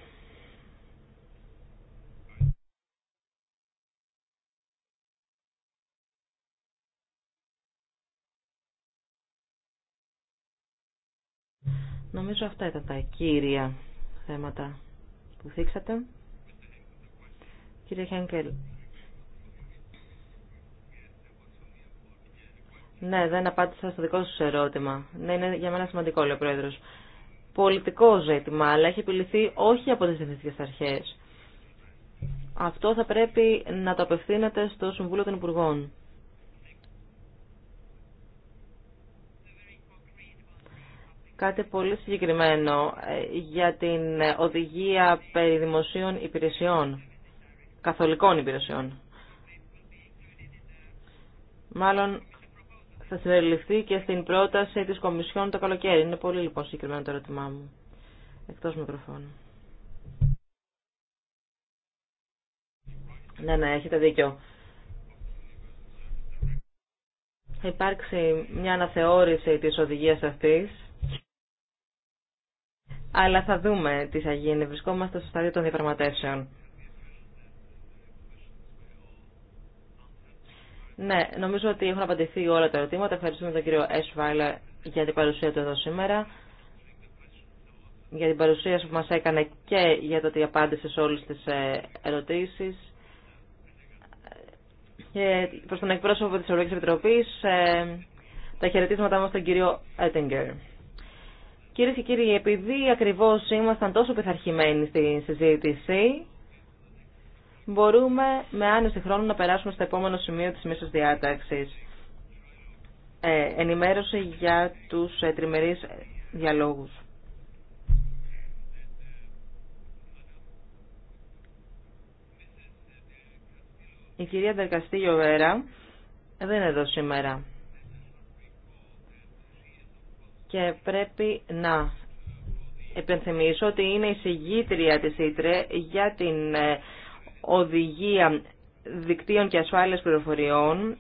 Νομίζω αυτά ήταν τα κύρια θέματα που θίξατε. Κύριε Χένκελ, Ναι, δεν απάντησα στο δικό σου ερώτημα. Ναι, είναι για μένα σημαντικό, λέει ο Πρόεδρο. Πολιτικό ζήτημα, αλλά έχει επιληθεί όχι από τι εθνικέ αρχέ. Αυτό θα πρέπει να το απευθύνεται στο Συμβούλιο των Υπουργών. Κάτι πολύ συγκεκριμένο ε, για την οδηγία περί δημοσίων υπηρεσιών, καθολικών υπηρεσιών. Μάλλον θα συμπεριληφθεί και στην πρόταση της Κομισιόν το καλοκαίρι. Είναι πολύ λοιπόν συγκεκριμένο το ερώτημά μου. Εκτός μικροφώνου. Ναι, ναι, έχετε δίκιο. Θα υπάρξει μια αναθεώρηση της οδηγίας αυτής. Αλλά θα δούμε τι θα γίνει. Βρισκόμαστε στο στάδιο των διαπραγματεύσεων. Ναι, νομίζω ότι έχουν απαντηθεί όλα τα ερωτήματα. Ευχαριστούμε τον κύριο Έσβάιλα για την παρουσία του εδώ σήμερα, για την παρουσία που μας έκανε και για το ότι απάντησε σε όλες τις ε, ερωτήσεις. Και προς τον εκπρόσωπο της Ευρωπαϊκής Επιτροπής, ε, τα χαιρετίσματά μας στον κύριο Έτιγκερ. Κυρίε και κύριοι, επειδή ακριβώς ήμασταν τόσο πειθαρχημένοι στη συζήτηση, μπορούμε με άνεση χρόνου να περάσουμε στο επόμενο σημείο της μέσης διάταξης. Ε, ενημέρωση για τους ε, τριμερείς ε, διαλόγους. Η κυρία Δερκαστήγιο Βέρα δεν είναι εδώ σήμερα και πρέπει να επενθυμίσω ότι είναι η συγγήτρια της ιτρέ για την ε, οδηγία δικτύων και ασφάλεια πληροφοριών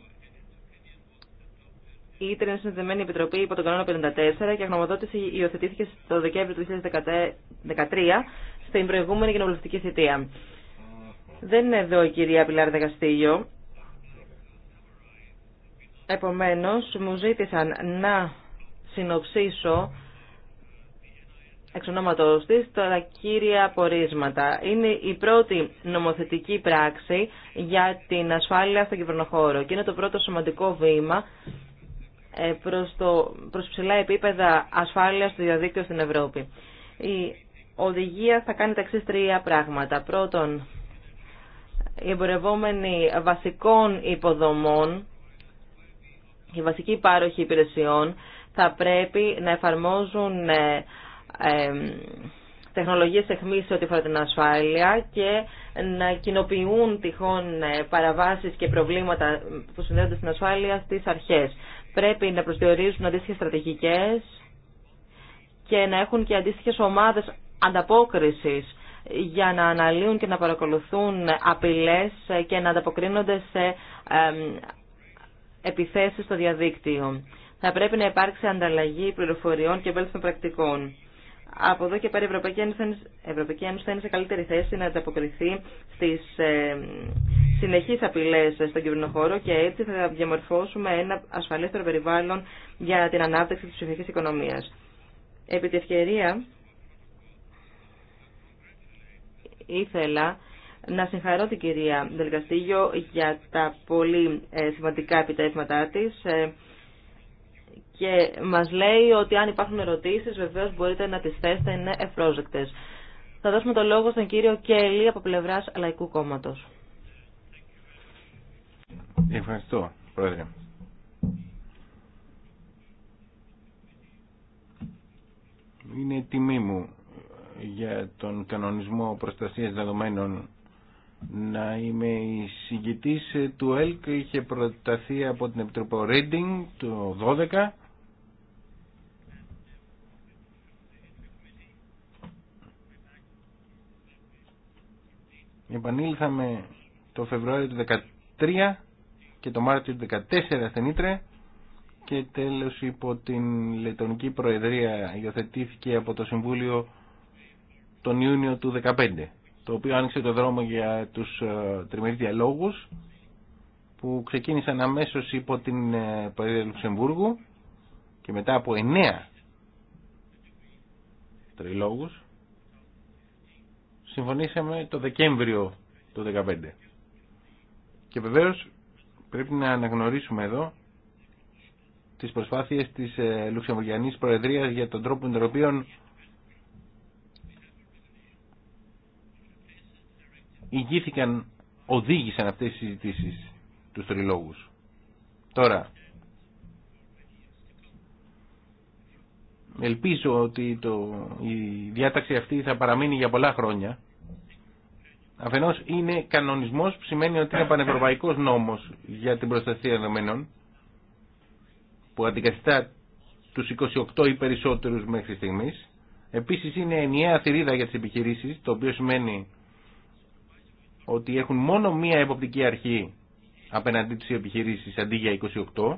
η ΙΤΡΕ είναι συνδεδεμένη επιτροπή υπό τον κανόνα 54 και η γνωμοδότηση υιοθετήθηκε το Δεκέμβριο του 2013 στην προηγούμενη κοινοβουλευτική θητεία. Δεν είναι εδώ η κυρία Πιλάρ Δεκαστήγιο. Επομένως, μου ζήτησαν να συνοψίσω εξ ονόματός της τα κύρια απορίσματα. Είναι η πρώτη νομοθετική πράξη για την ασφάλεια στον κυβερνοχώρο και είναι το πρώτο σημαντικό βήμα ε, προς, το, προς ψηλά επίπεδα ασφάλειας στο διαδίκτυο στην Ευρώπη. Η οδηγία θα κάνει τα εξής τρία πράγματα. Πρώτον, οι εμπορευόμενοι βασικών υποδομών, οι βασικοί πάροχοι υπηρεσιών θα πρέπει να εφαρμόζουν ε, τεχνολογίες εχμής σε ό,τι αφορά την ασφάλεια και να κοινοποιούν τυχόν ε, παραβάσεις και προβλήματα που συνδέονται στην ασφάλεια στις αρχές. Πρέπει να προσδιορίζουν αντίστοιχες στρατηγικές και να έχουν και αντίστοιχες ομάδες ανταπόκρισης για να αναλύουν και να παρακολουθούν απειλές και να ανταποκρίνονται σε επιθέσεις στο διαδίκτυο. Θα πρέπει να υπάρξει ανταλλαγή πληροφοριών και βέλτιστων πρακτικών από εδώ και πέρα η Ευρωπαϊκή Ένωση, Ευρωπαϊκή θα είναι σε καλύτερη θέση να ανταποκριθεί στις ε, συνεχείς απειλές στον κυβερνοχώρο και έτσι θα διαμορφώσουμε ένα ασφαλέστερο περιβάλλον για την ανάπτυξη της ψηφιακής οικονομίας. Επί τη ευκαιρία ήθελα να συγχαρώ την κυρία Δελκαστήγιο για τα πολύ ε, σημαντικά επιτεύγματά της ε, και μας λέει ότι αν υπάρχουν ερωτήσεις βεβαίως μπορείτε να τις θέσετε, είναι ευπρόσδεκτε. Θα δώσουμε το λόγο στον κύριο Κέλλη από πλευράς Λαϊκού Κόμματος. Ευχαριστώ, Πρόεδρε. Είναι τιμή μου για τον κανονισμό προστασίας δεδομένων να είμαι η συγκητής του ΕΛΚ είχε προταθεί από την Επιτροπή Reading το 12 επανήλθαμε το Φεβρουάριο του 2013 και το Μάρτιο του 2014 στην Ήτρε και τέλος υπό την Λετωνική Προεδρία υιοθετήθηκε από το Συμβούλιο τον Ιούνιο του 2015 το οποίο άνοιξε το δρόμο για τους ε, τριμερείς διαλόγους που ξεκίνησαν αμέσως υπό την ε, Προεδρία Λουξεμβούργου και μετά από εννέα τριλόγους συμφωνήσαμε το Δεκέμβριο του 2015. Και βεβαίως πρέπει να αναγνωρίσουμε εδώ τις προσπάθειες της ε, Λουξεμβουργιανής Προεδρίας για τον τρόπο με τον οποίο ηγήθηκαν, οδήγησαν αυτές τις συζητήσεις τους τριλόγους. Τώρα, Ελπίζω ότι η διάταξη αυτή θα παραμείνει για πολλά χρόνια. Αφενός είναι κανονισμός που σημαίνει ότι είναι πανευρωπαϊκός νόμος για την προστασία δεδομένων που αντικαθιστά τους 28 ή περισσότερους μέχρι στιγμής. Επίσης είναι ενιαία θηρίδα για τις επιχειρήσεις, το οποίο σημαίνει ότι έχουν μόνο μία εποπτική αρχή απέναντί τους επιχειρήσεις αντί για 28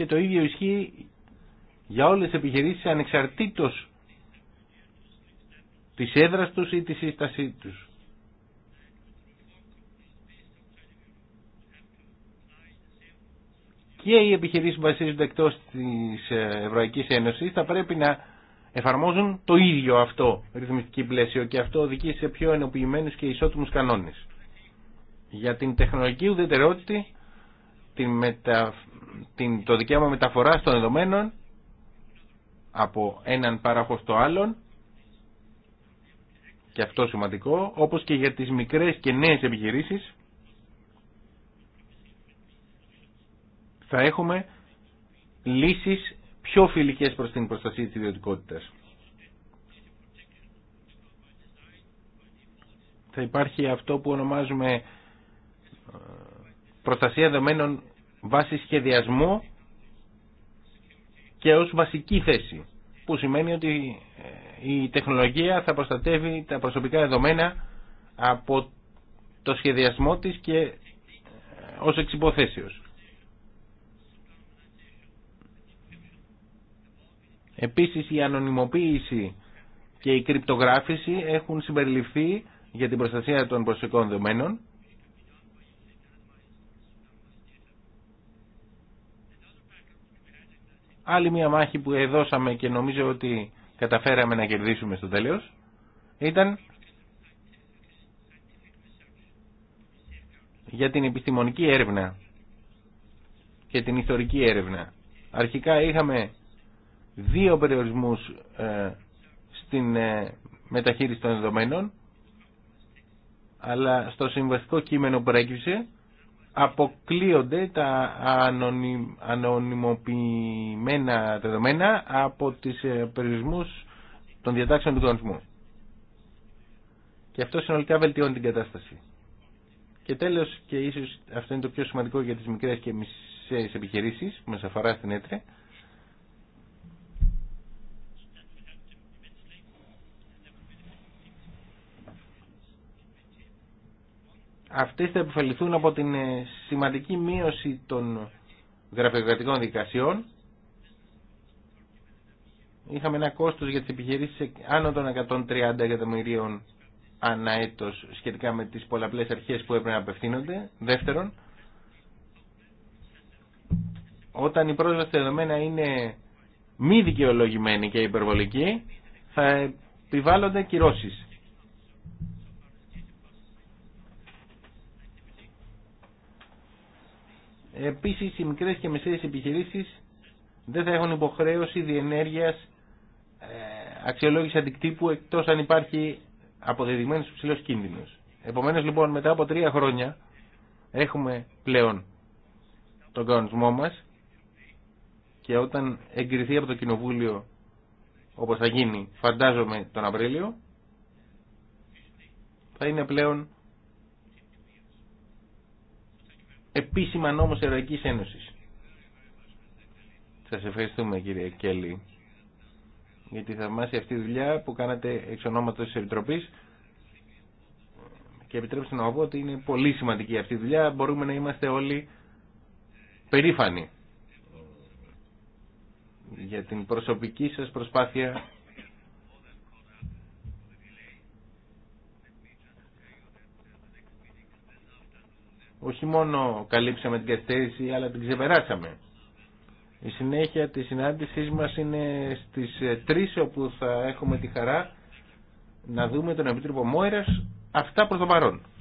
και το ίδιο ισχύει για όλες τις επιχειρήσεις ανεξαρτήτως της έδρας τους ή της σύστασή τους. Και οι επιχειρήσεις που βασίζονται εκτός της Ευρωπαϊκής Ένωσης θα πρέπει να εφαρμόζουν το ίδιο αυτό ρυθμιστική πλαίσιο και αυτό οδηγεί σε πιο ενοποιημένους και ισότιμους κανόνες. Για την τεχνολογική ουδετερότητα την την... το δικαίωμα μεταφοράς των δεδομένων από έναν πάροχο στο άλλον και αυτό σημαντικό, όπως και για τις μικρές και νέες επιχειρήσεις θα έχουμε λύσεις πιο φιλικές προς την προστασία της ιδιωτικότητας. Θα υπάρχει αυτό που ονομάζουμε ε, προστασία δεδομένων βάσει σχεδιασμό και ως βασική θέση που σημαίνει ότι ε, η τεχνολογία θα προστατεύει τα προσωπικά δεδομένα από το σχεδιασμό της και ε, ως εξυποθέσεως. Επίσης η ανωνυμοποίηση και η κρυπτογράφηση έχουν συμπεριληφθεί για την προστασία των προσωπικών δεδομένων Άλλη μια μάχη που εδώσαμε και νομίζω ότι καταφέραμε να κερδίσουμε στο τέλος ήταν για την επιστημονική έρευνα και την ιστορική έρευνα. Αρχικά είχαμε δύο περιορισμούς ε, στην ε, μεταχείριση των δεδομένων αλλά στο συμβαστικό κείμενο που αποκλείονται τα ανωνυμοποιημένα δεδομένα από τις ε, περιορισμούς των διατάξεων του κανονισμού. Και αυτό συνολικά βελτιώνει την κατάσταση. Και τέλος, και ίσως αυτό είναι το πιο σημαντικό για τις μικρές και μισές επιχειρήσεις που μας αφορά στην έτρε, αυτές θα επιφεληθούν από την ε, σημαντική μείωση των γραφειοκρατικών δικασιών. Είχαμε ένα κόστος για τις επιχειρήσεις άνω των 130 εκατομμυρίων ανά έτος σχετικά με τις πολλαπλές αρχές που έπρεπε να απευθύνονται. Δεύτερον, όταν η πρόσβαση δεδομένα είναι μη δικαιολογημένη και υπερβολική, θα επιβάλλονται κυρώσεις. Επίση, οι μικρέ και μεσαίε επιχειρήσει δεν θα έχουν υποχρέωση διενέργειας ε, αξιολόγηση αντικτύπου εκτό αν υπάρχει αποδεδειγμένο ψηλός κίνδυνο. Επομένως λοιπόν μετά από τρία χρόνια έχουμε πλέον τον κανονισμό μας και όταν εγκριθεί από το Κοινοβούλιο όπως θα γίνει φαντάζομαι τον Απρίλιο θα είναι πλέον επίσημα νόμος Ευρωπαϊκής Ένωσης. Σας ευχαριστούμε κύριε Κέλλη για τη θαυμάσια αυτή δουλειά που κάνατε εξ ονόματος της Επιτροπής και επιτρέψτε να πω ότι είναι πολύ σημαντική αυτή η δουλειά. Μπορούμε να είμαστε όλοι περήφανοι για την προσωπική σας προσπάθεια όχι μόνο καλύψαμε την καθυστέρηση αλλά την ξεπεράσαμε. Η συνέχεια της συνάντησής μας είναι στις 3 ε, όπου θα έχουμε τη χαρά να δούμε τον Επίτροπο Μόερας αυτά προς το παρόν.